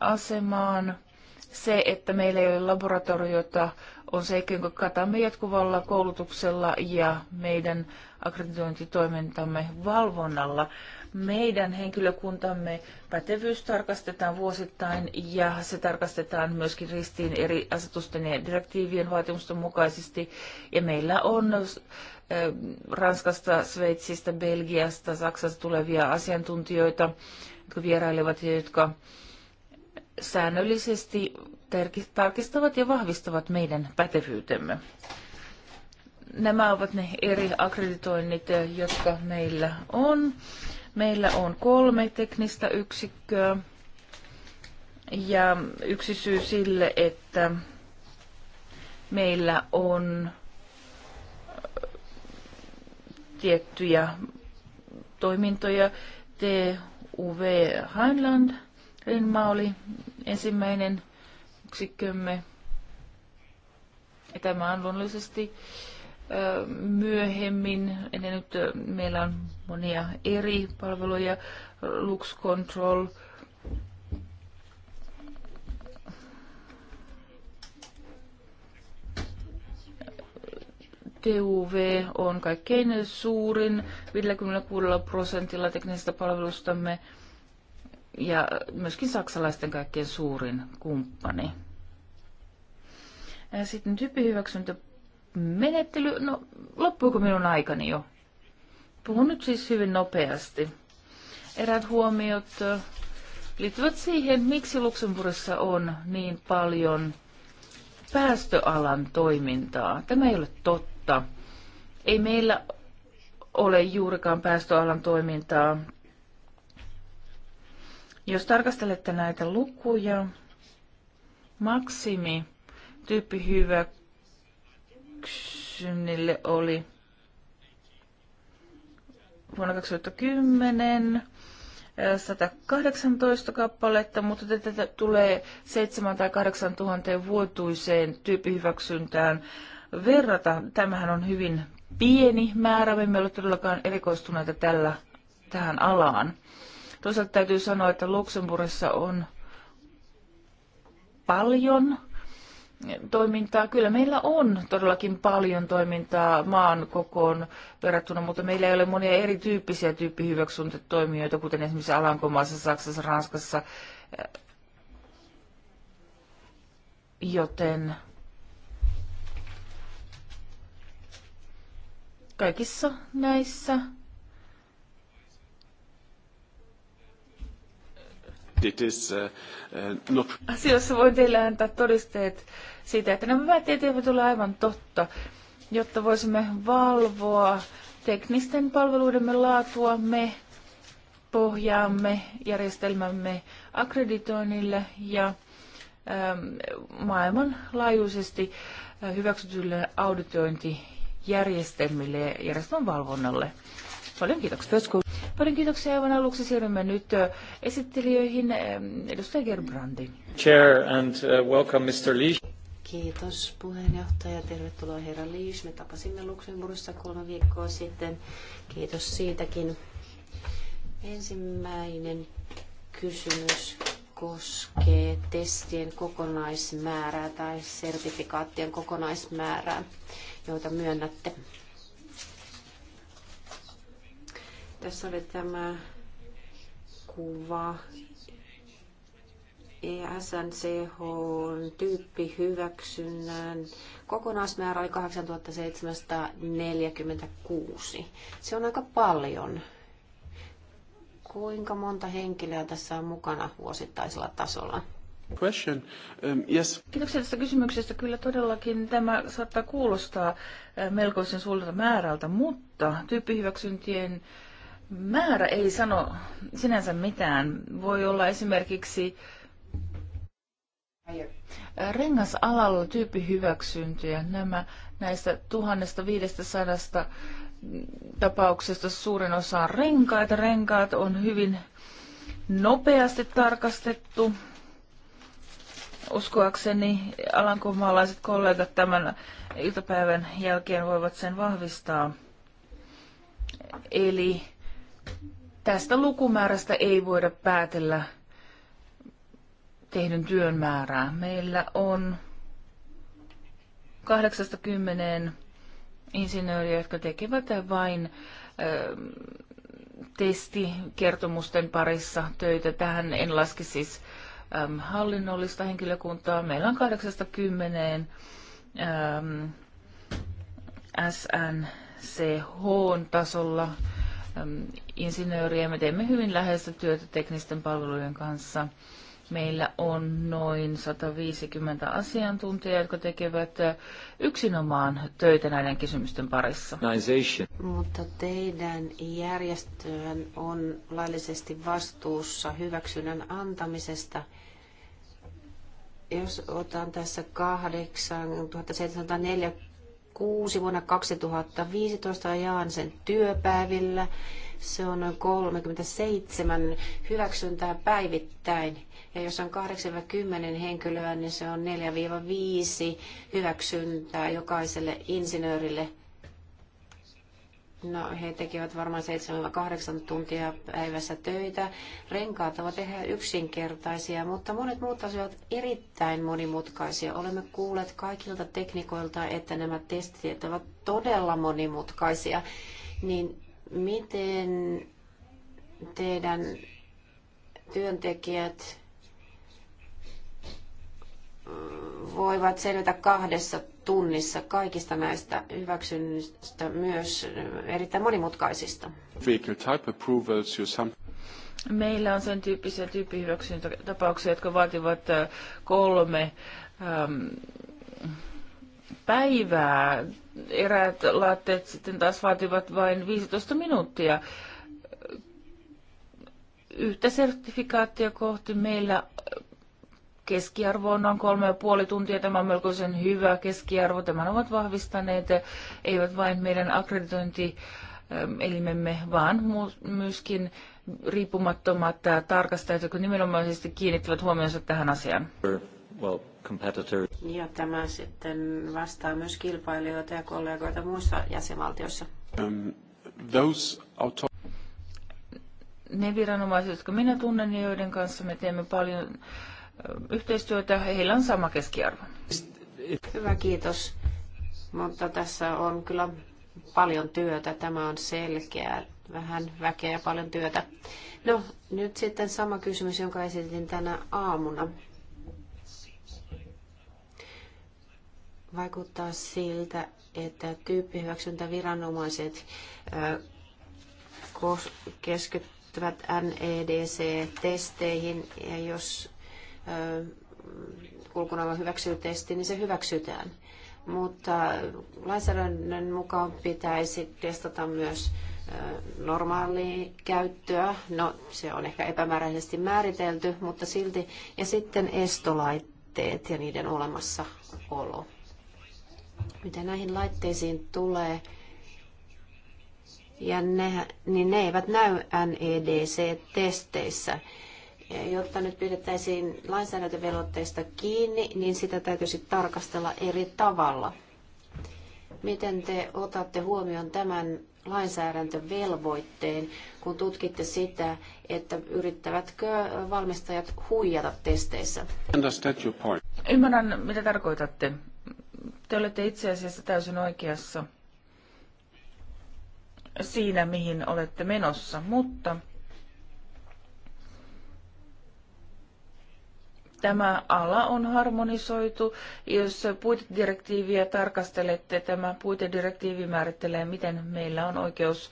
asemaan – se, että meillä ei ole laboratoriota, on se, jonka katamme jatkuvalla koulutuksella ja meidän akkreditointitoimintamme valvonnalla. Meidän henkilökuntamme pätevyys tarkastetaan vuosittain ja se tarkastetaan myöskin ristiin eri asetusten ja direktiivien vaatimusten mukaisesti. Ja meillä on Ranskasta, Sveitsistä, Belgiasta, Saksasta tulevia asiantuntijoita, jotka vierailevat ja jotka säännöllisesti tarkistavat ja vahvistavat meidän pätevyytemme. Nämä ovat ne eri akkreditoinnit, jotka meillä on. Meillä on kolme teknistä yksikköä. Ja yksi syy sille, että meillä on tiettyjä toimintoja, TUV Heinland – Rinma oli ensimmäinen yksikkömme. Ja tämä on luonnollisesti myöhemmin, ennen nyt meillä on monia eri palveluja, Lux Control, TUV on kaikkein suurin 56 prosentilla teknisestä palvelustamme ja myöskin saksalaisten kaikkein suurin kumppani. Sitten tyyppihyväksyntämenettely. No, loppuuko minun aikani jo? Puhun nyt siis hyvin nopeasti. Erät huomiot liittyvät siihen, miksi Luxemburgissa on niin paljon päästöalan toimintaa. Tämä ei ole totta. Ei meillä ole juurikaan päästöalan toimintaa jos tarkastelette näitä lukuja, maksimi tyyppi hyväksynnille oli vuonna 2010 118 kappaletta, mutta tätä tulee 7 tai 8 tuhanteen vuotuiseen tyyppihyväksyntään verrata. Tämähän on hyvin pieni määrä, me emme ole todellakaan erikoistuneita tällä, tähän alaan. Toisaalta täytyy sanoa, että Luxemburgissa on paljon toimintaa. Kyllä meillä on todellakin paljon toimintaa maan kokoon verrattuna, mutta meillä ei ole monia erityyppisiä tyyppihyväksyntätoimijoita, kuten esimerkiksi Alankomaassa, Saksassa, Ranskassa. Joten kaikissa näissä Uh, uh, Asiassa voi teille antaa todisteet siitä, että nämä väitteet eivät ole aivan totta, jotta voisimme valvoa teknisten palveluidemme laatua. Me pohjaamme järjestelmämme akkreditoinnille ja ähm, maailmanlaajuisesti äh, hyväksytyille auditointijärjestelmille ja järjestelmän valvonnalle. Paljon kiitoksia. Paljon kiitoksia. Aivan aluksi siirrymme nyt esittelijöihin. Edustaja Gerbrandi. Chair and uh, welcome Mr. Lee. Kiitos puheenjohtaja. Tervetuloa herra Liis. Me tapasimme Luxemburgissa kolme viikkoa sitten. Kiitos siitäkin. Ensimmäinen kysymys koskee testien kokonaismäärää tai sertifikaattien kokonaismäärää, joita myönnätte. Tässä oli tämä kuva on e tyyppi hyväksynnän kokonaismäärä oli 8746. Se on aika paljon. Kuinka monta henkilöä tässä on mukana vuosittaisella tasolla? Question. Um, yes. Kiitoksia tästä kysymyksestä. Kyllä todellakin tämä saattaa kuulostaa melkoisen suurelta määrältä, mutta tyyppihyväksyntien hyväksyntien määrä ei sano sinänsä mitään. Voi olla esimerkiksi rengasalalla tyyppihyväksyntöjä. Nämä näistä 1500 tapauksesta suurin osa on renkaita. Renkaat on hyvin nopeasti tarkastettu. Uskoakseni alankomaalaiset kollegat tämän iltapäivän jälkeen voivat sen vahvistaa. Eli Tästä lukumäärästä ei voida päätellä tehdyn työn määrää. Meillä on 80 insinööriä, jotka tekevät vain ö, ähm, testikertomusten parissa töitä. Tähän en laske siis ö, ähm, hallinnollista henkilökuntaa. Meillä on 80 ö, SNCH-tasolla insinööriä. Me teemme hyvin läheistä työtä teknisten palvelujen kanssa. Meillä on noin 150 asiantuntijaa, jotka tekevät äh, yksinomaan töitä näiden kysymysten parissa. Mutta teidän järjestöön on laillisesti vastuussa hyväksynnän antamisesta. Jos otan tässä 8740 Kuusi vuonna 2015 jaan sen työpäivillä. Se on noin 37 hyväksyntää päivittäin. Ja jos on 80 henkilöä, niin se on 4-5 hyväksyntää jokaiselle insinöörille – No, he tekevät varmaan 7-8 tuntia päivässä töitä. Renkaat ovat ihan yksinkertaisia, mutta monet muut asiat ovat erittäin monimutkaisia. Olemme kuulleet kaikilta teknikoilta, että nämä testit ovat todella monimutkaisia. Niin miten teidän työntekijät voivat selvitä kahdessa tunnissa kaikista näistä hyväksynnistä myös erittäin monimutkaisista. Meillä on sen tyyppisiä tyyppihyväksyntätapauksia, jotka vaativat äh, kolme ähm, päivää. Eräät laitteet sitten taas vaativat vain 15 minuuttia. Yhtä sertifikaattia kohti meillä keskiarvo on noin kolme ja puoli tuntia. Tämä on melkoisen hyvä keskiarvo. Tämän ovat vahvistaneet eivät vain meidän akkreditointielimemme, vaan myöskin riippumattomat tarkastajat, jotka nimenomaisesti kiinnittävät huomionsa tähän asiaan. Well, ja tämä sitten vastaa myös kilpailijoita ja kollegoita muissa jäsenvaltioissa. Um, those auto- ne viranomaiset, jotka minä tunnen ja joiden kanssa me teemme paljon yhteistyötä. Heillä on sama keskiarvo. Hyvä, kiitos. Mutta tässä on kyllä paljon työtä. Tämä on selkeää. Vähän väkeä ja paljon työtä. No, nyt sitten sama kysymys, jonka esitin tänä aamuna. Vaikuttaa siltä, että tyyppihyväksyntäviranomaiset keskittyvät NEDC-testeihin ja jos kulkuneuvon hyväksyy niin se hyväksytään. Mutta lainsäädännön mukaan pitäisi testata myös normaalia käyttöä. No, se on ehkä epämääräisesti määritelty, mutta silti. Ja sitten estolaitteet ja niiden olemassaolo. Mitä näihin laitteisiin tulee, ja ne, niin ne eivät näy NEDC-testeissä jotta nyt pidettäisiin lainsäädäntövelvoitteista kiinni, niin sitä täytyisi tarkastella eri tavalla. Miten te otatte huomioon tämän lainsäädäntövelvoitteen, kun tutkitte sitä, että yrittävätkö valmistajat huijata testeissä? Ymmärrän, mitä tarkoitatte. Te olette itse asiassa täysin oikeassa siinä, mihin olette menossa, mutta – tämä ala on harmonisoitu. Jos puitedirektiiviä tarkastelette, tämä puitedirektiivi määrittelee, miten meillä on oikeus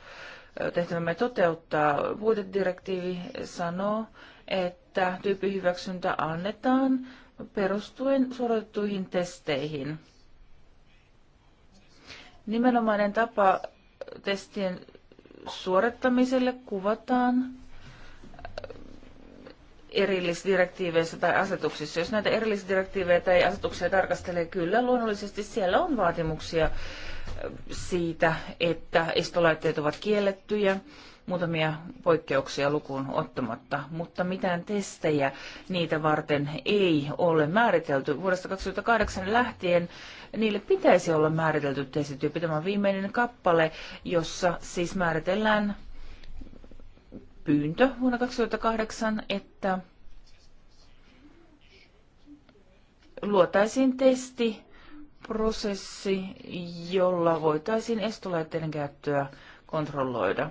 tehtävämme toteuttaa. Puitedirektiivi sanoo, että tyyppihyväksyntä annetaan perustuen suoritettuihin testeihin. Nimenomainen tapa testien suorittamiselle kuvataan erillisdirektiiveissä tai asetuksissa. Jos näitä erillisdirektiivejä tai asetuksia tarkastelee, kyllä luonnollisesti siellä on vaatimuksia siitä, että estolaitteet ovat kiellettyjä, muutamia poikkeuksia lukuun ottamatta, mutta mitään testejä niitä varten ei ole määritelty. Vuodesta 2008 lähtien niille pitäisi olla määritelty testityyppi. Tämä on viimeinen kappale, jossa siis määritellään pyyntö vuonna 2008, että luotaisiin testi, prosessi, jolla voitaisiin estolaitteiden käyttöä kontrolloida.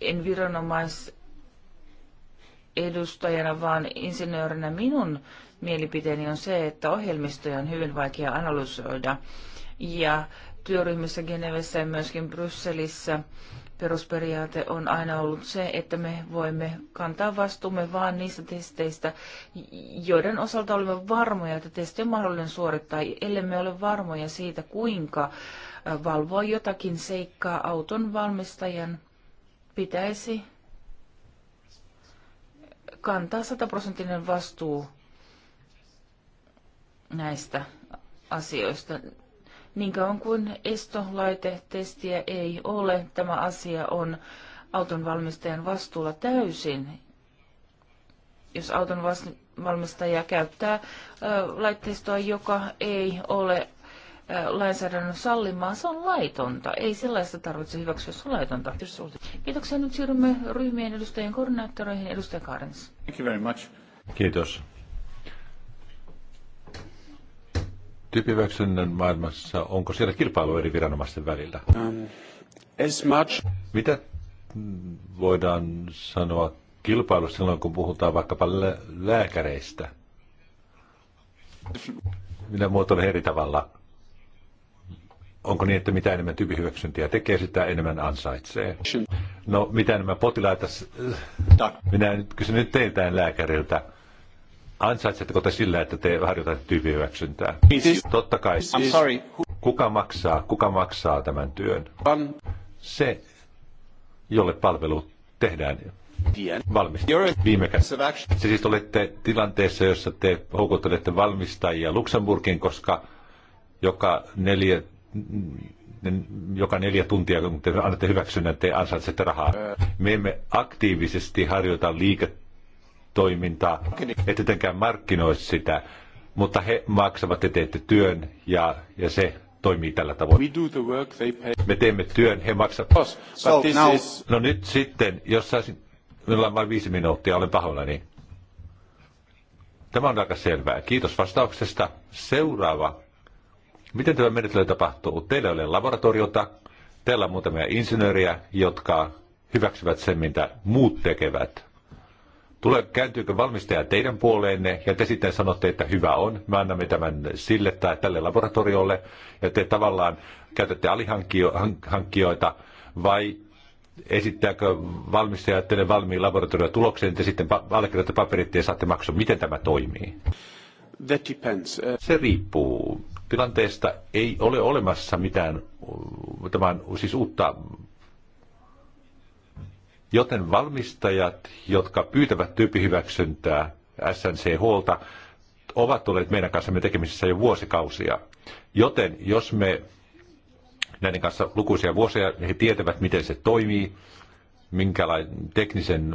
En viranomaisedustajana, vaan insinöörinä minun mielipiteeni on se, että ohjelmistoja on hyvin vaikea analysoida. Ja Työryhmässä Genevessä ja myöskin Brysselissä perusperiaate on aina ollut se, että me voimme kantaa vastuumme vain niistä testeistä, joiden osalta olemme varmoja, että testi on mahdollinen suorittaa, ellei me ole varmoja siitä, kuinka valvoa jotakin seikkaa auton valmistajan pitäisi kantaa sataprosenttinen vastuu näistä asioista. Niin kauan kuin estolaitetestiä ei ole, tämä asia on auton valmistajan vastuulla täysin. Jos auton valmistaja käyttää laitteistoa, joka ei ole lainsäädännön sallimaa, se on laitonta. Ei sellaista tarvitse hyväksyä, se on laitonta. Kiitoksia. Nyt siirrymme ryhmien edustajien koordinaattoreihin. Edustaja Kaarens. Thank you very much. Kiitos. tyyppiväksynnän maailmassa, onko siellä kilpailu eri viranomaisten välillä? Um, as much. Mitä voidaan sanoa kilpailu silloin, kun puhutaan vaikkapa lääkäreistä? Minä muotoilen eri tavalla. Onko niin, että mitä enemmän tyypihyväksyntiä tekee, sitä enemmän ansaitsee? No, mitä enemmän potilaita... Minä nyt kysyn nyt teiltä lääkäriltä Ansaitsetteko te sillä, että te harjoitatte tyyppihyväksyntää? Siis- siis totta kai. I'm siis sorry. Kuka maksaa, kuka maksaa tämän työn? Se, jolle palvelu tehdään valmista. Viime kädessä. Se siis olette tilanteessa, jossa te houkuttelette valmistajia Luxemburgin, koska joka neljä, joka neljä tuntia, kun te annatte hyväksynnän, te ansaitsette rahaa. Me emme aktiivisesti harjoita liikettä toimintaa, ette tietenkään markkinoi sitä, mutta he maksavat, te teette työn ja, ja se toimii tällä tavoin. Me teemme työn, he maksavat. So, is... No nyt sitten, jos saisin, minulla on vain viisi minuuttia, olen pahoillani. Niin. Tämä on aika selvää. Kiitos vastauksesta. Seuraava. Miten tämä menettely tapahtuu? Teillä on laboratoriota, teillä on muutamia insinööriä, jotka hyväksyvät sen, mitä muut tekevät. Tule, kääntyykö valmistaja teidän puoleenne ja te sitten sanotte, että hyvä on, me annamme tämän sille tai tälle laboratoriolle ja te tavallaan käytätte alihankkijoita vai esittääkö valmistaja teille valmiin laboratorion tulokseen, te sitten allekirjoitatte paperit ja saatte maksun. Miten tämä toimii? That depends. Uh, Se riippuu. Tilanteesta ei ole olemassa mitään, uh, tämän, siis uutta Joten valmistajat, jotka pyytävät tyyppihyväksyntää SNCHlta, ovat olleet meidän kanssamme tekemisissä jo vuosikausia. Joten jos me näiden kanssa lukuisia vuosia, niin he tietävät, miten se toimii, minkälainen teknisen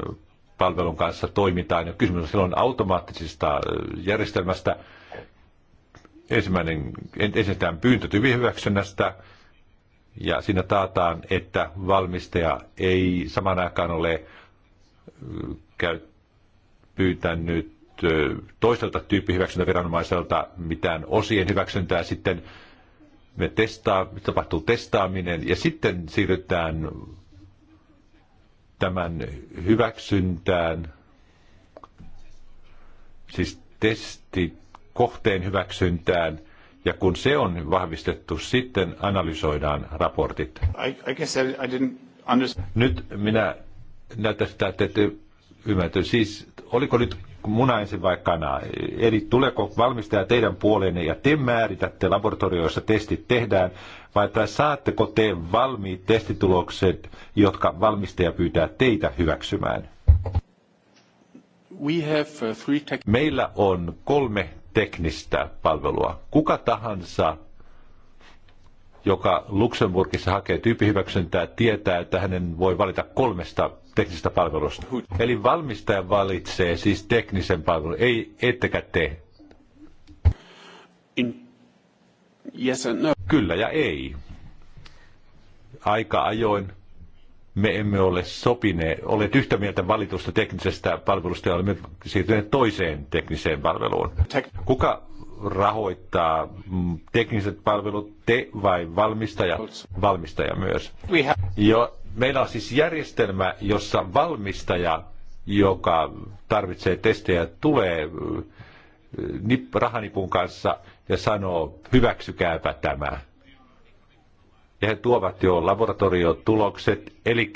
palvelun kanssa toimitaan. Ja kysymys on silloin automaattisesta äh, järjestelmästä. Ensimmäinen, ensinnäkin pyyntö hyväksynnästä ja siinä taataan, että valmistaja ei saman aikaan ole käy, pyytänyt toiselta tyyppihyväksyntäviranomaiselta mitään osien hyväksyntää, sitten me testaa, tapahtuu testaaminen ja sitten siirrytään tämän hyväksyntään, siis testi kohteen hyväksyntään – ja kun se on vahvistettu, sitten analysoidaan raportit. I, I guess I, I didn't understand. Nyt minä näyttäisin, sitä, että ette ymmärtänyt. Siis oliko nyt muna ensin vai kana? Eli tuleeko valmistaja teidän puoleenne ja te määritätte laboratorioissa testit tehdään, vai tai saatteko te valmiit testitulokset, jotka valmistaja pyytää teitä hyväksymään? Uh, Meillä on kolme teknistä palvelua. Kuka tahansa, joka Luxemburgissa hakee tyyppihyväksyntää, tietää, että hänen voi valita kolmesta teknisestä palvelusta. Eli valmistaja valitsee siis teknisen palvelun, ei ettekä te. In... Yes no. Kyllä ja ei. Aika ajoin me emme ole sopineet, olet yhtä mieltä valitusta teknisestä palvelusta ja olemme siirtyneet toiseen tekniseen palveluun. Kuka rahoittaa mm, tekniset palvelut, te vai valmistaja? Valmistaja myös. Jo, meillä on siis järjestelmä, jossa valmistaja, joka tarvitsee testejä, tulee mm, rahanipun kanssa ja sanoo, hyväksykääpä tämä ja he tuovat jo laboratoriotulokset, eli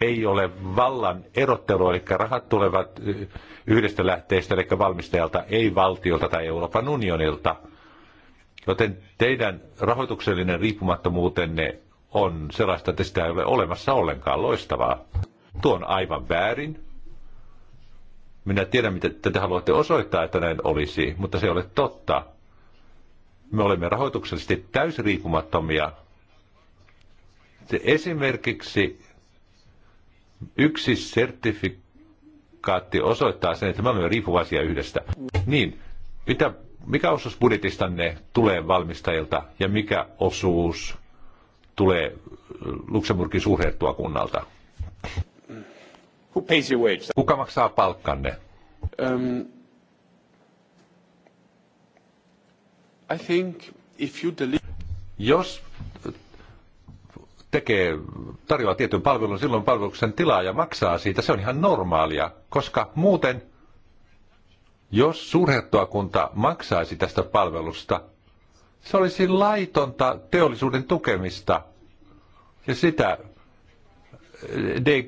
ei ole vallan erottelu, eli rahat tulevat yhdestä lähteestä, eli valmistajalta, ei valtiolta tai Euroopan unionilta. Joten teidän rahoituksellinen riippumattomuutenne on sellaista, että sitä ei ole olemassa ollenkaan loistavaa. Tuo on aivan väärin. Minä tiedän, mitä te haluatte osoittaa, että näin olisi, mutta se ei ole totta. Me olemme rahoituksellisesti täysriippumattomia Esimerkiksi yksi sertifikaatti osoittaa sen, että me olemme riippuvaisia yhdestä. Niin, mitä, mikä osuus budjetistanne tulee valmistajilta ja mikä osuus tulee Luxemburgin suurherttua kunnalta? Who pays your wage? Kuka maksaa palkkanne? Um, I think if you deliver... Jos tekee, tarjoaa tietyn palvelun, silloin palveluksen tilaa ja maksaa siitä. Se on ihan normaalia, koska muuten, jos suurherttoakunta maksaisi tästä palvelusta, se olisi laitonta teollisuuden tukemista. Ja sitä eh, de,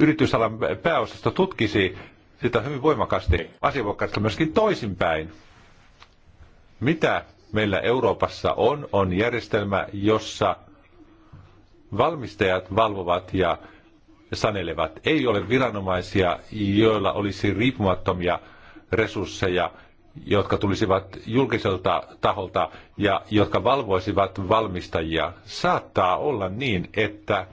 yritysalan pääosasta tutkisi sitä hyvin voimakkaasti, asiavokkaasti myöskin toisinpäin. Mitä meillä Euroopassa on, on järjestelmä, jossa valmistajat valvovat ja sanelevat. Ei ole viranomaisia, joilla olisi riippumattomia resursseja, jotka tulisivat julkiselta taholta ja jotka valvoisivat valmistajia. Saattaa olla niin, että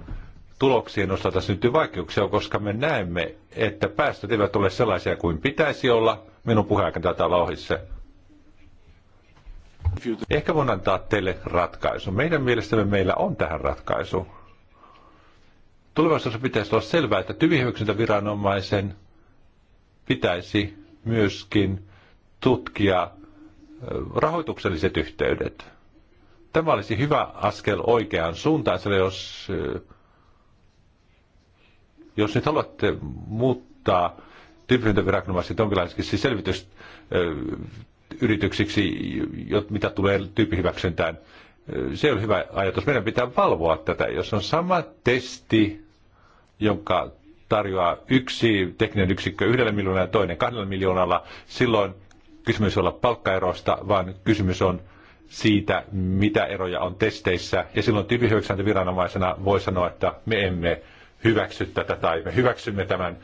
tuloksien osalta syntyy vaikeuksia, koska me näemme, että päästöt eivät ole sellaisia kuin pitäisi olla. Minun puheaikani taitaa olla Ehkä voin antaa teille ratkaisu. Meidän mielestämme meillä on tähän ratkaisu. Tulevaisuudessa pitäisi olla selvää, että viranomaisen pitäisi myöskin tutkia rahoitukselliset yhteydet. Tämä olisi hyvä askel oikeaan suuntaan, sillä jos, jos nyt haluatte muuttaa tyyppiviranomaisesti jonkinlaiseksi siis selvitys yrityksiksi, mitä tulee tyyppihyväksyntään. Se on hyvä ajatus. Meidän pitää valvoa tätä. Jos on sama testi, jonka tarjoaa yksi tekninen yksikkö yhdellä miljoonalla ja toinen kahdella miljoonalla, silloin kysymys ei ole palkkaerosta, vaan kysymys on siitä, mitä eroja on testeissä. Ja silloin tyyppihyväksyntäviranomaisena voi sanoa, että me emme hyväksy tätä tai me hyväksymme tämän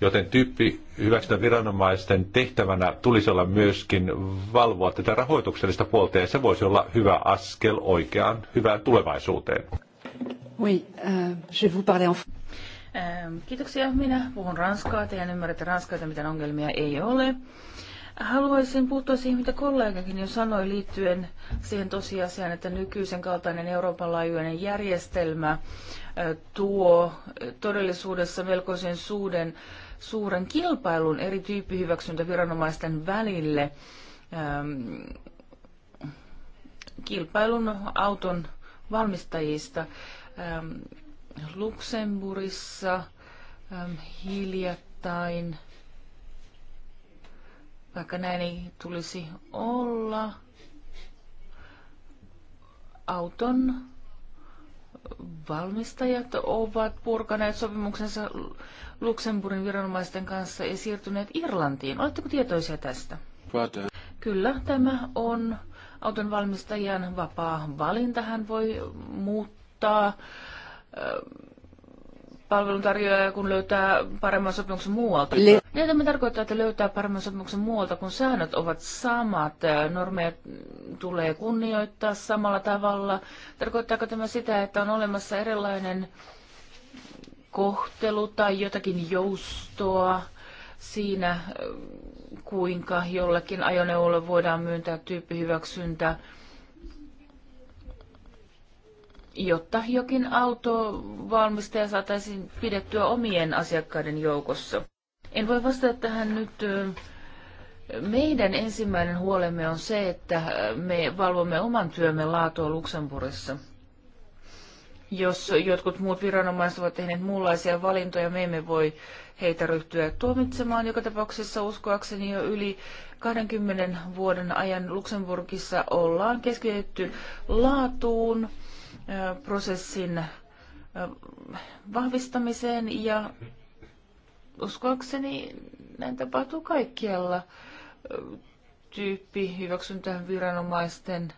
Joten tyyppi hyväksytä viranomaisten tehtävänä tulisi olla myöskin valvoa tätä rahoituksellista puolta ja se voisi olla hyvä askel oikeaan hyvään tulevaisuuteen. Oui, euh, je vous parle en... Ähm, kiitoksia. Minä puhun ranskaa. Teidän ymmärrätte ranskaa, että mitään ongelmia ei ole. Haluaisin puuttua siihen, mitä kollegakin jo sanoi liittyen siihen tosiasiaan, että nykyisen kaltainen Euroopan laajuinen järjestelmä äh, tuo todellisuudessa melkoisen suuden suuren kilpailun eri tyyppihyväksyntäviranomaisten välille ähm, kilpailun auton valmistajista. Ähm, Luxemburissa ähm, hiljattain, vaikka näin ei tulisi olla, auton valmistajat ovat purkaneet sopimuksensa Luxemburgin viranomaisten kanssa ja siirtyneet Irlantiin. Oletteko tietoisia tästä? Vaate. Kyllä, tämä on auton valmistajan vapaa valinta. Hän voi muuttaa palveluntarjoaja, kun löytää paremman sopimuksen muualta. Le- niin, tämä tarkoittaa, että löytää paremman sopimuksen muualta, kun säännöt ovat samat, normeja tulee kunnioittaa samalla tavalla. Tarkoittaako tämä sitä, että on olemassa erilainen kohtelu tai jotakin joustoa siinä, kuinka jollekin ajoneuvolle voidaan myöntää tyyppihyväksyntä? jotta jokin auto valmistaja saataisiin pidettyä omien asiakkaiden joukossa. En voi vastata tähän nyt. Meidän ensimmäinen huolemme on se, että me valvomme oman työmme laatua Luxemburgissa. Jos jotkut muut viranomaiset ovat tehneet muunlaisia valintoja, me emme voi heitä ryhtyä tuomitsemaan. Joka tapauksessa uskoakseni jo yli 20 vuoden ajan Luxemburgissa ollaan keskitytty laatuun, prosessin vahvistamiseen ja uskoakseni näin tapahtuu kaikkialla tyyppi hyväksyntään viranomaisten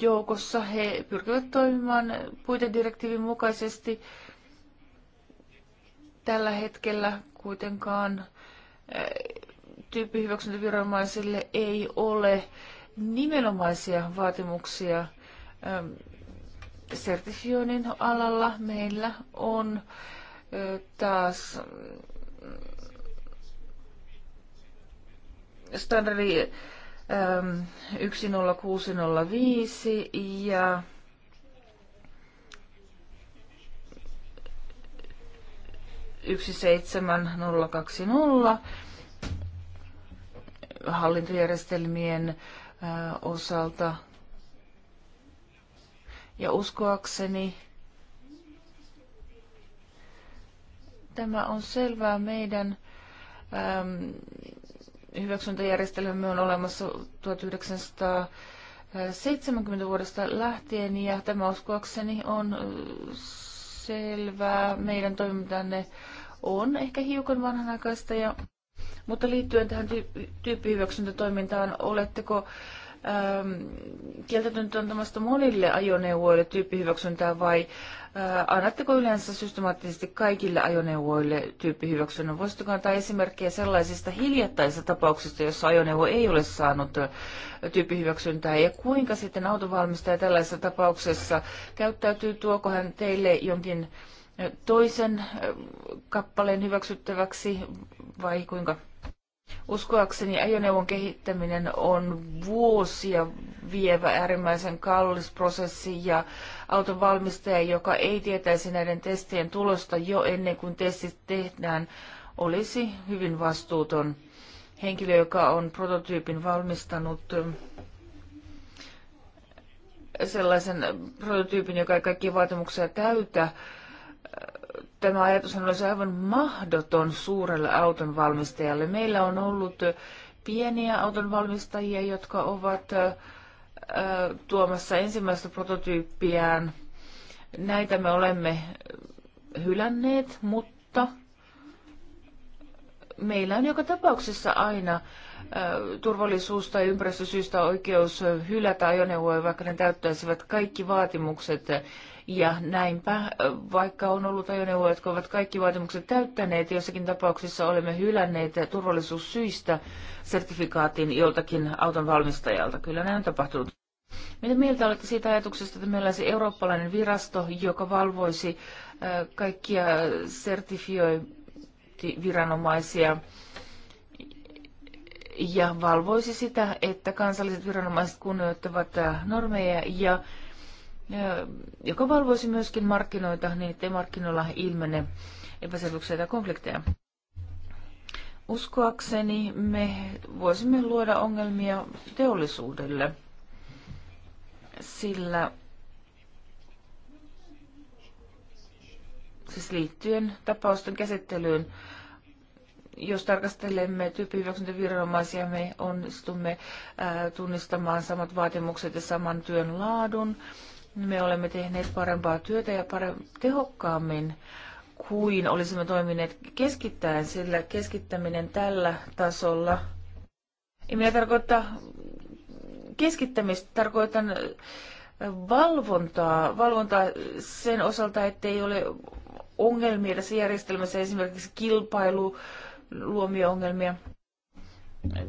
joukossa. He pyrkivät toimimaan puitedirektiivin mukaisesti tällä hetkellä kuitenkaan tyyppihyväksyntäviranomaisille ei ole nimenomaisia vaatimuksia ähm, sertifioinnin alalla. Meillä on taas mm, standardi 10605 ähm, ja yksi seitsemän nolla kaksi nolla hallintojärjestelmien osalta. Ja uskoakseni tämä on selvää meidän ähm, hyväksyntäjärjestelmämme on olemassa 1970 vuodesta lähtien ja tämä uskoakseni on selvää. Meidän toimintanne on ehkä hiukan vanhanaikaista ja mutta liittyen tähän tyyppihyväksyntätoimintaan, oletteko ähm, kieltäytynyt antamasta monille ajoneuvoille tyyppihyväksyntää vai äh, annatteko yleensä systemaattisesti kaikille ajoneuvoille tyyppihyväksynnän? Voisitteko antaa esimerkkejä sellaisista hiljattaisista tapauksista, jossa ajoneuvo ei ole saanut äh, tyyppihyväksyntää ja kuinka sitten autovalmistaja tällaisessa tapauksessa käyttäytyy, tuoko hän teille jonkin äh, toisen äh, kappaleen hyväksyttäväksi vai kuinka? Uskoakseni ajoneuvon kehittäminen on vuosia vievä äärimmäisen kallis prosessi ja auton valmistaja, joka ei tietäisi näiden testien tulosta jo ennen kuin testit tehdään, olisi hyvin vastuuton henkilö, joka on prototyypin valmistanut sellaisen prototyypin, joka ei kaikkia vaatimuksia täytä, tämä ajatus olisi aivan mahdoton suurelle autonvalmistajalle. Meillä on ollut pieniä autonvalmistajia, jotka ovat tuomassa ensimmäistä prototyyppiään. Näitä me olemme hylänneet, mutta meillä on joka tapauksessa aina turvallisuus- tai ympäristösyistä oikeus hylätä ajoneuvoja, vaikka ne täyttäisivät kaikki vaatimukset ja näinpä, vaikka on ollut ajoneuvoja, jotka ovat kaikki vaatimukset täyttäneet, jossakin tapauksissa olemme hylänneet turvallisuussyistä sertifikaatin joltakin auton valmistajalta. Kyllä näin on tapahtunut. Mitä mieltä olette siitä ajatuksesta, että meillä olisi eurooppalainen virasto, joka valvoisi kaikkia sertifiointiviranomaisia ja valvoisi sitä, että kansalliset viranomaiset kunnioittavat normeja ja joka valvoisi myöskin markkinoita niin, ettei markkinoilla ilmene epäselvyyksiä tai konflikteja. Uskoakseni me voisimme luoda ongelmia teollisuudelle, sillä siis liittyen tapausten käsittelyyn, jos tarkastelemme tyyppihyväksyntäviranomaisia, me onnistumme tunnistamaan samat vaatimukset ja saman työn laadun me olemme tehneet parempaa työtä ja parem- tehokkaammin kuin olisimme toimineet keskittäen, sillä keskittäminen tällä tasolla, ei minä tarkoita keskittämistä, tarkoitan äh, valvontaa, valvontaa sen osalta, ettei ole ongelmia tässä järjestelmässä, esimerkiksi kilpailu, luomia ongelmia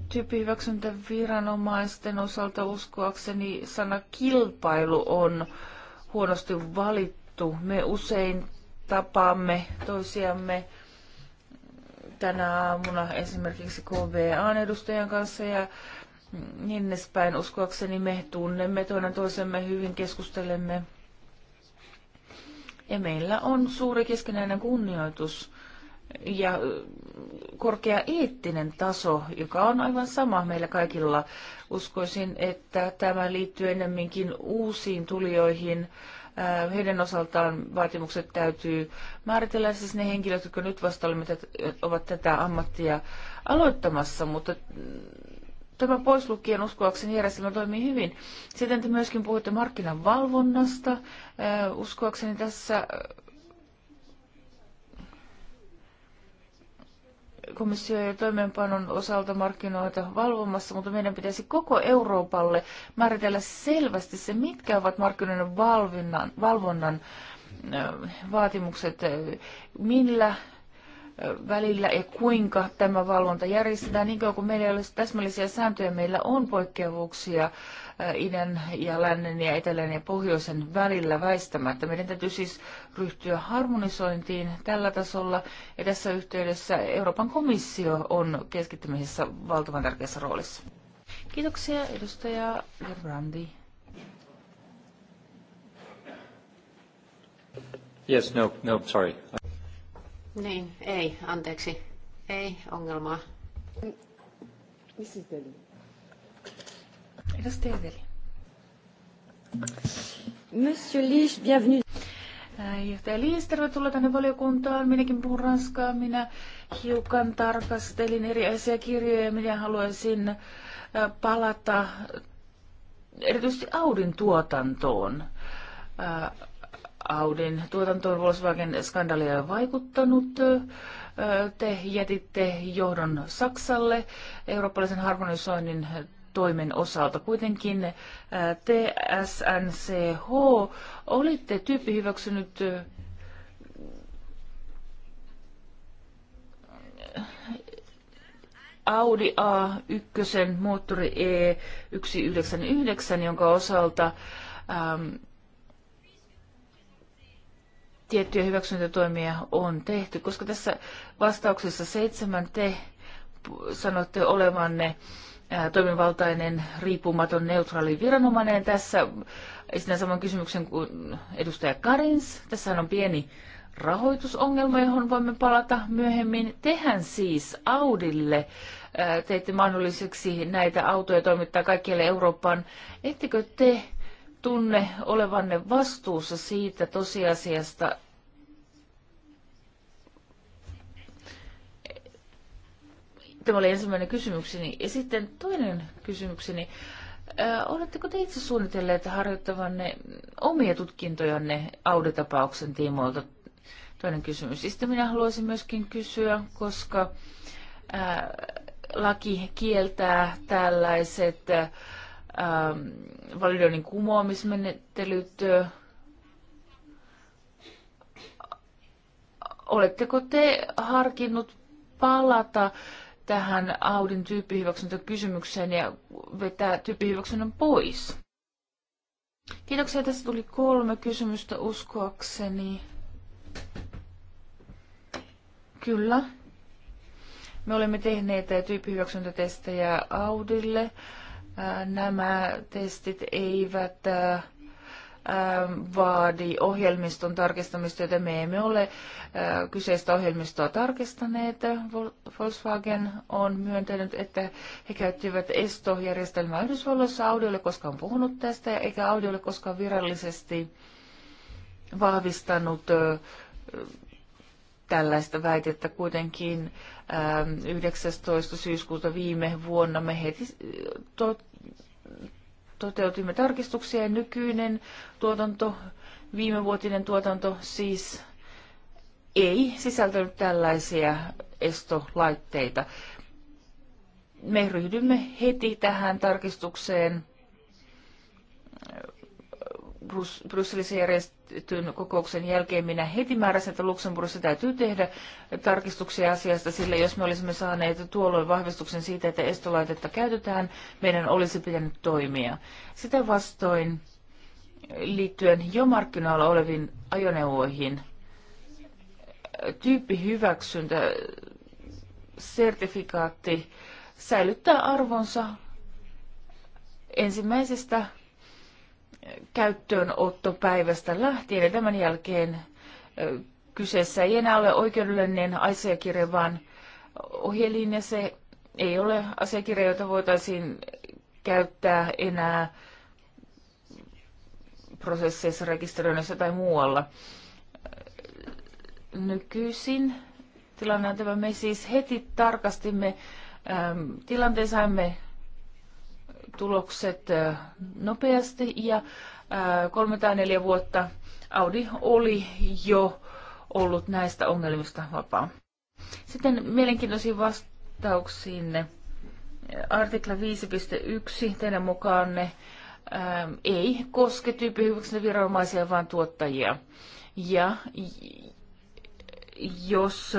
tyyppihyväksyntäviranomaisten osalta uskoakseni sana kilpailu on huonosti valittu. Me usein tapaamme toisiamme tänä aamuna esimerkiksi KVAn edustajan kanssa ja niin edespäin. Uskoakseni me tunnemme toinen toisemme hyvin, keskustelemme. Ja meillä on suuri keskinäinen kunnioitus ja korkea eettinen taso, joka on aivan sama meillä kaikilla. Uskoisin, että tämä liittyy enemminkin uusiin tulijoihin. Heidän osaltaan vaatimukset täytyy määritellä, siis ne henkilöt, jotka nyt vasta ovat tätä ammattia aloittamassa, mutta mm, tämä pois lukien uskoakseni järjestelmä toimii hyvin. Sitten te myöskin puhuitte markkinan valvonnasta. Uskoakseni tässä komissio ja toimeenpanon osalta markkinoita valvomassa, mutta meidän pitäisi koko Euroopalle määritellä selvästi se, mitkä ovat markkinoiden valvonnan, valvonnan vaatimukset, millä välillä ja kuinka tämä valvonta järjestetään. Niin kauan kuin meillä ei ole täsmällisiä sääntöjä, meillä on poikkeavuuksia äh, idän ja lännen ja etelän ja pohjoisen välillä väistämättä. Meidän täytyy siis ryhtyä harmonisointiin tällä tasolla ja tässä yhteydessä Euroopan komissio on keskittymisessä valtavan tärkeässä roolissa. Kiitoksia edustaja Gerbrandi. Yes, no, no, sorry. Niin, ei, anteeksi. Ei ongelmaa. Missä Deli. Edustaja Deli. Monsieur Lies, bienvenue. Johtaja Liis, tervetuloa tänne valiokuntaan. Minäkin puhun ranskaa. Minä hiukan tarkastelin eri asiakirjoja ja minä haluaisin äh, palata erityisesti Audin tuotantoon. Äh, Audin tuotantoon Volkswagen-skandaalia vaikuttanut. Te jätitte johdon Saksalle eurooppalaisen harmonisoinnin toimen osalta. Kuitenkin TSNCH olitte tyyppi hyväksynyt Audi A1 moottori E199, jonka osalta ähm, tiettyjä hyväksyntätoimia on tehty, koska tässä vastauksessa seitsemän te sanotte olevanne toimivaltainen, riippumaton, neutraali viranomainen. Tässä esitän saman kysymyksen kuin edustaja Karins. Tässä on pieni rahoitusongelma, johon voimme palata myöhemmin. Tehän siis Audille teitte mahdolliseksi näitä autoja toimittaa kaikkialle Eurooppaan. Ettekö te tunne olevanne vastuussa siitä tosiasiasta, Tämä oli ensimmäinen kysymykseni. Ja sitten toinen kysymykseni. Oletteko te itse suunnitelleet harjoittavanne omia tutkintojanne auditapauksen tiimoilta? Toinen kysymys. Ja sitten minä haluaisin myöskin kysyä, koska laki kieltää tällaiset Ähm, validoinnin kumoamismenettelyt. Oletteko te harkinnut palata tähän Audin tyyppihyväksyntäkysymykseen ja vetää tyyppihyväksynnän pois? Kiitoksia. Tässä tuli kolme kysymystä uskoakseni. Kyllä. Me olemme tehneet tyyppihyväksyntätestejä Audille. Äh, nämä testit eivät äh, ähm, vaadi ohjelmiston tarkistamista, joten me emme ole äh, kyseistä ohjelmistoa tarkistaneet. Volkswagen on myöntänyt, että he käyttivät estojärjestelmää Yhdysvalloissa. Audi ei koskaan puhunut tästä, eikä Audi ole koskaan virallisesti vahvistanut tällaista väitettä kuitenkin 19. Ähm, syyskuuta viime vuonna me heti äh, to, toteutimme tarkistuksia ja nykyinen tuotanto, viime vuotinen tuotanto siis ei sisältänyt tällaisia estolaitteita. Me ryhdymme heti tähän tarkistukseen äh, Brysselissä järjestetään järjestetyn kokouksen jälkeen minä heti määräsin, että Luxemburgissa täytyy tehdä tarkistuksia asiasta, sillä jos me olisimme saaneet tuolloin vahvistuksen siitä, että estolaitetta käytetään, meidän olisi pitänyt toimia. Sitä vastoin liittyen jo markkinoilla oleviin ajoneuvoihin tyyppihyväksyntä sertifikaatti säilyttää arvonsa ensimmäisestä käyttöönottopäivästä lähtien ja tämän jälkeen kyseessä ei enää ole oikeudellinen asiakirja, vaan ja se ei ole asiakirja, jota voitaisiin käyttää enää prosesseissa, rekisteröinnissä tai muualla. Nykyisin tilanne on tämä. Me siis heti tarkastimme ähm, tilanteen, saimme tulokset nopeasti ja kolme tai neljä vuotta Audi oli jo ollut näistä ongelmista vapaa. Sitten mielenkiintoisiin vastauksiinne. Artikla 5.1 teidän mukaanne ää, ei koske viranomaisia vaan tuottajia. Ja jos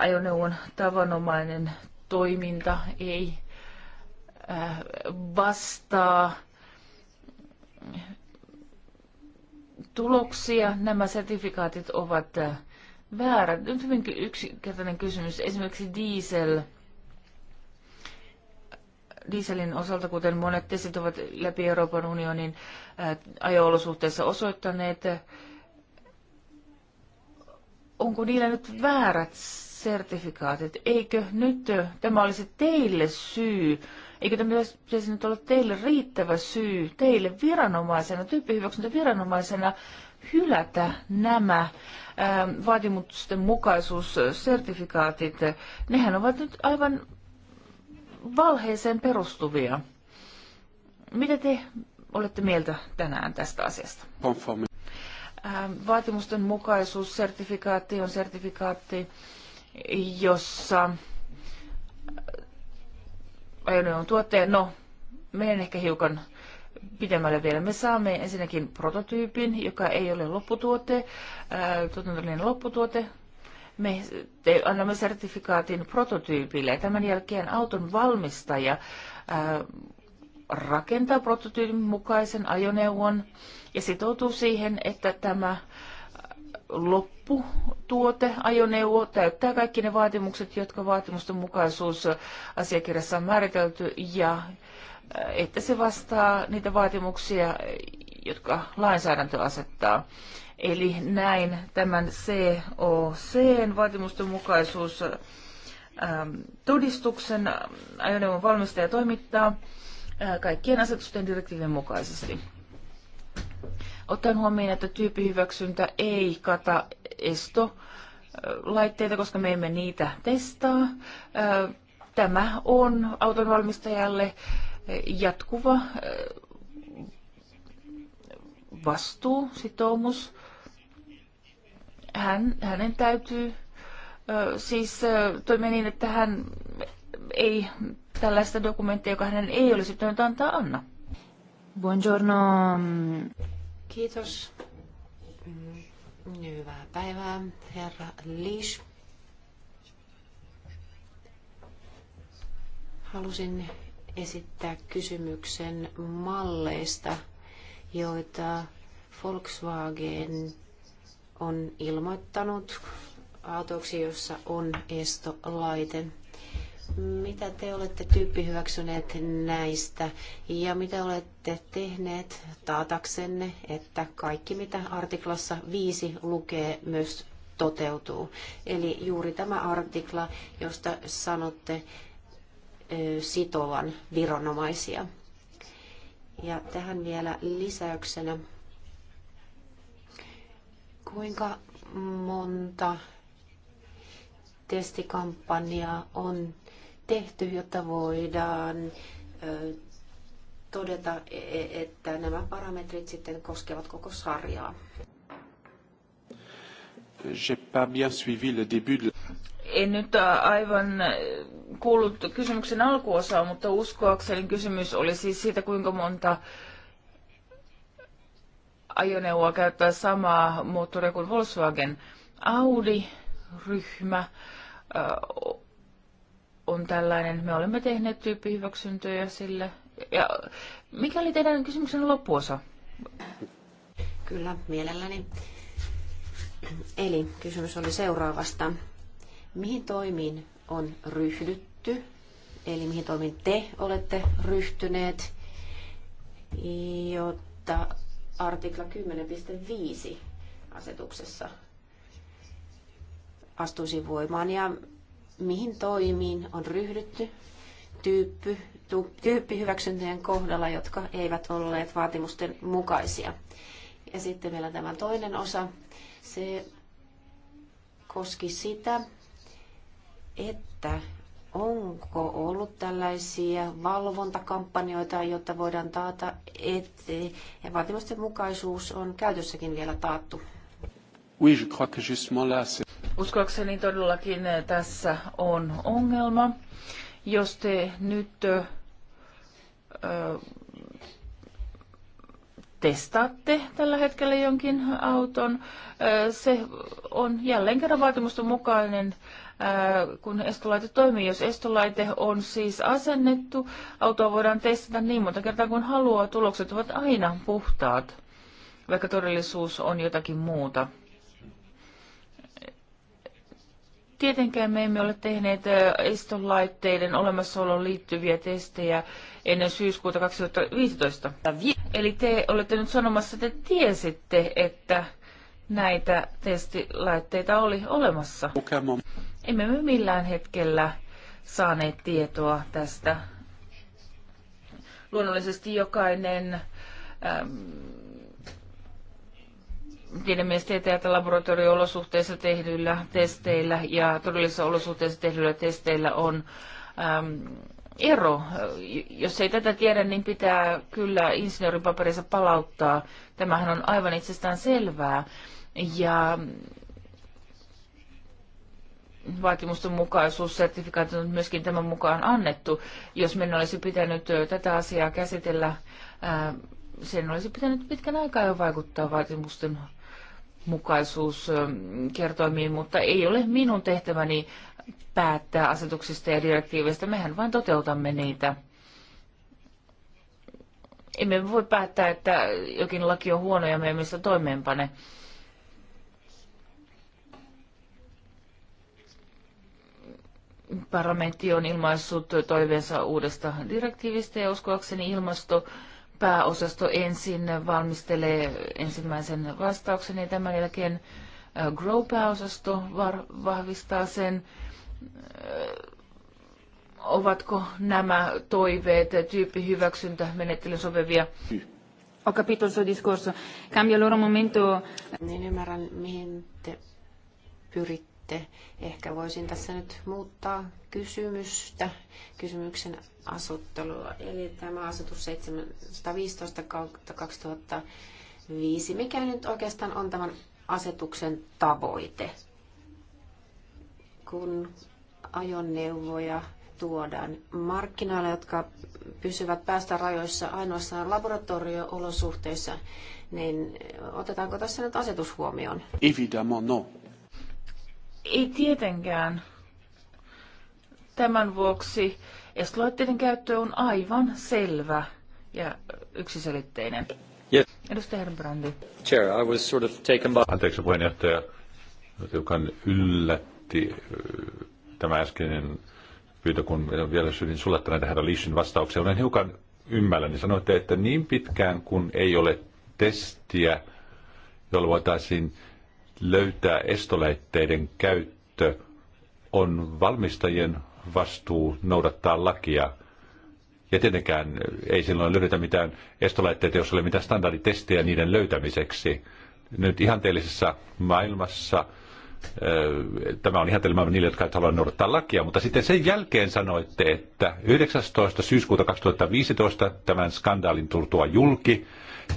ajoneuvon tavanomainen toiminta ei vastaa tuloksia. Nämä sertifikaatit ovat äh, väärät. Nyt hyvin yksinkertainen kysymys. Esimerkiksi diesel, dieselin osalta, kuten monet testit ovat läpi Euroopan unionin äh, ajo-olosuhteissa osoittaneet, onko niillä nyt väärät sertifikaatit? Eikö nyt äh, tämä olisi teille syy Eikö tämä pitäisi nyt olla teille riittävä syy, teille viranomaisena, viranomaisena, hylätä nämä ähm, vaatimusten mukaisuussertifikaatit? Nehän ovat nyt aivan valheeseen perustuvia. Mitä te olette mieltä tänään tästä asiasta? Ähm, vaatimusten mukaisuussertifikaatti on sertifikaatti, jossa ajoneuvon tuottaja, no, menen ehkä hiukan pitemmälle vielä. Me saamme ensinnäkin prototyypin, joka ei ole lopputuote, tuotantollinen lopputuote. Me te, annamme sertifikaatin prototyypille. Tämän jälkeen auton valmistaja ää, rakentaa prototyypin mukaisen ajoneuvon ja sitoutuu siihen, että tämä lopputuote, ajoneuvo, täyttää kaikki ne vaatimukset, jotka vaatimusten mukaisuus asiakirjassa on määritelty ja äh, että se vastaa niitä vaatimuksia, jotka lainsäädäntö asettaa. Eli näin tämän COC vaatimusten mukaisuus ähm, todistuksen ajoneuvon valmistaja toimittaa äh, kaikkien asetusten direktiivien mukaisesti. Ottaen huomioon, että tyyppihyväksyntä ei kata esto laitteita, koska me emme niitä testaa. Tämä on autonvalmistajalle jatkuva vastuu, sitoumus. Hän, hänen täytyy siis toimia niin, että hän ei tällaista dokumenttia, joka hänen ei olisi pitänyt antaa, anna. Buongiorno. Kiitos. Hyvää päivää, herra Liis. Halusin esittää kysymyksen malleista, joita Volkswagen on ilmoittanut autoksi, jossa on estolaite. Mitä te olette tyyppi hyväksyneet näistä ja mitä olette tehneet taataksenne, että kaikki mitä artiklassa 5 lukee myös toteutuu? Eli juuri tämä artikla, josta sanotte sitovan viranomaisia. Ja tähän vielä lisäyksenä, kuinka monta testikampanjaa on tehty, jotta voidaan todeta, e, e, että nämä parametrit sitten koskevat koko sarjaa. En nyt aivan kuullut kysymyksen alkuosaa, mutta uskoakseni kysymys oli siis siitä, kuinka monta ajoneuvoa käyttää samaa moottoria kuin Volkswagen. Audi-ryhmä on tällainen. Me olemme tehneet tyyppihyväksyntöjä sille. Ja mikä oli teidän kysymyksen loppuosa? Kyllä, mielelläni. Eli kysymys oli seuraavasta. Mihin toimiin on ryhdytty? Eli mihin toimiin te olette ryhtyneet, jotta artikla 10.5 asetuksessa astuisi voimaan ja mihin toimiin on ryhdytty tyyppi, tyyppihyväksyntöjen kohdalla, jotka eivät olleet vaatimusten mukaisia. Ja sitten vielä tämä toinen osa, se koski sitä, että onko ollut tällaisia valvontakampanjoita, jotta voidaan taata, että vaatimusten mukaisuus on käytössäkin vielä taattu. Oui, je crois que justement là, Uskoakseni todellakin eh, tässä on ongelma. Jos te nyt ö, eh, eh, testaatte tällä hetkellä jonkin auton, ö, se on jälleen kerran vaatimusten mukainen kun estolaite toimii. Jos estolaite on siis asennettu, autoa voidaan testata niin monta kertaa kuin haluaa. Tulokset ovat aina puhtaat, vaikka todellisuus on jotakin muuta. Tietenkään me emme ole tehneet estolaitteiden olemassaoloon liittyviä testejä ennen syyskuuta 2015. Eli te olette nyt sanomassa, että te tiesitte, että näitä testilaitteita oli olemassa. Emme me millään hetkellä saaneet tietoa tästä. Luonnollisesti jokainen ähm, laboratorio-olosuhteissa tehdyillä testeillä ja todellisissa olosuhteissa tehdyillä testeillä on äm, ero. Jos ei tätä tiedä, niin pitää kyllä insinöörin paperinsa palauttaa. Tämähän on aivan itsestään selvää. Ja vaatimusten mukaisuussertifikaatit on myöskin tämän mukaan annettu. Jos meidän olisi pitänyt tätä asiaa käsitellä, sen olisi pitänyt pitkän aikaa jo vaikuttaa vaatimusten mukaisuuskertoimiin, mutta ei ole minun tehtäväni päättää asetuksista ja direktiiveistä. Mehän vain toteutamme niitä. Emme voi päättää, että jokin laki on huono ja me emme sitä toimeenpane. Parlamentti on ilmaissut toiveensa uudesta direktiivistä ja uskoakseni ilmasto- pääosasto ensin valmistelee ensimmäisen vastauksen ja tämän jälkeen Grow-pääosasto vahvistaa sen. Ovatko nämä toiveet tyyppihyväksyntämenettelyn sopivia? Ho capito il suo discorso. Cambia loro momento. Niin ymmärrän, mihin te pyritte sitten Ehkä voisin tässä nyt muuttaa kysymystä, kysymyksen asuttelua. Eli tämä asetus 715 2005. Mikä nyt oikeastaan on tämän asetuksen tavoite? Kun ajoneuvoja tuodaan markkinoille, jotka pysyvät rajoissa ainoastaan laboratorio-olosuhteissa, niin otetaanko tässä nyt asetus huomioon? Evidemment non. Ei tietenkään. Tämän vuoksi estoloitteiden käyttö on aivan selvä ja yksiselitteinen. Yes. Edustaja Herbrandi. Chair, I was sort of taken by... Anteeksi puheenjohtaja, hiukan yllätti tämä äskeinen pyytö, kun vielä syydin sulattana herra Lishin vastauksia. Olen hiukan ymmällä, Niin sanoitte, että niin pitkään kun ei ole testiä, jolla voitaisiin löytää estoläitteiden käyttö, on valmistajien vastuu noudattaa lakia. Ja tietenkään ei silloin löydetä mitään estolaitteita, jos ei ole mitään standarditestejä niiden löytämiseksi. Nyt ihanteellisessa maailmassa tämä on ihantelmaa niille, jotka eivät halua noudattaa lakia, mutta sitten sen jälkeen sanoitte, että 19. syyskuuta 2015 tämän skandaalin tultua julki,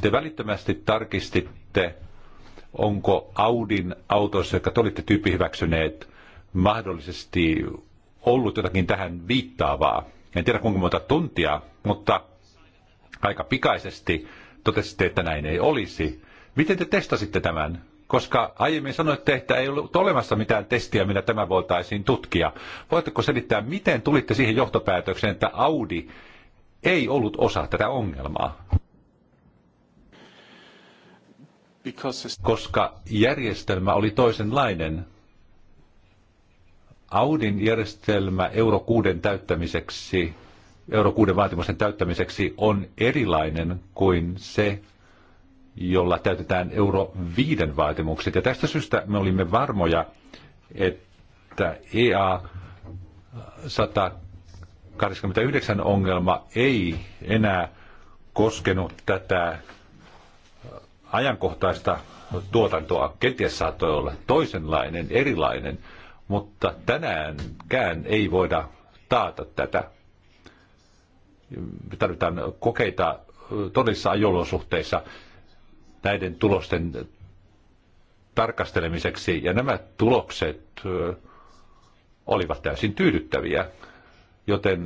te välittömästi tarkistitte onko Audin autoissa, jotka te olitte tyyppihyväksyneet, mahdollisesti ollut jotakin tähän viittaavaa. En tiedä kuinka monta tuntia, mutta aika pikaisesti totesitte, että näin ei olisi. Miten te testasitte tämän? Koska aiemmin sanoitte, että ei ollut olemassa mitään testiä, millä tämä voitaisiin tutkia. Voitteko selittää, miten tulitte siihen johtopäätökseen, että Audi ei ollut osa tätä ongelmaa? koska järjestelmä oli toisenlainen. Audin järjestelmä euro 6 täyttämiseksi, euro 6 vaatimusten täyttämiseksi on erilainen kuin se, jolla täytetään euro 5 vaatimukset. Ja tästä syystä me olimme varmoja, että EA 189 ongelma ei enää koskenut tätä ajankohtaista tuotantoa kenties saattoi olla toisenlainen, erilainen, mutta tänäänkään ei voida taata tätä. Me tarvitaan kokeita todellisissa ajolosuhteissa näiden tulosten tarkastelemiseksi, ja nämä tulokset olivat täysin tyydyttäviä, joten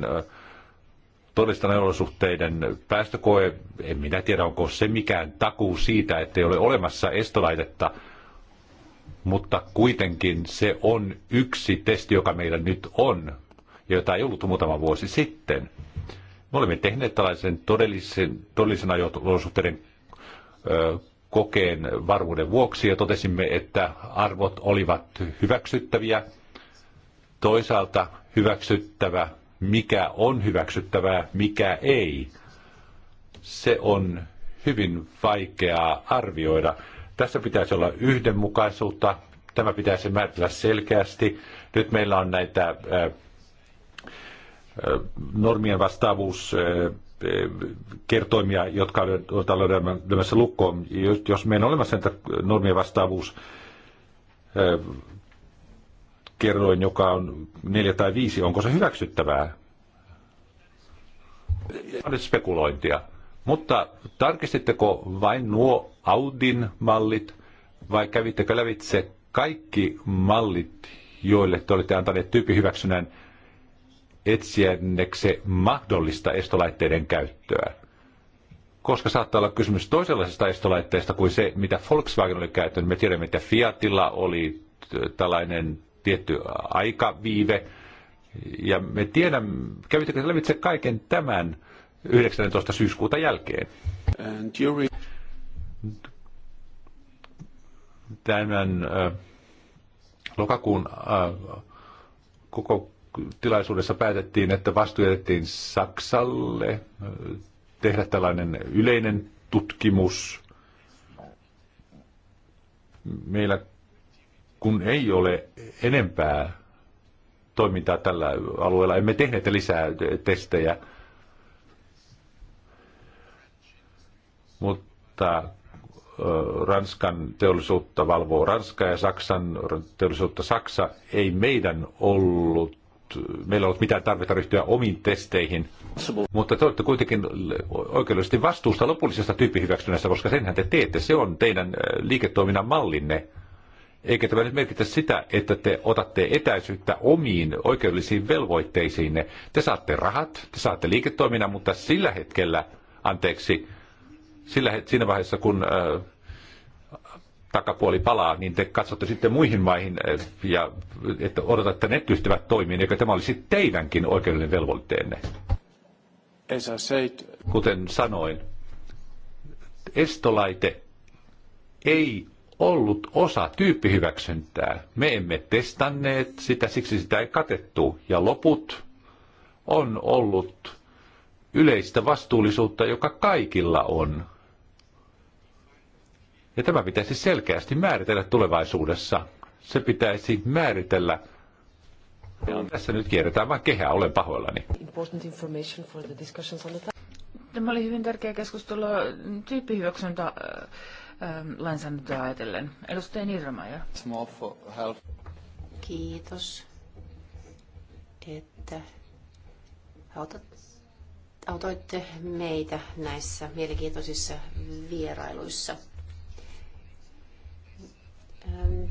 todellisten olosuhteiden päästökoe, en minä tiedä onko se mikään takuu siitä, että ei ole olemassa estolaitetta, mutta kuitenkin se on yksi testi, joka meillä nyt on, jota ei ollut muutama vuosi sitten. Me olemme tehneet tällaisen todellisen, todellisen olosuhteiden kokeen varmuuden vuoksi ja totesimme, että arvot olivat hyväksyttäviä. Toisaalta hyväksyttävä mikä on hyväksyttävää, mikä ei. Se on hyvin vaikeaa arvioida. Tässä pitäisi olla yhdenmukaisuutta, tämä pitäisi määritellä selkeästi. Nyt meillä on näitä äh, äh, normien vastaavuus äh, kertoimia, jotka ovat löydämässä lukkoon. Jos meillä on olemassa näitä normien vastaavuus kerroin, joka on neljä tai viisi, onko se hyväksyttävää? On spekulointia. Mutta tarkistitteko vain nuo Audin mallit vai kävittekö lävitse kaikki mallit, joille te olette antaneet tyyppihyväksynnän etsiennekse mahdollista estolaitteiden käyttöä? koska saattaa olla kysymys toisenlaisesta estolaitteesta kuin se, mitä Volkswagen oli käyttänyt. Me tiedämme, että Fiatilla oli tällainen tietty aikaviive. Ja me tiedämme, kävittekö se lävitse kaiken tämän 19. syyskuuta jälkeen? During... Tämän äh, lokakuun äh, koko tilaisuudessa päätettiin, että vastuu jätettiin Saksalle äh, tehdä tällainen yleinen tutkimus. Meillä kun ei ole enempää toimintaa tällä alueella, emme tehneet lisää testejä, mutta Ranskan teollisuutta valvoo Ranska ja Saksan teollisuutta Saksa. Ei meidän ollut, meillä ollut mitään tarvetta ryhtyä omiin testeihin, mutta te olette kuitenkin oikeudellisesti vastuusta lopullisesta tyyppihyväksynnästä, koska senhän te teette. Se on teidän liiketoiminnan mallinne. Eikä tämä nyt merkitä sitä, että te otatte etäisyyttä omiin oikeudellisiin velvoitteisiinne. Te saatte rahat, te saatte liiketoiminnan, mutta sillä hetkellä, anteeksi, sillä het- siinä vaiheessa kun ö, takapuoli palaa, niin te katsotte sitten muihin maihin ö, ja että odotatte, että ne pystyvät toimimaan, eikä tämä olisi teidänkin oikeudellinen velvoitteenne. Kuten sanoin, estolaite ei ollut osa tyyppihyväksyntää. Me emme testanneet sitä, siksi sitä ei katettu. Ja loput on ollut yleistä vastuullisuutta, joka kaikilla on. Ja tämä pitäisi selkeästi määritellä tulevaisuudessa. Se pitäisi määritellä. Ja no, tässä nyt kierretään vain kehää, olen pahoillani. Tämä oli hyvin tärkeä keskustelu tyyppihyväksyntä Ähm, lainsäädäntöä ajatellen. Edustaja Nirmaja. Kiitos, että autoitte meitä näissä mielenkiintoisissa vierailuissa. Ähm,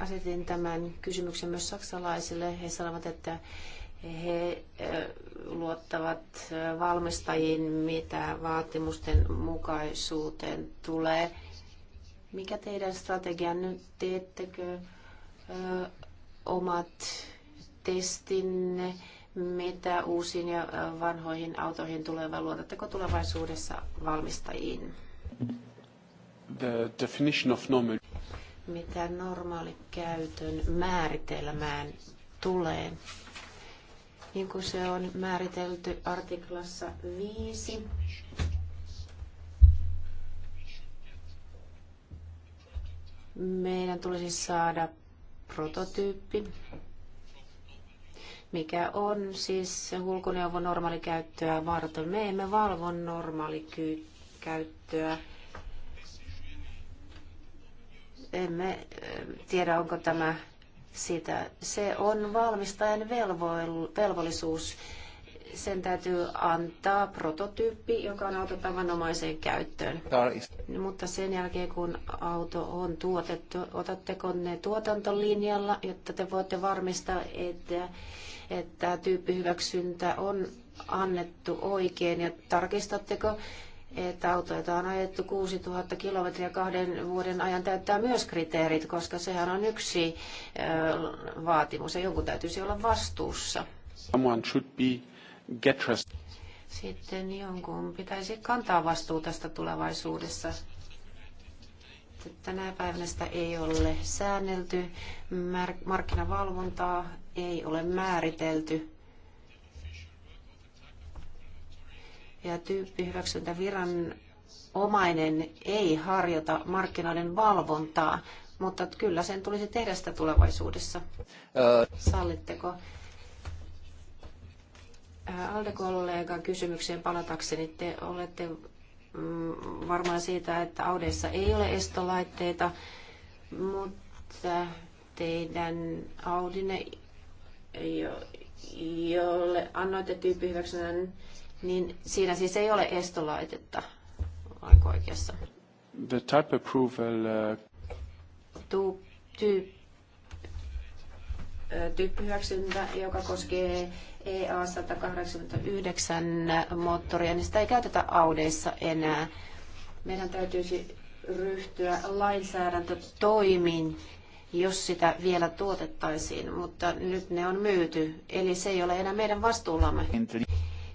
asetin tämän kysymyksen myös saksalaisille. He sanovat, että he äh, luottavat äh, valmistajiin, mitä vaatimusten mukaisuuteen tulee. Mikä teidän nyt? Teettekö ö, omat testinne, mitä uusiin ja vanhoihin autoihin tulee, vai luotatteko tulevaisuudessa valmistajiin? The definition of normal. Mitä normaali käytön määritelmään tulee? Niin kuin se on määritelty artiklassa 5, Meidän tulisi saada prototyyppi, mikä on siis kulkuneuvon normaalikäyttöä varten. Me emme valvo normaalikäyttöä. Emme eh, tiedä, onko tämä sitä. Se on valmistajan velvollisuus sen täytyy antaa prototyyppi, joka on auto tavanomaiseen käyttöön. Mutta sen jälkeen, kun auto on tuotettu, otatteko ne tuotantolinjalla, jotta te voitte varmistaa, että, että tyyppihyväksyntä on annettu oikein ja tarkistatteko, että auto, jota on ajettu 6000 kilometriä kahden vuoden ajan, täyttää myös kriteerit, koska sehän on yksi vaatimus ja jonkun täytyisi olla vastuussa. Someone should be Getrust. Sitten jonkun pitäisi kantaa vastuu tästä tulevaisuudessa. Tänä päivänä sitä ei ole säännelty, markkinavalvontaa ei ole määritelty. Ja tyyppihyväksyntä omainen ei harjoita markkinoiden valvontaa, mutta kyllä sen tulisi tehdä sitä tulevaisuudessa. Sallitteko? Alde-kollegan kysymykseen palatakseni, te olette mm, varmaan siitä, että Audeissa ei ole estolaitteita, mutta teidän Audine, jolle annoitte tyyppihyväksynnän, niin siinä siis ei ole estolaitetta, olenko oikeassa? The type approval... Uh... tyyppihyväksyntä, joka koskee EA189 moottoria, niin sitä ei käytetä Audeissa enää. Meidän täytyisi ryhtyä lainsäädäntötoimiin, jos sitä vielä tuotettaisiin, mutta nyt ne on myyty, eli se ei ole enää meidän vastuullamme.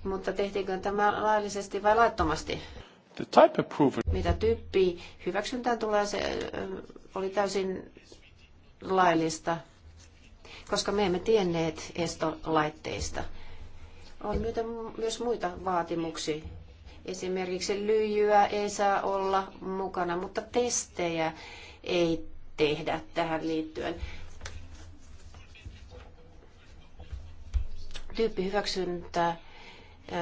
Mutta tehtiinkö tämä laillisesti vai laittomasti? Mitä tyyppi hyväksyntään tulee, se oli täysin laillista koska me emme tienneet estolaitteista. On myös muita vaatimuksia. Esimerkiksi lyijyä ei saa olla mukana, mutta testejä ei tehdä tähän liittyen. Tyyppihyväksyntä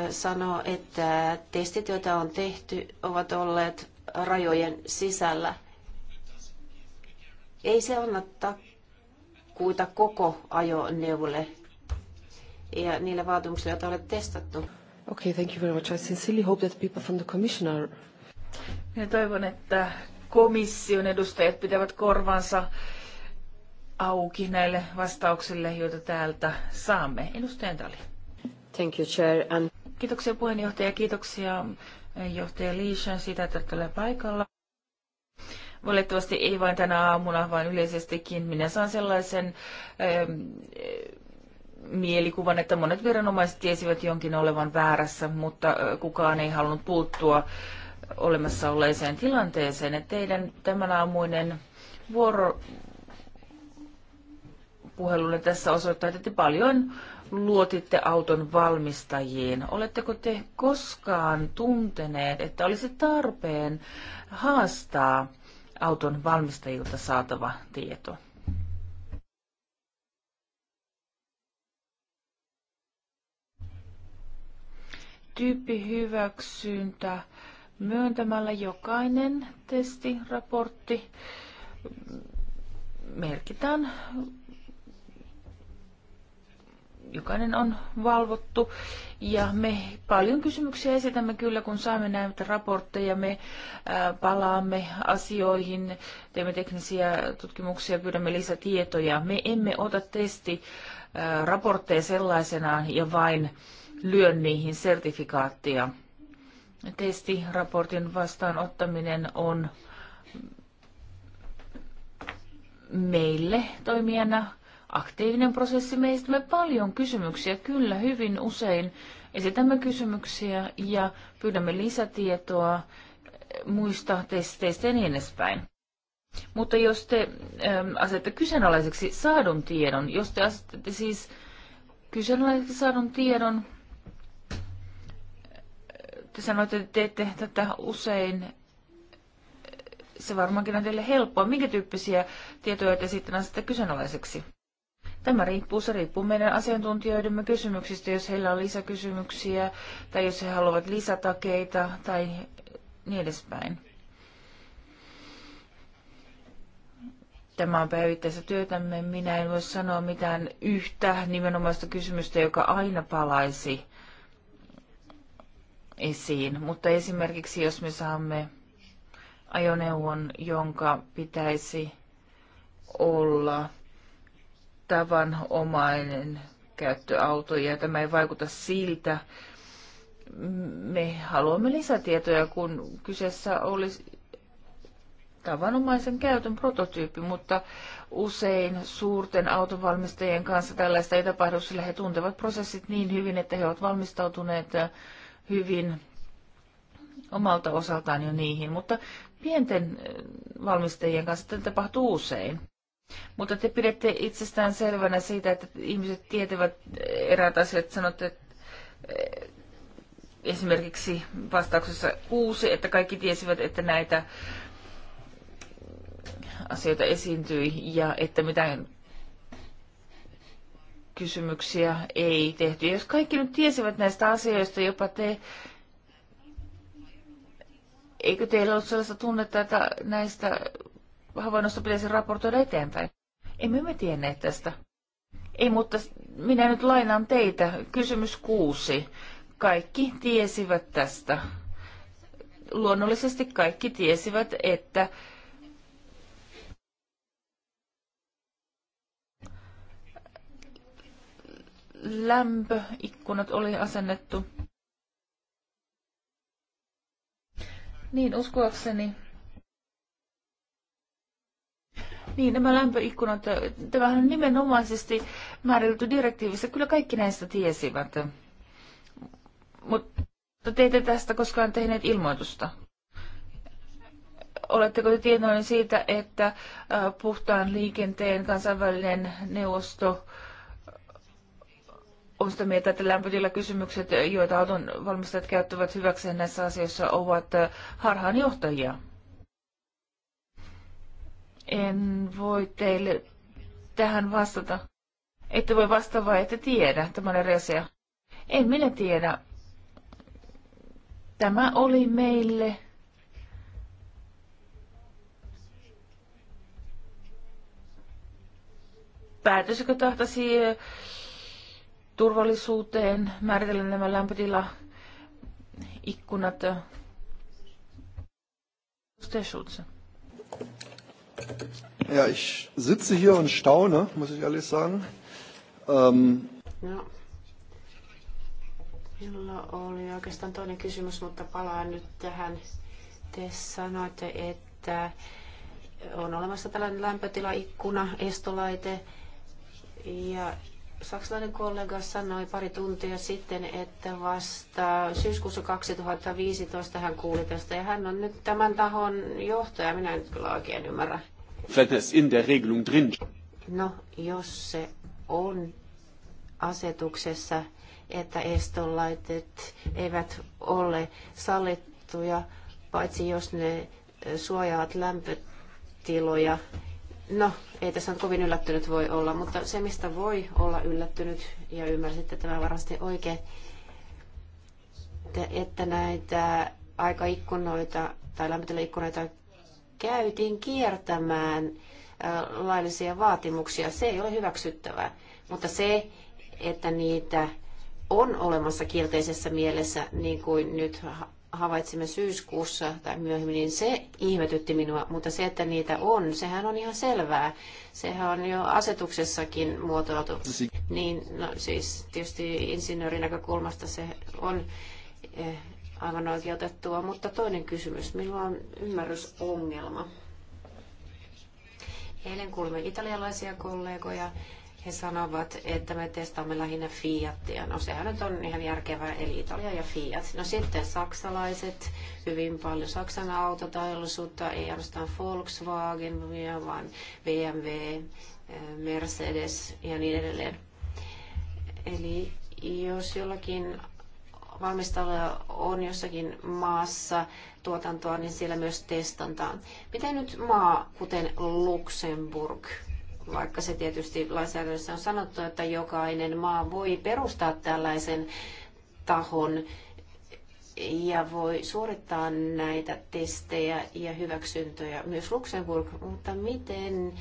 sanoo, että testit, joita on tehty, ovat olleet rajojen sisällä. Ei se anna kuita koko ajoneuvolle ja niillä vaatimuksilla, joita olet testattu. Okay, thank you very much. I sincerely hope that people from the commission are... Minä toivon, että komission edustajat pitävät korvansa auki näille vastauksille, joita täältä saamme. Edustaja Dali. Thank you, Chair. And... Kiitoksia puheenjohtaja, kiitoksia eh, johtaja Liishan siitä, että tulee paikalla. Valitettavasti ei vain tänä aamuna, vaan yleisestikin minä saan sellaisen ähm, mielikuvan, että monet viranomaiset tiesivät jonkin olevan väärässä, mutta äh, kukaan ei halunnut puuttua olemassa olleeseen tilanteeseen. Et teidän tämän aamuinen vuoro puhelulle tässä osoittaa, että te paljon luotitte auton valmistajiin. Oletteko te koskaan tunteneet, että olisi tarpeen haastaa auton valmistajilta saatava tieto. Tyyppihyväksyntä myöntämällä jokainen testiraportti merkitään jokainen on valvottu. Ja me paljon kysymyksiä esitämme kyllä, kun saamme näitä raportteja. Me palaamme asioihin, teemme teknisiä tutkimuksia, pyydämme lisätietoja. Me emme ota testi raportteja sellaisenaan ja vain lyö niihin sertifikaattia. Testiraportin vastaanottaminen on meille toimijana aktiivinen prosessi. Me esitämme paljon kysymyksiä, kyllä hyvin usein esitämme kysymyksiä ja pyydämme lisätietoa muista testeistä ja niin edespäin. Mutta jos te ähm, asette kyseenalaiseksi saadun tiedon, jos te asette siis kyseenalaiseksi saadun tiedon, te sanoitte, että teette tätä usein, se varmaankin on teille helppoa. Minkä tyyppisiä tietoja te sitten asette kyseenalaiseksi? Tämä riippuu, se riippuu meidän asiantuntijoidemme kysymyksistä, jos heillä on lisäkysymyksiä tai jos he haluavat lisätakeita tai niin edespäin. Tämä on päivittäistä työtämme. Minä en voi sanoa mitään yhtä nimenomaista kysymystä, joka aina palaisi esiin. Mutta esimerkiksi jos me saamme ajoneuvon, jonka pitäisi olla tavanomainen käyttöauto ja tämä ei vaikuta siltä. Me haluamme lisätietoja, kun kyseessä olisi tavanomaisen käytön prototyyppi, mutta usein suurten autovalmistajien kanssa tällaista ei tapahdu, sillä he tuntevat prosessit niin hyvin, että he ovat valmistautuneet hyvin omalta osaltaan jo niihin, mutta pienten valmistajien kanssa tämä tapahtuu usein. Mutta te pidätte itsestään selvänä siitä, että ihmiset tietävät eräät asiat, sanotte, että eh, esimerkiksi vastauksessa kuusi, että kaikki tiesivät, että näitä asioita esiintyi ja että mitään kysymyksiä ei tehty. Jos kaikki nyt tiesivät näistä asioista, jopa te, eikö teillä ollut sellaista tunnetta, että näistä havainnosta pitäisi raportoida eteenpäin. Emme me tienneet tästä. Ei, mutta minä nyt lainaan teitä. Kysymys kuusi. Kaikki tiesivät tästä. Luonnollisesti kaikki tiesivät, että lämpöikkunat oli asennettu. Niin, uskoakseni Niin, nämä lämpöikkunat, tämähän on nimenomaisesti määritelty direktiivissä. Kyllä kaikki näistä tiesivät. Mutta te ette tästä koskaan tehneet ilmoitusta. Oletteko te tietoinen siitä, että puhtaan liikenteen kansainvälinen neuvosto on sitä mieltä, että kysymykset, joita auton valmistajat käyttävät hyväkseen näissä asioissa, ovat harhaanjohtajia? johtajia? En voi teille tähän vastata. Ette voi vastata vai ette tiedä, tämmöinen resea. En minä tiedä. Tämä oli meille päätös, joka tahtasi eh, turvallisuuteen määritellä nämä lämpötila ikkunat. Eh, Schulze. Ja, ich sitze hier und staune, muss ich ehrlich sagen. Ähm, ja. No. Minulla oli oikeastaan toinen kysymys, mutta palaan nyt tähän. Te sanoitte, että on olemassa tällainen lämpötilaikkuna, estolaite, ja Saksalainen kollega sanoi pari tuntia sitten, että vasta syyskuussa 2015 hän kuuli tästä ja hän on nyt tämän tahon johtaja. Minä en nyt kyllä oikein ymmärrä. In der Regelung drin. No, jos se on asetuksessa, että estolaitet eivät ole sallittuja, paitsi jos ne suojaavat lämpötiloja, No, ei tässä on kovin yllättynyt voi olla, mutta se mistä voi olla yllättynyt, ja ymmärsitte tämä varmasti oikein, että, että näitä aikaikkunoita tai lämpötilaikkunoita käytiin kiertämään laillisia vaatimuksia. Se ei ole hyväksyttävää, mutta se, että niitä on olemassa kielteisessä mielessä, niin kuin nyt havaitsimme syyskuussa tai myöhemmin, niin se ihmetytti minua, mutta se, että niitä on, sehän on ihan selvää. Sehän on jo asetuksessakin muotoiltu. Niin, no siis tietysti insinöörin näkökulmasta se on eh, aivan oikeutettua, mutta toinen kysymys. Minulla on ymmärrysongelma. Eilen kuulimme italialaisia kollegoja he sanovat, että me testaamme lähinnä Fiatia. No sehän nyt on ihan järkevää, eli Italia ja Fiat. No sitten saksalaiset, hyvin paljon Saksan autoteollisuutta, ei ainoastaan Volkswagen, vaan BMW, eh, Mercedes ja niin edelleen. Eli jos jollakin valmistajalla on jossakin maassa tuotantoa, niin siellä myös testataan. Miten nyt maa, kuten Luxemburg, vaikka se tietysti lainsäädännössä on sanottu, että jokainen maa voi perustaa tällaisen tahon ja voi suorittaa näitä testejä ja hyväksyntöjä myös Luxemburg, mutta miten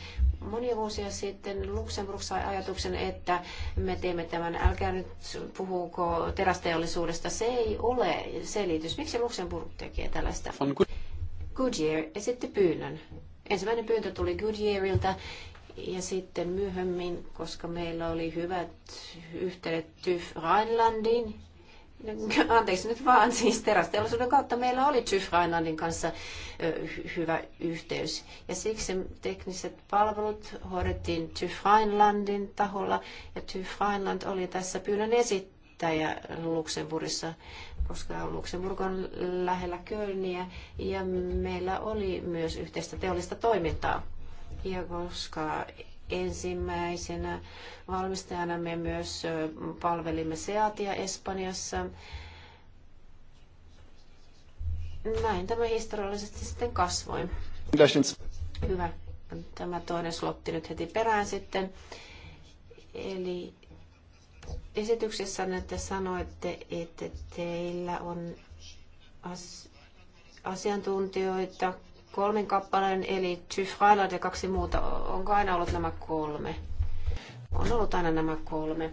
monia vuosia sitten Luxemburg sai ajatuksen, että me teemme tämän, älkää nyt puhuuko terästeollisuudesta, se ei ole selitys. Miksi Luxemburg tekee tällaista? Goodyear esitti pyynnön. Ensimmäinen pyyntö tuli Goodyearilta ja sitten myöhemmin, koska meillä oli hyvät yhteydet TÜV Rheinlandiin, anteeksi nyt vaan, siis terästeollisuuden kautta meillä oli TÜV Rheinlandin kanssa hyvä yhteys. Ja siksi tekniset palvelut hoidettiin TÜV Rheinlandin taholla, ja TÜV Rheinland oli tässä pyynnön esittäjä Luxemburgissa, koska Luxemburg on lähellä Kölniä, ja meillä oli myös yhteistä teollista toimintaa. Ja koska ensimmäisenä valmistajana me myös palvelimme Seatia Espanjassa, näin tämä historiallisesti sitten kasvoi. Hyvä. Tämä toinen slotti nyt heti perään sitten. Eli esityksessä te sanoitte, että teillä on as- asiantuntijoita kolmen kappaleen, eli Tyfrailad ja kaksi muuta. Onko aina ollut nämä kolme? On ollut aina nämä kolme.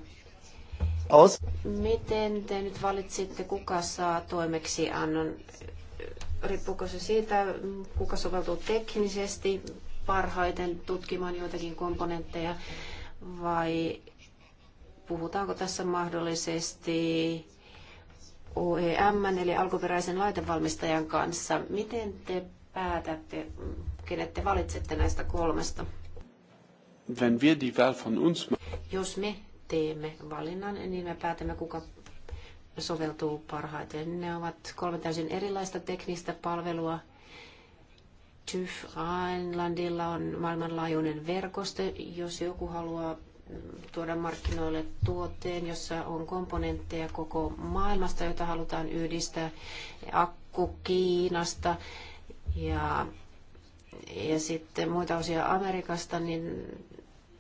Os. Miten te nyt valitsitte, kuka saa toimeksiannon? Riippuuko se siitä, kuka soveltuu teknisesti parhaiten tutkimaan joitakin komponentteja vai puhutaanko tässä mahdollisesti OEM eli alkuperäisen laitevalmistajan kanssa? Miten te päätätte, kenet te valitsette näistä kolmesta? Wenn wir die Wahl von uns... Jos me teemme valinnan, niin me päätämme, kuka soveltuu parhaiten. Ne ovat kolme täysin erilaista teknistä palvelua. TÜV Rheinlandilla on maailmanlaajuinen verkosto. Jos joku haluaa tuoda markkinoille tuotteen, jossa on komponentteja koko maailmasta, joita halutaan yhdistää, akku Kiinasta, ja, ja sitten muita osia Amerikasta, niin,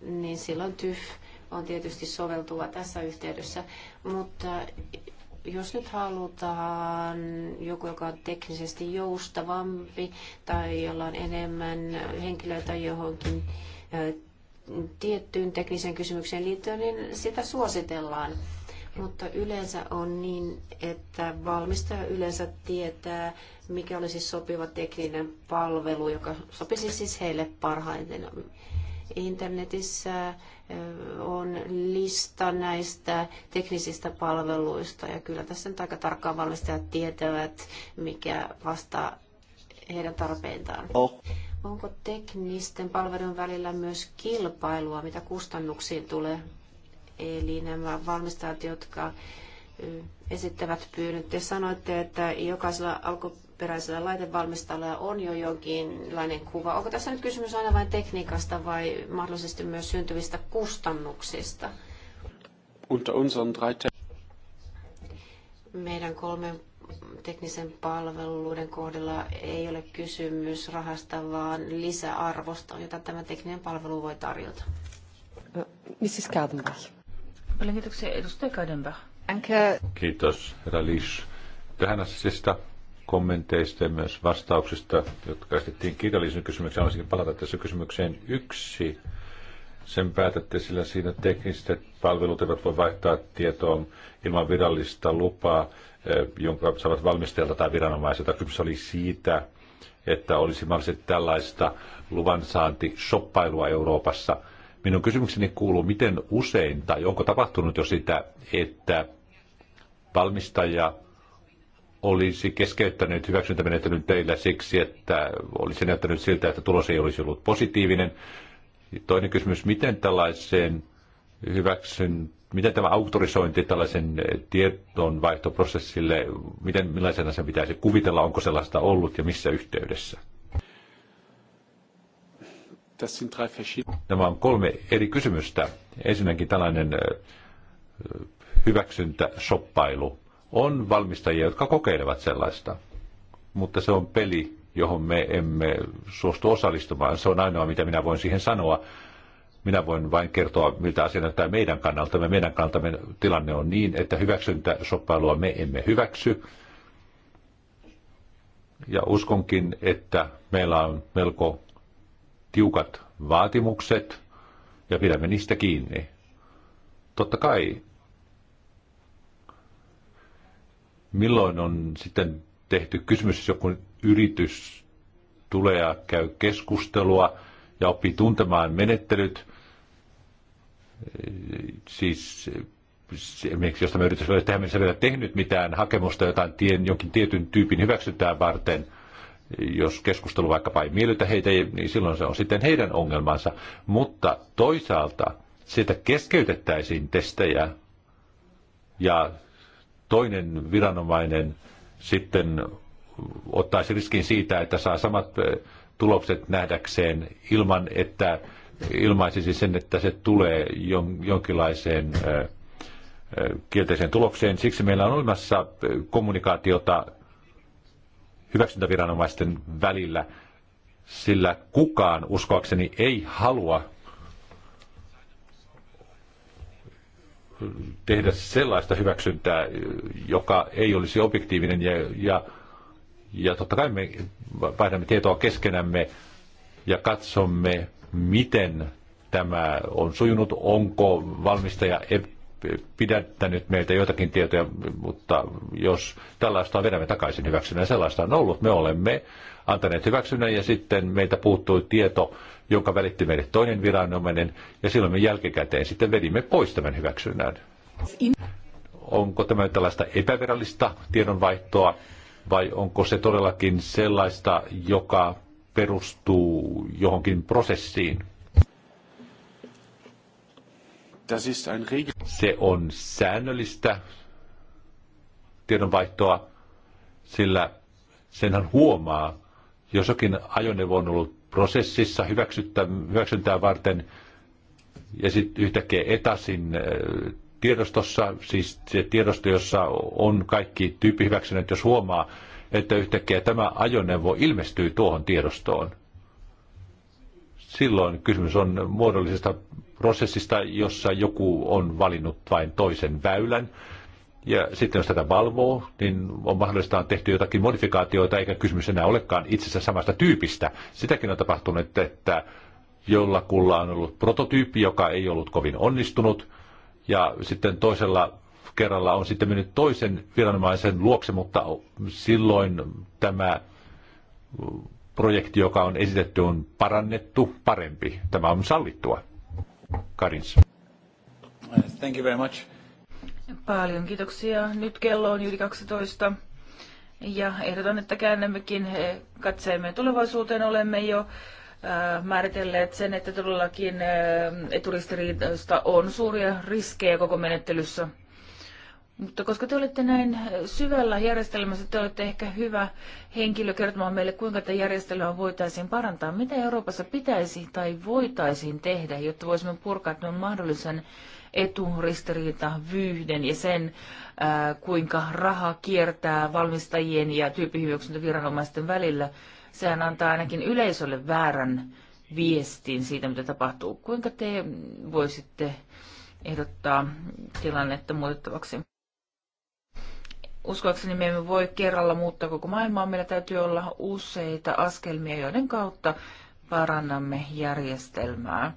niin silloin TYF on tietysti soveltuva tässä yhteydessä. Mutta jos nyt halutaan joku, joka on teknisesti joustavampi tai jolla on enemmän henkilöitä johonkin tiettyyn tekniseen kysymykseen liittyen, niin sitä suositellaan. Mutta yleensä on niin, että valmistaja yleensä tietää, mikä olisi siis sopiva tekninen palvelu, joka sopisi siis heille parhaiten. Internetissä on lista näistä teknisistä palveluista ja kyllä tässä nyt aika tarkkaan valmistajat tietävät, mikä vastaa heidän tarpeitaan. Oh. No. Onko teknisten palvelujen välillä myös kilpailua, mitä kustannuksiin tulee? Eli nämä valmistajat, jotka esittävät pyynnöt. Te sanoitte, että jokaisella alku peräisellä laitevalmistajalla on jo jonkinlainen kuva. Onko tässä nyt kysymys aina vain tekniikasta vai mahdollisesti myös syntyvistä kustannuksista? Unter unseren drei Meidän kolmen teknisen palveluiden kohdalla ei ole kysymys rahasta, vaan lisäarvosta, jota tämä tekninen palvelu voi tarjota. Mrs. Kadenbach. Paljon kiitoksia edustaja Kadenbach. Kiitos, herra Lisch. Tähän asiasta kommenteista ja myös vastauksista, jotka esitettiin kirjallisen kysymyksen. Haluaisinkin palata tässä kysymykseen yksi. Sen päätätte, sillä siinä tekniset palvelut eivät voi vaihtaa tietoa ilman virallista lupaa, eh, jonka saavat valmistajalta tai viranomaiselta. Kysymys oli siitä, että olisi mahdollisesti tällaista luvansaanti shoppailua Euroopassa. Minun kysymykseni kuuluu, miten usein tai onko tapahtunut jo sitä, että valmistaja olisi keskeyttänyt hyväksyntämenettelyn teillä siksi, että olisi näyttänyt siltä, että tulos ei olisi ollut positiivinen. Toinen kysymys, miten tällaiseen hyväksyn, miten tämä auktorisointi tällaisen tietonvaihtoprosessille, miten, millaisena se pitäisi kuvitella, onko sellaista ollut ja missä yhteydessä? Nämä on kolme eri kysymystä. Ensinnäkin tällainen hyväksyntä shoppailu, on valmistajia, jotka kokeilevat sellaista, mutta se on peli, johon me emme suostu osallistumaan. Se on ainoa, mitä minä voin siihen sanoa. Minä voin vain kertoa, miltä asia näyttää meidän kannalta Meidän kannalta tilanne on niin, että hyväksyntäsoppailua me emme hyväksy. Ja uskonkin, että meillä on melko tiukat vaatimukset ja pidämme niistä kiinni. Totta kai Milloin on sitten tehty kysymys, jos joku yritys tulee ja käy keskustelua ja oppii tuntemaan menettelyt, siis esimerkiksi jos tämä yritys ei ole tähän mennessä vielä tehnyt mitään hakemusta jotain tien, jonkin tietyn tyypin hyväksyntää varten, jos keskustelu vaikkapa ei miellytä heitä, niin silloin se on sitten heidän ongelmansa. Mutta toisaalta sieltä keskeytettäisiin testejä ja toinen viranomainen sitten ottaisi riskin siitä, että saa samat eh, tulokset nähdäkseen ilman, että ilmaisisi sen, että se tulee jonkinlaiseen eh, eh, kielteiseen tulokseen. Siksi meillä on olemassa kommunikaatiota hyväksyntäviranomaisten välillä, sillä kukaan uskoakseni ei halua tehdä sellaista hyväksyntää, joka ei olisi objektiivinen ja, ja, ja totta kai me vaihdamme tietoa keskenämme ja katsomme, miten tämä on sujunut, onko valmistaja pidättänyt meiltä joitakin tietoja, mutta jos tällaista vedämme takaisin hyväksynnän, sellaista on ollut. Me olemme antaneet hyväksynnän ja sitten meiltä puuttui tieto jonka välitti meille toinen viranomainen, ja silloin me jälkikäteen sitten vedimme pois tämän hyväksynnän. Onko tämä tällaista epävirallista tiedonvaihtoa, vai onko se todellakin sellaista, joka perustuu johonkin prosessiin? Se on säännöllistä tiedonvaihtoa, sillä senhän huomaa, jos jokin ajoneuvo on ollut prosessissa hyväksyntää varten. Ja sitten yhtäkkiä etasin äh, tiedostossa, siis se tiedosto, jossa on kaikki tyyppihyväksynnät, jos huomaa, että yhtäkkiä tämä ajoneuvo ilmestyy tuohon tiedostoon. Silloin kysymys on muodollisesta prosessista, jossa joku on valinnut vain toisen väylän, ja sitten jos tätä valvoo, niin on mahdollista on tehty jotakin modifikaatioita, eikä kysymys enää olekaan itsessä samasta tyypistä. Sitäkin on tapahtunut, että jollakulla on ollut prototyyppi, joka ei ollut kovin onnistunut, ja sitten toisella kerralla on sitten mennyt toisen viranomaisen luokse, mutta silloin tämä projekti, joka on esitetty, on parannettu parempi. Tämä on sallittua. Karins. Thank you very much. Paljon kiitoksia. Nyt kello on yli 12. Ja ehdotan, että käännämmekin eh, katseemme tulevaisuuteen. Olemme jo eh, määritelleet sen, että todellakin eh, eturistiriidasta on suuria riskejä koko menettelyssä. Mutta koska te olette näin syvällä järjestelmässä, te olette ehkä hyvä henkilö kertomaan meille, kuinka tätä järjestelmää voitaisiin parantaa. Mitä Euroopassa pitäisi tai voitaisiin tehdä, jotta voisimme purkaa tuon mahdollisen eturistiriita vyyhden ja sen, ää, äh, kuinka raha kiertää valmistajien ja tyyppihyväksyntäviranomaisten välillä. Sehän antaa ainakin yleisölle väärän viestin siitä, mitä tapahtuu. Kuinka te voisitte ehdottaa tilannetta muutettavaksi? uskoakseni me emme voi kerralla muuttaa koko maailmaa. Meillä täytyy olla useita askelmia, joiden kautta parannamme järjestelmää.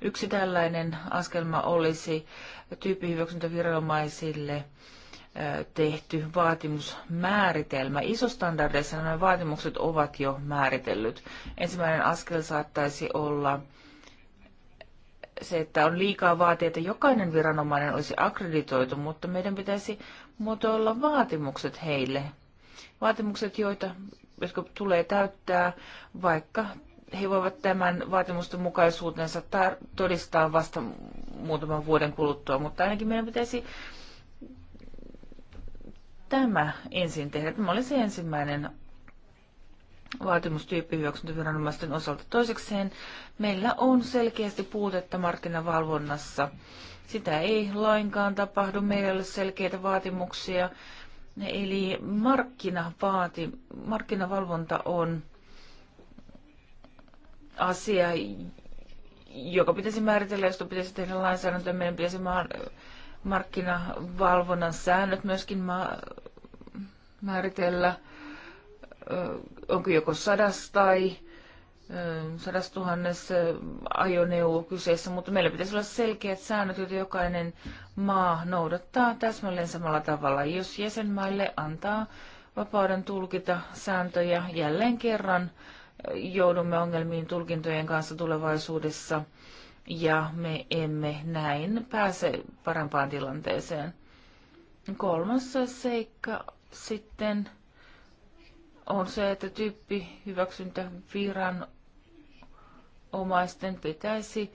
Yksi tällainen askelma olisi tyyppihyväksyntäviranomaisille tehty vaatimusmääritelmä. Isostandardeissa nämä vaatimukset ovat jo määritellyt. Ensimmäinen askel saattaisi olla se, että on liikaa vaatia, että jokainen viranomainen olisi akkreditoitu, mutta meidän pitäisi muotoilla vaatimukset heille. Vaatimukset, joita, jotka tulee täyttää, vaikka he voivat tämän vaatimusten mukaisuutensa todistaa vasta muutaman vuoden kuluttua, mutta ainakin meidän pitäisi tämä ensin tehdä. Tämä oli se ensimmäinen vaatimustyyppi hyväksyntäviranomaisten osalta. Toisekseen meillä on selkeästi puutetta markkinavalvonnassa sitä ei lainkaan tapahdu, meillä ei ole selkeitä vaatimuksia. Eli markkinavaati, markkinavalvonta on asia, joka pitäisi määritellä, jos pitäisi tehdä lainsäädäntöä. Meidän pitäisi markkinavalvonnan säännöt myöskin määritellä, onko joko sadas tai sadasituhannes äh, ajoneuvo kyseessä, mutta meillä pitäisi olla selkeät säännöt, joita jokainen maa noudattaa täsmälleen samalla tavalla. Jos jäsenmaille antaa vapauden tulkita sääntöjä jälleen kerran, äh, joudumme ongelmiin tulkintojen kanssa tulevaisuudessa ja me emme näin pääse parempaan tilanteeseen. Kolmas seikka sitten on se, että tyyppi hyväksyntä viran viranomaisten pitäisi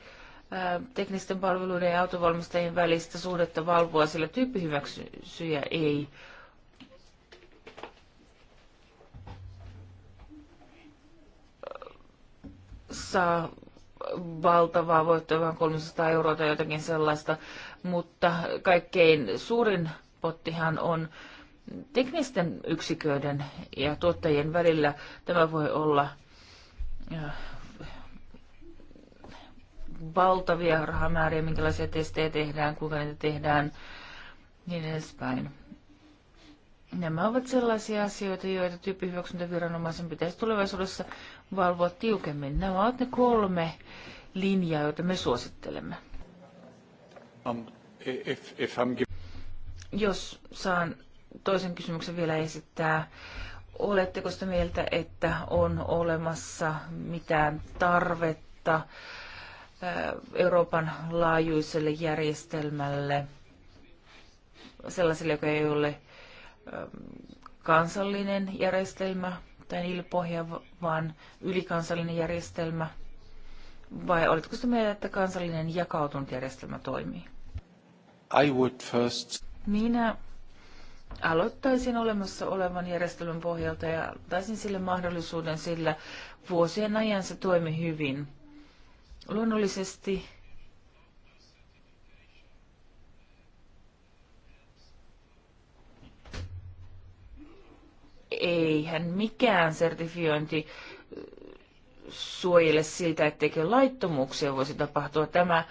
teknisten palveluiden ja autovalmistajien välistä suhdetta valvoa, sillä tyyppihyväksyjä ei saa valtavaa voittoa, vaan 300 euroa tai jotakin sellaista, mutta kaikkein suurin pottihan on teknisten yksiköiden ja tuottajien välillä. Tämä voi olla valtavia rahamääriä, minkälaisia testejä tehdään, kuinka niitä tehdään, niin edespäin. Nämä ovat sellaisia asioita, joita tyyppihyväksyntäviranomaisen pitäisi tulevaisuudessa valvoa tiukemmin. Nämä ovat ne kolme linjaa, joita me suosittelemme. Um, if, if Jos saan toisen kysymyksen vielä esittää. Oletteko sitä mieltä, että on olemassa mitään tarvetta Euroopan laajuiselle järjestelmälle, sellaiselle, joka ei ole kansallinen järjestelmä tai niille vaan ylikansallinen järjestelmä? Vai oletko sitä mieltä, että kansallinen jakautunut järjestelmä toimii? I would first... Minä aloittaisin olemassa olevan järjestelmän pohjalta ja taisin sille mahdollisuuden, sillä vuosien ajan se toimi hyvin – Luonnollisesti eihän mikään sertifiointi suojele siltä, etteikö laittomuuksia voisi tapahtua. Tämä äh,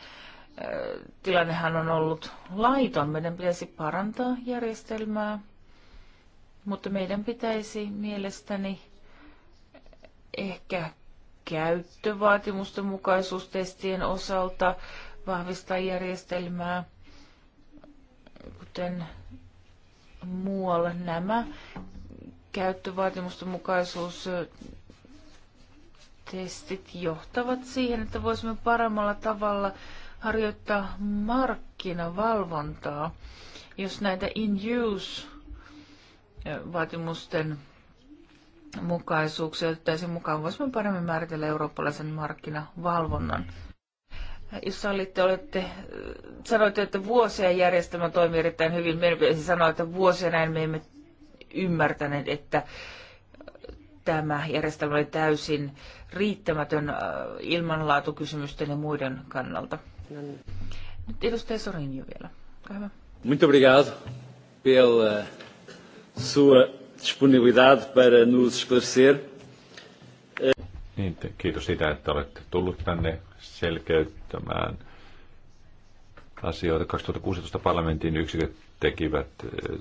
tilannehan on ollut laiton. Meidän pitäisi parantaa järjestelmää, mutta meidän pitäisi mielestäni ehkä käyttövaatimusten mukaisuustestien osalta vahvistaa järjestelmää, kuten muualla nämä käyttövaatimusten mukaisuustestit johtavat siihen, että voisimme paremmalla tavalla harjoittaa markkinavalvontaa, jos näitä in-use vaatimusten mukaisuuksia otettaisiin mukaan, voisimme paremmin määritellä eurooppalaisen markkinavalvonnan. Jos sallitte, olette, sanoitte, että vuosien järjestelmä toimii erittäin hyvin. Meidän pitäisi sanoa, että vuosia näin me emme ymmärtäneet, että tämä järjestelmä oli täysin riittämätön äh, ilmanlaatukysymysten ja muiden kannalta. Nyt edustaja Sorinju vielä. Olkaa hyvä. Muito obrigado pela sua disponibilidade para nos esclarecer. Niin, kiitos siitä, että olette tullut tänne selkeyttämään asioita. 2016 parlamentin yksiköt tekivät eh,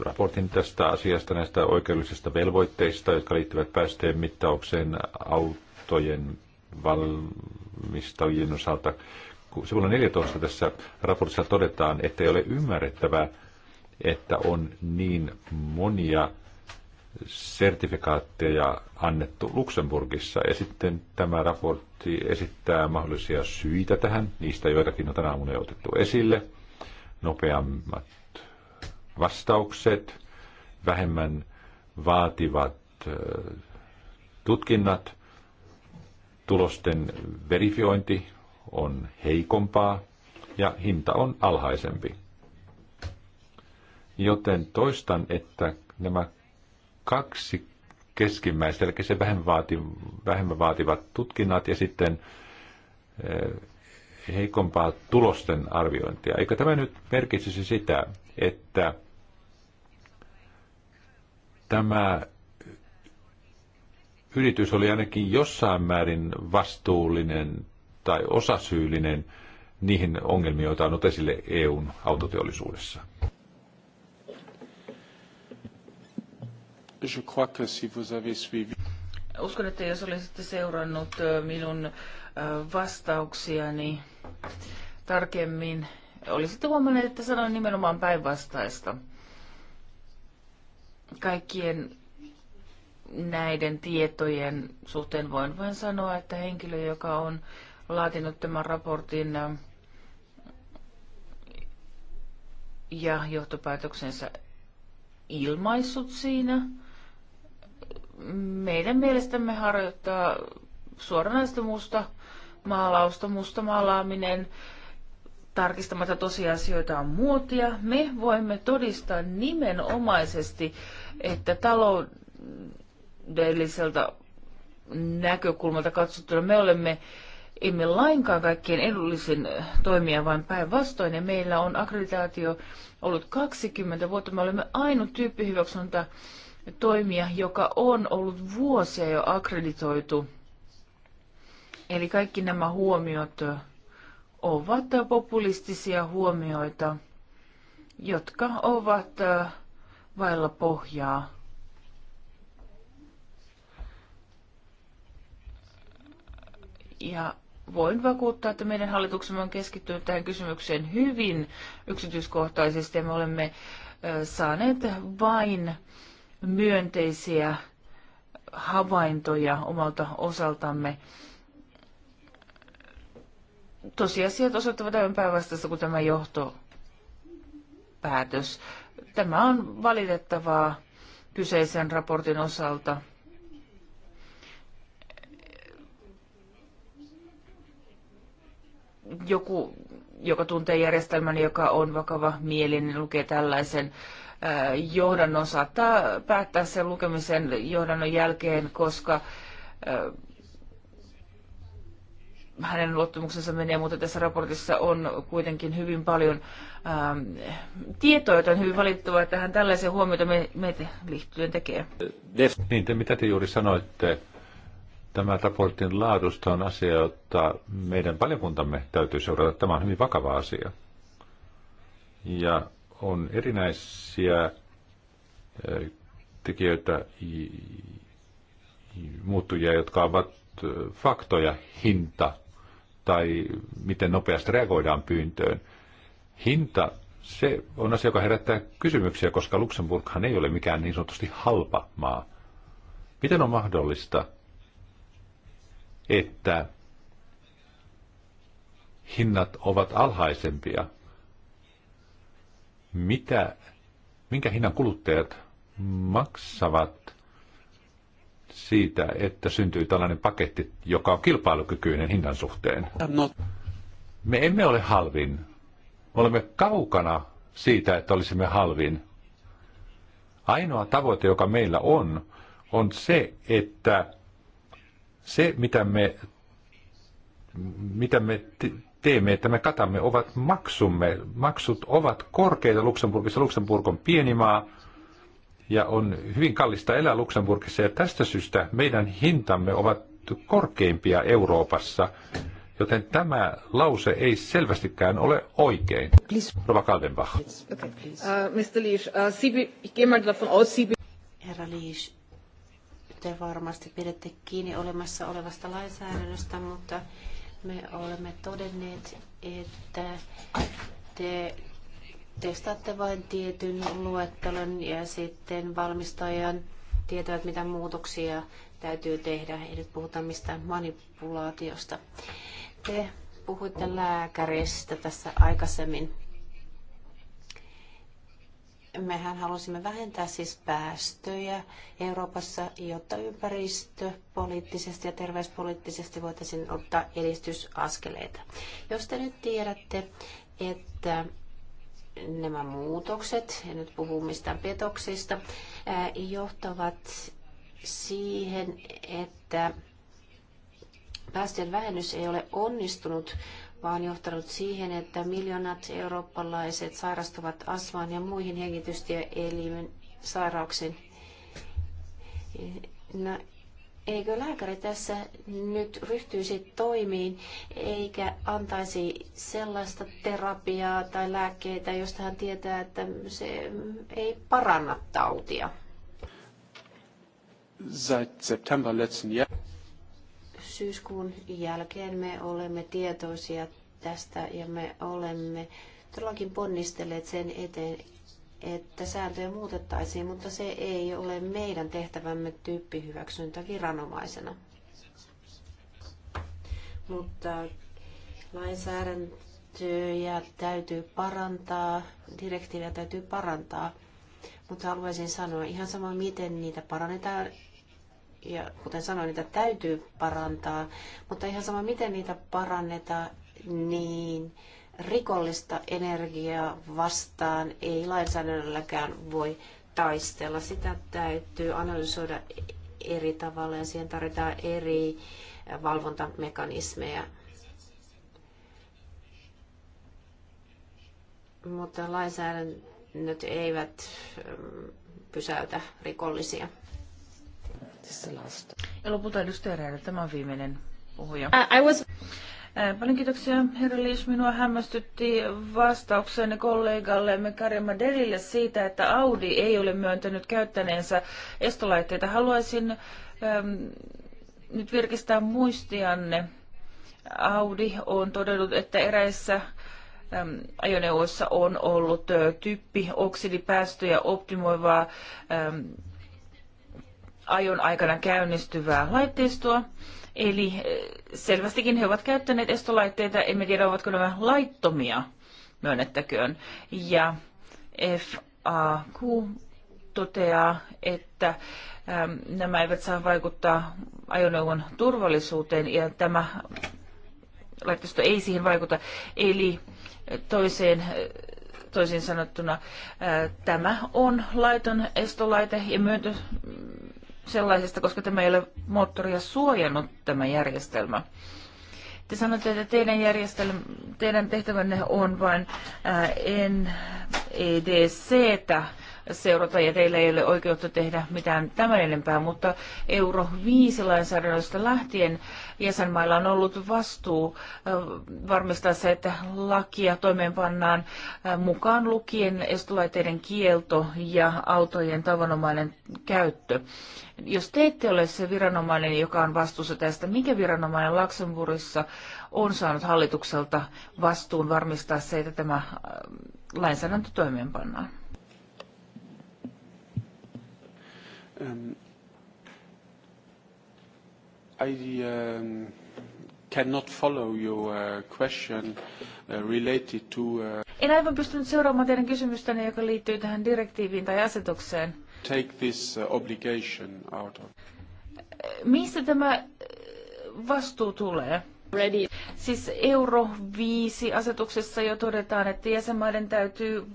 raportin tästä asiasta, näistä oikeudellisista velvoitteista, jotka liittyvät päästöjen mittaukseen autojen valmistajien osalta. Sivulla 14 tässä raportissa todetaan, että ei ole ymmärrettävää, että on niin monia sertifikaatteja annettu Luxemburgissa. Ja sitten tämä raportti esittää mahdollisia syitä tähän. Niistä joitakin on tänä aamuna otettu esille. Nopeammat vastaukset, vähemmän vaativat tutkinnat, tulosten verifiointi on heikompaa ja hinta on alhaisempi. Joten toistan, että nämä kaksi keskimmäistä, eli se vähemmän, vaati, vähemmän vaativat tutkinnat ja sitten eh, heikompaa tulosten arviointia. Eikä tämä nyt merkitsisi sitä, että tämä yritys oli ainakin jossain määrin vastuullinen tai osasyyllinen niihin ongelmiin, joita on ollut esille EUn autoteollisuudessa. Je crois que si vous avez suivi... Uskon, että jos olisitte seurannut minun vastauksiani tarkemmin, olisitte huomanneet, että sanoin nimenomaan päinvastaista. Kaikkien näiden tietojen suhteen voin vain sanoa, että henkilö, joka on laatinut tämän raportin ja johtopäätöksensä ilmaissut siinä, meidän mielestämme harjoittaa suoranaista musta maalausta, musta maalaaminen, tarkistamatta tosiasioita on muotia. Me voimme todistaa nimenomaisesti, että taloudelliselta näkökulmalta katsottuna me olemme emme lainkaan kaikkien edullisin toimija, vaan päinvastoin. Ja meillä on akkreditaatio ollut 20 vuotta. Me olemme ainut tyyppihyväksyntä hyväksyntä toimija, joka on ollut vuosia jo akkreditoitu. Eli kaikki nämä huomiot ovat populistisia huomioita, jotka ovat vailla pohjaa. Ja voin vakuuttaa, että meidän hallituksemme on keskittynyt tähän kysymykseen hyvin yksityiskohtaisesti ja me olemme saaneet vain äh, myönteisiä havaintoja omalta osaltamme. Tosiasiat osoittavat aivan päinvastaista kuin tämä johtopäätös. Tämä on valitettavaa kyseisen raportin osalta. Joku, joka tuntee järjestelmän, joka on vakava mieli, niin lukee tällaisen äh, johdannon saattaa päättää sen lukemisen johdannon jälkeen, koska hänen luottamuksensa menee, mutta tässä raportissa on kuitenkin hyvin paljon ähm, tietoa, joten hyvin valittavaa, että hän tällaisia huomioita me, meitä liittyen tekee. Niin, te, mitä te juuri sanoitte, tämä raportin laadusta on asia, jota meidän valiokuntamme täytyy seurata. Tämä on hyvin vakava asia. Ja on erinäisiä tekijöitä, muuttujia, jotka ovat faktoja, hinta tai miten nopeasti reagoidaan pyyntöön. Hinta, se on asia, joka herättää kysymyksiä, koska Luxemburghan ei ole mikään niin sanotusti halpa maa. Miten on mahdollista, että hinnat ovat alhaisempia mitä, minkä hinnan kuluttajat maksavat siitä, että syntyy tällainen paketti, joka on kilpailukykyinen hinnan suhteen? No. Me emme ole halvin. Me olemme kaukana siitä, että olisimme halvin. Ainoa tavoite, joka meillä on, on se, että se, mitä me, mitä me teemme, että me katamme, ovat maksumme. Maksut ovat korkeita Luxemburgissa. Luxemburg on pieni maa ja on hyvin kallista elää Luxemburgissa. Ja tästä syystä meidän hintamme ovat korkeimpia Euroopassa. Joten tämä lause ei selvästikään ole oikein. Rova Kaldenbach. Uh, Mr. Uh, Herra Liis, te varmasti pidätte kiinni olemassa olevasta lainsäädännöstä, mutta me olemme todenneet, että te testaatte vain tietyn luettelon ja sitten valmistajan tietävät, mitä muutoksia täytyy tehdä. Ei nyt puhuta mistään manipulaatiosta. Te puhuitte lääkäristä tässä aikaisemmin mehän halusimme vähentää siis päästöjä Euroopassa, jotta ympäristöpoliittisesti ja terveyspoliittisesti voitaisiin ottaa edistysaskeleita. Jos te nyt tiedätte, että nämä muutokset, ja nyt puhuu mistään petoksista, johtavat siihen, että päästöjen vähennys ei ole onnistunut vaan johtanut siihen, että miljoonat eurooppalaiset sairastuvat asmaan ja muihin hengitystieelimen sairauksiin. No, eikö lääkäri tässä nyt ryhtyisi toimiin eikä antaisi sellaista terapiaa tai lääkkeitä, josta hän tietää, että se ei paranna tautia? Seit September letzten Jahr syyskuun jälkeen me olemme tietoisia tästä ja me olemme todellakin ponnistelleet sen eteen, että sääntöjä muutettaisiin, mutta se ei ole meidän tehtävämme tyyppihyväksyntä viranomaisena. Mutta lainsäädäntöjä täytyy parantaa, direktiivejä täytyy parantaa, mutta haluaisin sanoa ihan sama, miten niitä parannetaan, ja kuten sanoin, niitä täytyy parantaa, mutta ihan sama miten niitä parannetaan, niin rikollista energiaa vastaan ei lainsäädännölläkään voi taistella. Sitä täytyy analysoida eri tavalla ja siihen tarvitaan eri valvontamekanismeja. Mutta lainsäädännöt eivät mm, pysäytä rikollisia. This is the last. Ja lopulta edustaja tämä on viimeinen puhuja. I, uh, I was... Paljon kiitoksia, herra Liis. Minua hämmästytti vastauksenne kollegallemme Karima Delille siitä, että Audi ei ole myöntänyt käyttäneensä estolaitteita. Haluaisin ähm, nyt virkistää muistianne. Audi on todennut, että eräissä ähm, ajoneuvoissa on ollut typpi, oksidipäästöjä optimoivaa ähm, ajon aikana käynnistyvää laitteistoa. Eli eh, selvästikin he ovat käyttäneet estolaitteita, emme tiedä ovatko nämä laittomia, myönnettäköön. Ja FAQ toteaa, että nämä eivät saa vaikuttaa ajoneuvon turvallisuuteen ja tämä laitteisto ei siihen vaikuta. Eli eh, toiseen, eh, toisin sanottuna tämä on laiton estolaite ja myöntö, sellaisesta, koska tämä ei ole moottoria suojannut tämä järjestelmä. Te sanotte, että teidän, järjestelmä, teidän tehtävänne on vain nedc että seurata ja teillä ei ole oikeutta tehdä mitään tämän enempää, mutta euro 5 lainsäädännöstä lähtien jäsenmailla on ollut vastuu varmistaa se, että lakia toimeenpannaan mukaan lukien estulaiteiden kielto ja autojen tavanomainen käyttö. Jos te ette ole se viranomainen, joka on vastuussa tästä, mikä viranomainen Luxemburgissa on saanut hallitukselta vastuun varmistaa se, että tämä lainsäädäntö toimeenpannaan? Um, I um, cannot follow your uh, question uh, related to... Uh, en aivan pystynyt seuraamaan teidän kysymystäni, joka liittyy tähän direktiiviin tai asetukseen. Take this uh, obligation out of... Mistä tämä uh, vastuu tulee? Ready. Siis Euro 5 asetuksessa jo todetaan, että jäsenmaiden täytyy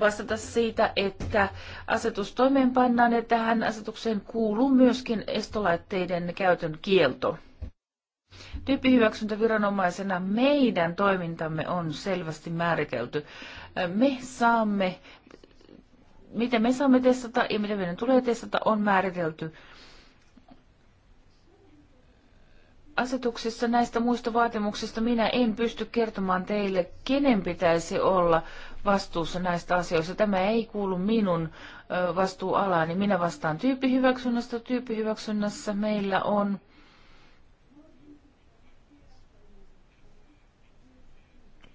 vastata siitä, että asetus toimeenpannaan ja tähän asetukseen kuuluu myöskin estolaitteiden käytön kielto. Tyyppihyväksyntäviranomaisena meidän toimintamme on selvästi määritelty. Me saamme, mitä me saamme testata ja mitä meidän tulee testata, on määritelty asetuksissa näistä muista vaatimuksista minä en pysty kertomaan teille, kenen pitäisi olla vastuussa näistä asioista. Tämä ei kuulu minun vastuualaani. Minä vastaan tyyppihyväksynnästä. Tyyppihyväksynnässä meillä on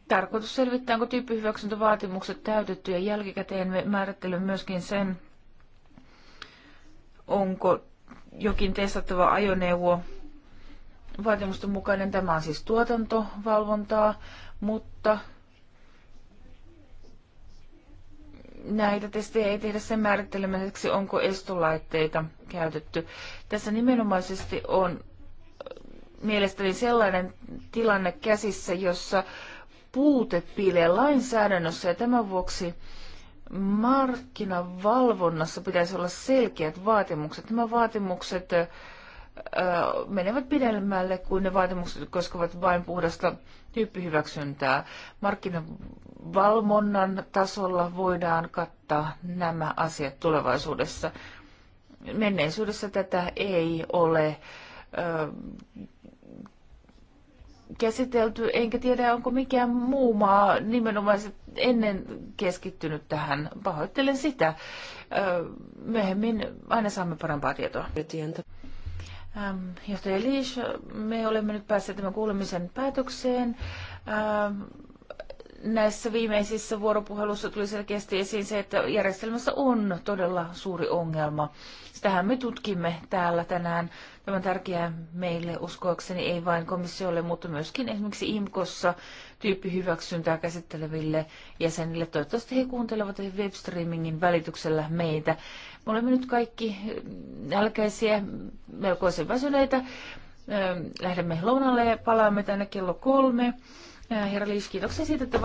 tarkoitus selvittää, onko tyyppihyväksyntävaatimukset täytetty ja jälkikäteen me määrittelemme myöskin sen, onko jokin testattava ajoneuvo vaatimusten mukainen. Tämä on siis tuotantovalvontaa, mutta näitä testejä ei tehdä sen määrittelemiseksi, onko estolaitteita käytetty. Tässä nimenomaisesti on äh, mielestäni sellainen tilanne käsissä, jossa puute piilee lainsäädännössä ja tämän vuoksi markkinavalvonnassa pitäisi olla selkeät vaatimukset. Nämä vaatimukset äh, menevät pidemmälle kuin ne vaatimukset koskevat vain puhdasta tyyppihyväksyntää. Markkinavalmonnan tasolla voidaan kattaa nämä asiat tulevaisuudessa. Menneisyydessä tätä ei ole käsitelty, enkä tiedä onko mikään muu maa nimenomaan ennen keskittynyt tähän. Pahoittelen sitä. Myöhemmin aina saamme parempaa tietoa. Ähm, johtaja Liis, me olemme nyt päässeet tämän kuulemisen päätökseen. Ähm, näissä viimeisissä vuoropuhelussa tuli selkeästi esiin se, että järjestelmässä on todella suuri ongelma. Sitähän me tutkimme täällä tänään. Tämä on tärkeää meille uskoakseni ei vain komissiolle, mutta myöskin esimerkiksi IMKossa tyyppihyväksyntää käsitteleville jäsenille. Toivottavasti he kuuntelevat webstreamingin välityksellä meitä. Me olemme nyt kaikki nälkäisiä, melkoisen väsyneitä. Öö, lähdemme lounalle ja palaamme tänne kello kolme. Öö, herra Liis, kiitoksia siitä, että